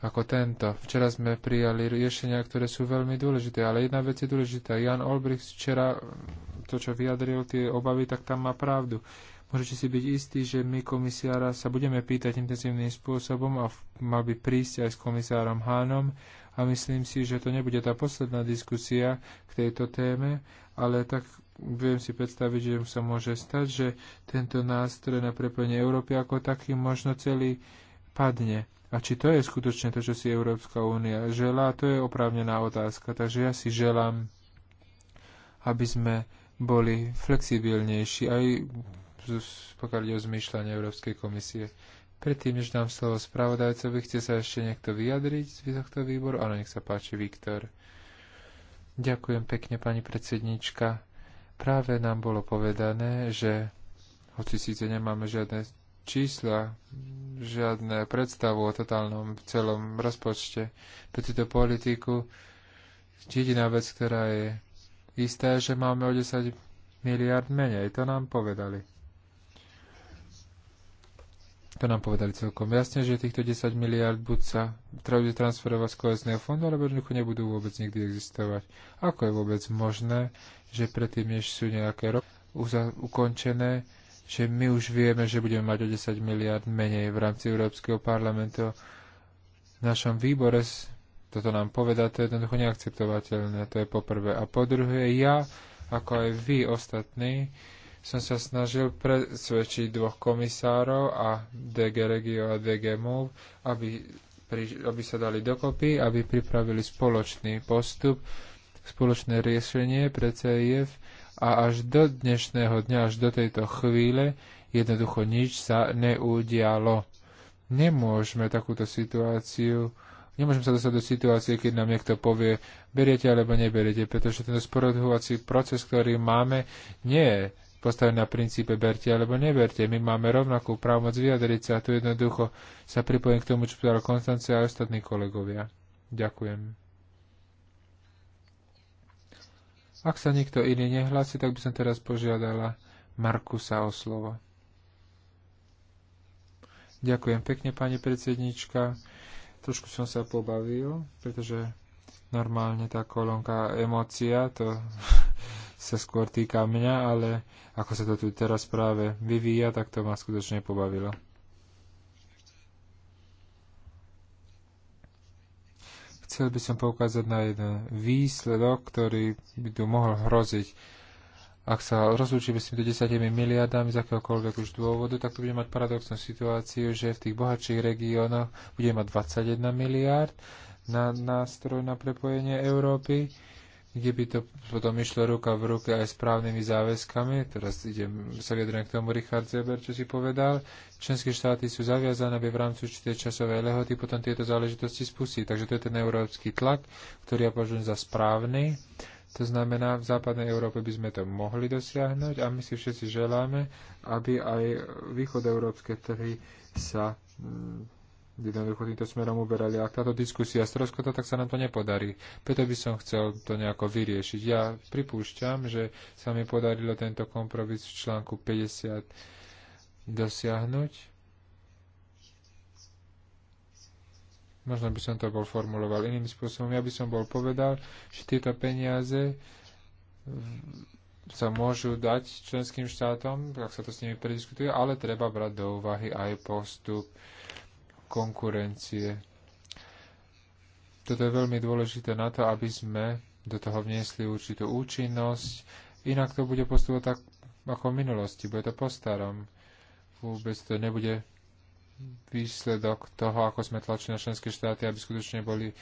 ako tento. Včera sme prijali riešenia, ktoré sú veľmi dôležité, ale jedna vec je dôležitá. Jan Olbrich včera mm, to, čo vyjadril, tie obavy, tak tam má pravdu. Môžete si byť istí, že my komisiára sa budeme pýtať intenzívnym spôsobom a mal by prísť aj s komisárom Hánom a myslím si, že to nebude tá posledná diskusia k tejto téme, ale tak viem si predstaviť, že sa môže stať, že tento nástroj na prepojenie Európy ako taký možno celý padne a či to je skutočne to, čo si Európska únia želá, to je oprávnená otázka. Takže ja si želám, aby sme boli flexibilnejší aj pokiaľ ide o zmýšľanie Európskej komisie. Predtým, než dám slovo spravodajcovi, chce sa ešte niekto vyjadriť z tohto výboru? Áno, nech sa páči, Viktor. Ďakujem pekne, pani predsednička. Práve nám bolo povedané, že hoci síce nemáme žiadne čísla, žiadne predstavu o totálnom celom rozpočte pre túto politiku. Jediná vec, ktorá je istá, je, že máme o 10 miliard menej. To nám povedali. To nám povedali celkom jasne, že týchto 10 miliard buď sa treba transferovať z kohezného fondu, alebo jednoducho nebudú vôbec nikdy existovať. Ako je vôbec možné, že predtým, než sú nejaké roky ukončené, že my už vieme, že budeme mať o 10 miliard menej v rámci Európskeho parlamentu. V našom výbore toto nám poveda, to je jednoducho neakceptovateľné, to je poprvé. A po druhé, ja, ako aj vy ostatní, som sa snažil presvedčiť dvoch komisárov a DG Regio a DG Move, aby, aby sa dali dokopy, aby pripravili spoločný postup, spoločné riešenie pre CIF a až do dnešného dňa, až do tejto chvíle jednoducho nič sa neudialo. Nemôžeme takúto situáciu nemôžeme sa dostať do situácie, keď nám niekto povie, beriete alebo neberiete, pretože ten sporodhovací proces, ktorý máme, nie je postavený na princípe berte alebo neberte. My máme rovnakú právomoc vyjadriť sa a tu jednoducho sa pripojím k tomu, čo povedal Konstancia a ostatní kolegovia. Ďakujem. Ak sa nikto iný nehlási, tak by som teraz požiadala Markusa o slovo. Ďakujem pekne, pani predsednička. Trošku som sa pobavil, pretože normálne tá kolónka emócia, to sa skôr týka mňa, ale ako sa to tu teraz práve vyvíja, tak to ma skutočne pobavilo. Chcel by som poukázať na jeden výsledok, ktorý by tu mohol hroziť. Ak sa rozlúčime s týmito 10 miliardami z akéhokoľvek už dôvodu, tak tu bude mať paradoxnú situáciu, že v tých bohatších regiónoch budeme mať 21 miliard na nástroj na prepojenie Európy kde by to potom išlo ruka v ruke aj s právnymi záväzkami. Teraz idem, sa vyjadrujem k tomu Richard Zeber, čo si povedal. Členské štáty sú zaviazané, aby v rámci určitej časovej lehoty potom tieto záležitosti spustiť. Takže to je ten európsky tlak, ktorý ja považujem za správny. To znamená, v západnej Európe by sme to mohli dosiahnuť a my si všetci želáme, aby aj východeurópske trhy sa mm, jednoducho týmto smerom uberali. Ak táto diskusia stroskota, tak sa nám to nepodarí. Preto by som chcel to nejako vyriešiť. Ja pripúšťam, že sa mi podarilo tento kompromis v článku 50 dosiahnuť. Možno by som to bol formuloval iným spôsobom. Ja by som bol povedal, že tieto peniaze sa môžu dať členským štátom, ak sa to s nimi prediskutuje, ale treba brať do úvahy aj postup konkurencie. Toto je veľmi dôležité na to, aby sme do toho vniesli určitú účinnosť. Inak to bude postupovať tak ako v minulosti, bude to po starom. Vôbec to nebude výsledok toho, ako sme tlačili na členské štáty, aby skutočne boli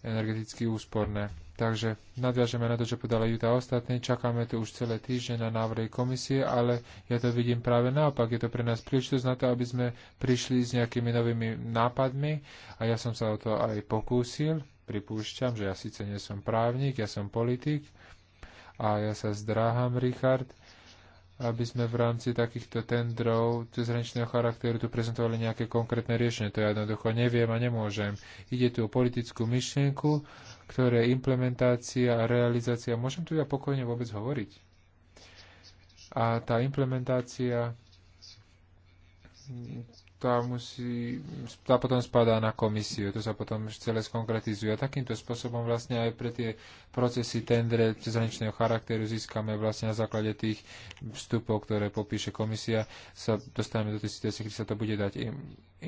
energeticky úsporné. Takže nadviažeme na to, čo podala Juta ostatní. Čakáme tu už celé týždeň na návrhy komisie, ale ja to vidím práve naopak. Je to pre nás príležitosť na to, aby sme prišli s nejakými novými nápadmi a ja som sa o to aj pokúsil. Pripúšťam, že ja síce nie som právnik, ja som politik a ja sa zdráham, Richard, aby sme v rámci takýchto tendrov cezhraničného charakteru tu prezentovali nejaké konkrétne riešenie. To ja jednoducho neviem a nemôžem. Ide tu o politickú myšlienku, ktoré implementácia a realizácia... Môžem tu ja pokojne vôbec hovoriť? A tá implementácia tá, musí, tá potom spadá na komisiu, to sa potom celé skonkretizuje. A takýmto spôsobom vlastne aj pre tie procesy tendre cezhraničného charakteru získame vlastne na základe tých vstupov, ktoré popíše komisia, sa dostaneme do tej situácie, kde sa to bude dať im,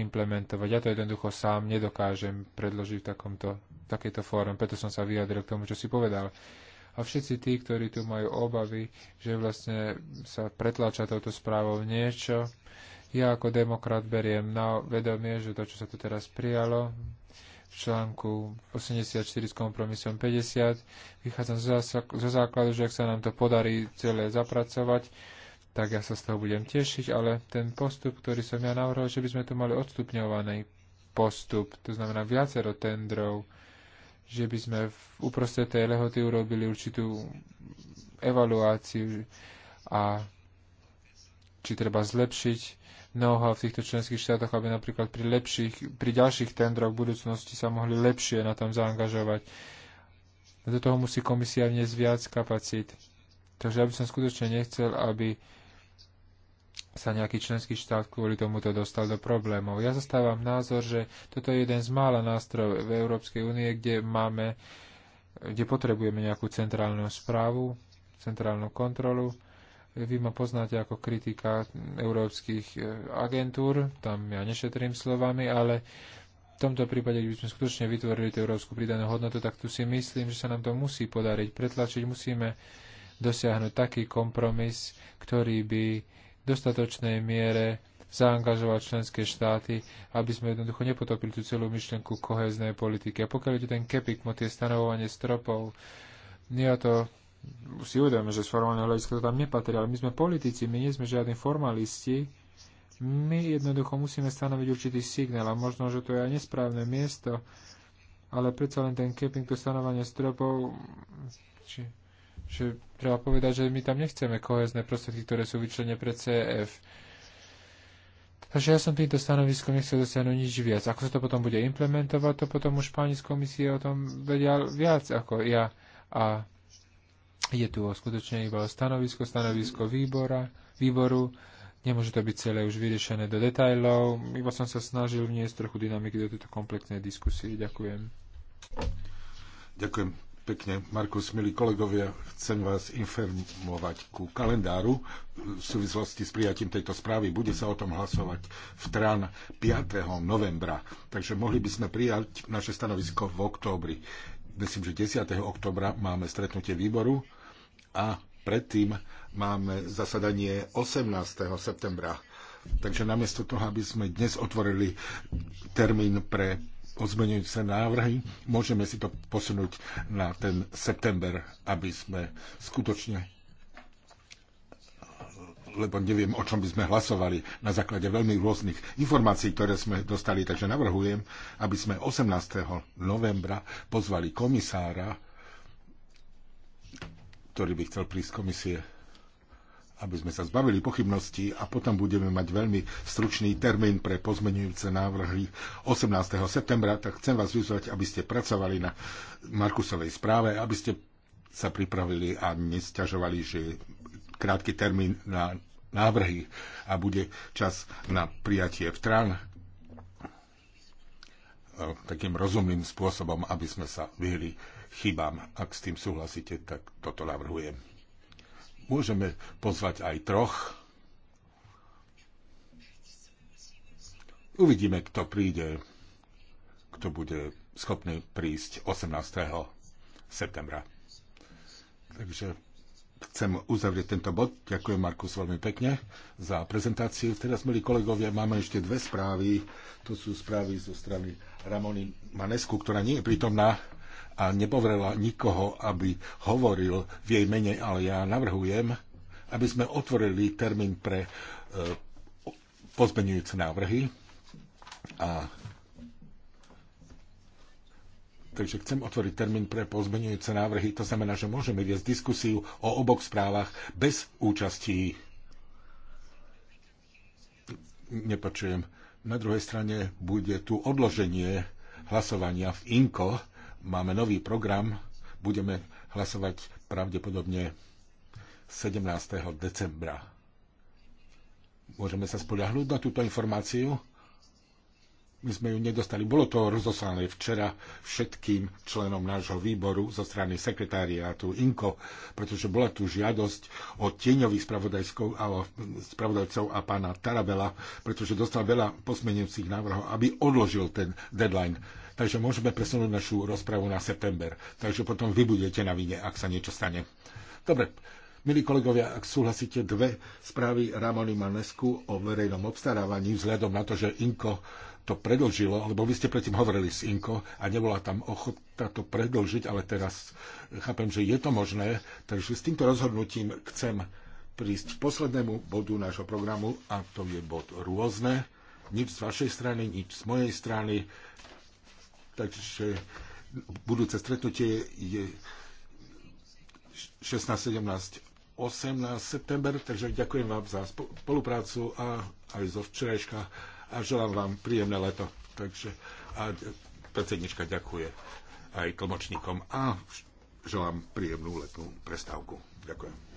implementovať. Ja to jednoducho sám nedokážem predložiť v takomto, takejto fórum, preto som sa vyjadril k tomu, čo si povedal a všetci tí, ktorí tu majú obavy, že vlastne sa pretláča touto správou niečo, ja ako demokrat beriem na vedomie, že to, čo sa tu teraz prijalo v článku 84 s kompromisom 50, vychádzam zo základu, že ak sa nám to podarí celé zapracovať, tak ja sa z toho budem tešiť, ale ten postup, ktorý som ja navrhol, že by sme tu mali odstupňovaný postup, to znamená viacero tendrov, že by sme v uprostred tej lehoty urobili určitú evaluáciu a či treba zlepšiť know-how v týchto členských štátoch, aby napríklad pri, lepších, pri ďalších tendroch v budúcnosti sa mohli lepšie na tom zaangažovať. No do toho musí komisia vniesť viac kapacít. Takže ja by som skutočne nechcel, aby sa nejaký členský štát kvôli tomuto dostal do problémov. Ja zastávam názor, že toto je jeden z mála nástrojov v Európskej únie, kde máme, kde potrebujeme nejakú centrálnu správu, centrálnu kontrolu vy ma poznáte ako kritika európskych e, agentúr, tam ja nešetrím slovami, ale v tomto prípade, keď by sme skutočne vytvorili tú európsku pridanú hodnotu, tak tu si myslím, že sa nám to musí podariť. Pretlačiť musíme dosiahnuť taký kompromis, ktorý by v dostatočnej miere zaangažovať členské štáty, aby sme jednoducho nepotopili tú celú myšlienku koheznej politiky. A pokiaľ je ten kepik, tie stanovovanie stropov, ja to si uvedome, že z formálneho hľadiska to tam nepatrí, ale my sme politici, my nie sme žiadni formalisti. My jednoducho musíme stanoviť určitý signál a možno, že to je aj nesprávne miesto, ale predsa len ten keping, to stanovanie stropov, či, že treba povedať, že my tam nechceme kohezné prostriedky, ktoré sú vyčlenené pre CF. Takže ja som týmto stanoviskom nechcel dosiahnuť nič viac. Ako sa to potom bude implementovať, to potom už páni z komisie o tom vedia viac ako ja. A je tu skutočne iba o stanovisko, stanovisko výbora, výboru. Nemôže to byť celé už vyriešené do detajlov. Iba som sa snažil vniesť trochu dynamiky do tejto komplexnej diskusie. Ďakujem. Ďakujem pekne. Markus, milí kolegovia, chcem vás informovať ku kalendáru v súvislosti s prijatím tejto správy. Bude sa o tom hlasovať v TRAN 5. novembra. Takže mohli by sme prijať naše stanovisko v októbri myslím, že 10. oktobra máme stretnutie výboru a predtým máme zasadanie 18. septembra. Takže namiesto toho, aby sme dnes otvorili termín pre pozmeňujúce návrhy, môžeme si to posunúť na ten september, aby sme skutočne lebo neviem, o čom by sme hlasovali na základe veľmi rôznych informácií, ktoré sme dostali. Takže navrhujem, aby sme 18. novembra pozvali komisára, ktorý by chcel prísť komisie, aby sme sa zbavili pochybností a potom budeme mať veľmi stručný termín pre pozmenujúce návrhy 18. septembra, tak chcem vás vyzvať, aby ste pracovali na Markusovej správe, aby ste sa pripravili a nestiažovali, že krátky termín na návrhy a bude čas na prijatie v trán e, takým rozumným spôsobom, aby sme sa vyhli chybám. Ak s tým súhlasíte, tak toto navrhujem. Môžeme pozvať aj troch. Uvidíme, kto príde, kto bude schopný prísť 18. septembra. Takže chcem uzavrieť tento bod. Ďakujem Markus veľmi pekne za prezentáciu. Teraz, milí kolegovia, máme ešte dve správy. To sú správy zo strany Ramony Manesku, ktorá nie je prítomná a nepovrela nikoho, aby hovoril v jej mene, ale ja navrhujem, aby sme otvorili termín pre e, pozmenujúce návrhy a Takže chcem otvoriť termín pre pozmenujúce návrhy. To znamená, že môžeme viesť diskusiu o oboch správach bez účastí. Nepočujem. Na druhej strane bude tu odloženie hlasovania v INKO. Máme nový program. Budeme hlasovať pravdepodobne 17. decembra. Môžeme sa spoliahnuť na túto informáciu? my sme ju nedostali. Bolo to rozoslané včera všetkým členom nášho výboru zo strany sekretáriátu INKO, pretože bola tu žiadosť o tieňových spravodajcov a, spravodajcov a pána Tarabela, pretože dostal veľa posmenujúcich návrhov, aby odložil ten deadline. Takže môžeme presunúť našu rozpravu na september. Takže potom vy budete na vine, ak sa niečo stane. Dobre, Milí kolegovia, ak súhlasíte, dve správy Ramony Manesku o verejnom obstarávaní vzhľadom na to, že INKO to predlžilo, lebo vy ste predtým hovorili s Inko a nebola tam ochota to predlžiť, ale teraz chápem, že je to možné, takže s týmto rozhodnutím chcem prísť k poslednému bodu nášho programu a to je bod rôzne. Nič z vašej strany, nič z mojej strany. Takže budúce stretnutie je 16, 17, 18 september, takže ďakujem vám za spoluprácu a aj zo včerajška a želám vám príjemné leto. Takže a predsednička ďakuje aj tlmočníkom a želám príjemnú letnú prestávku. Ďakujem.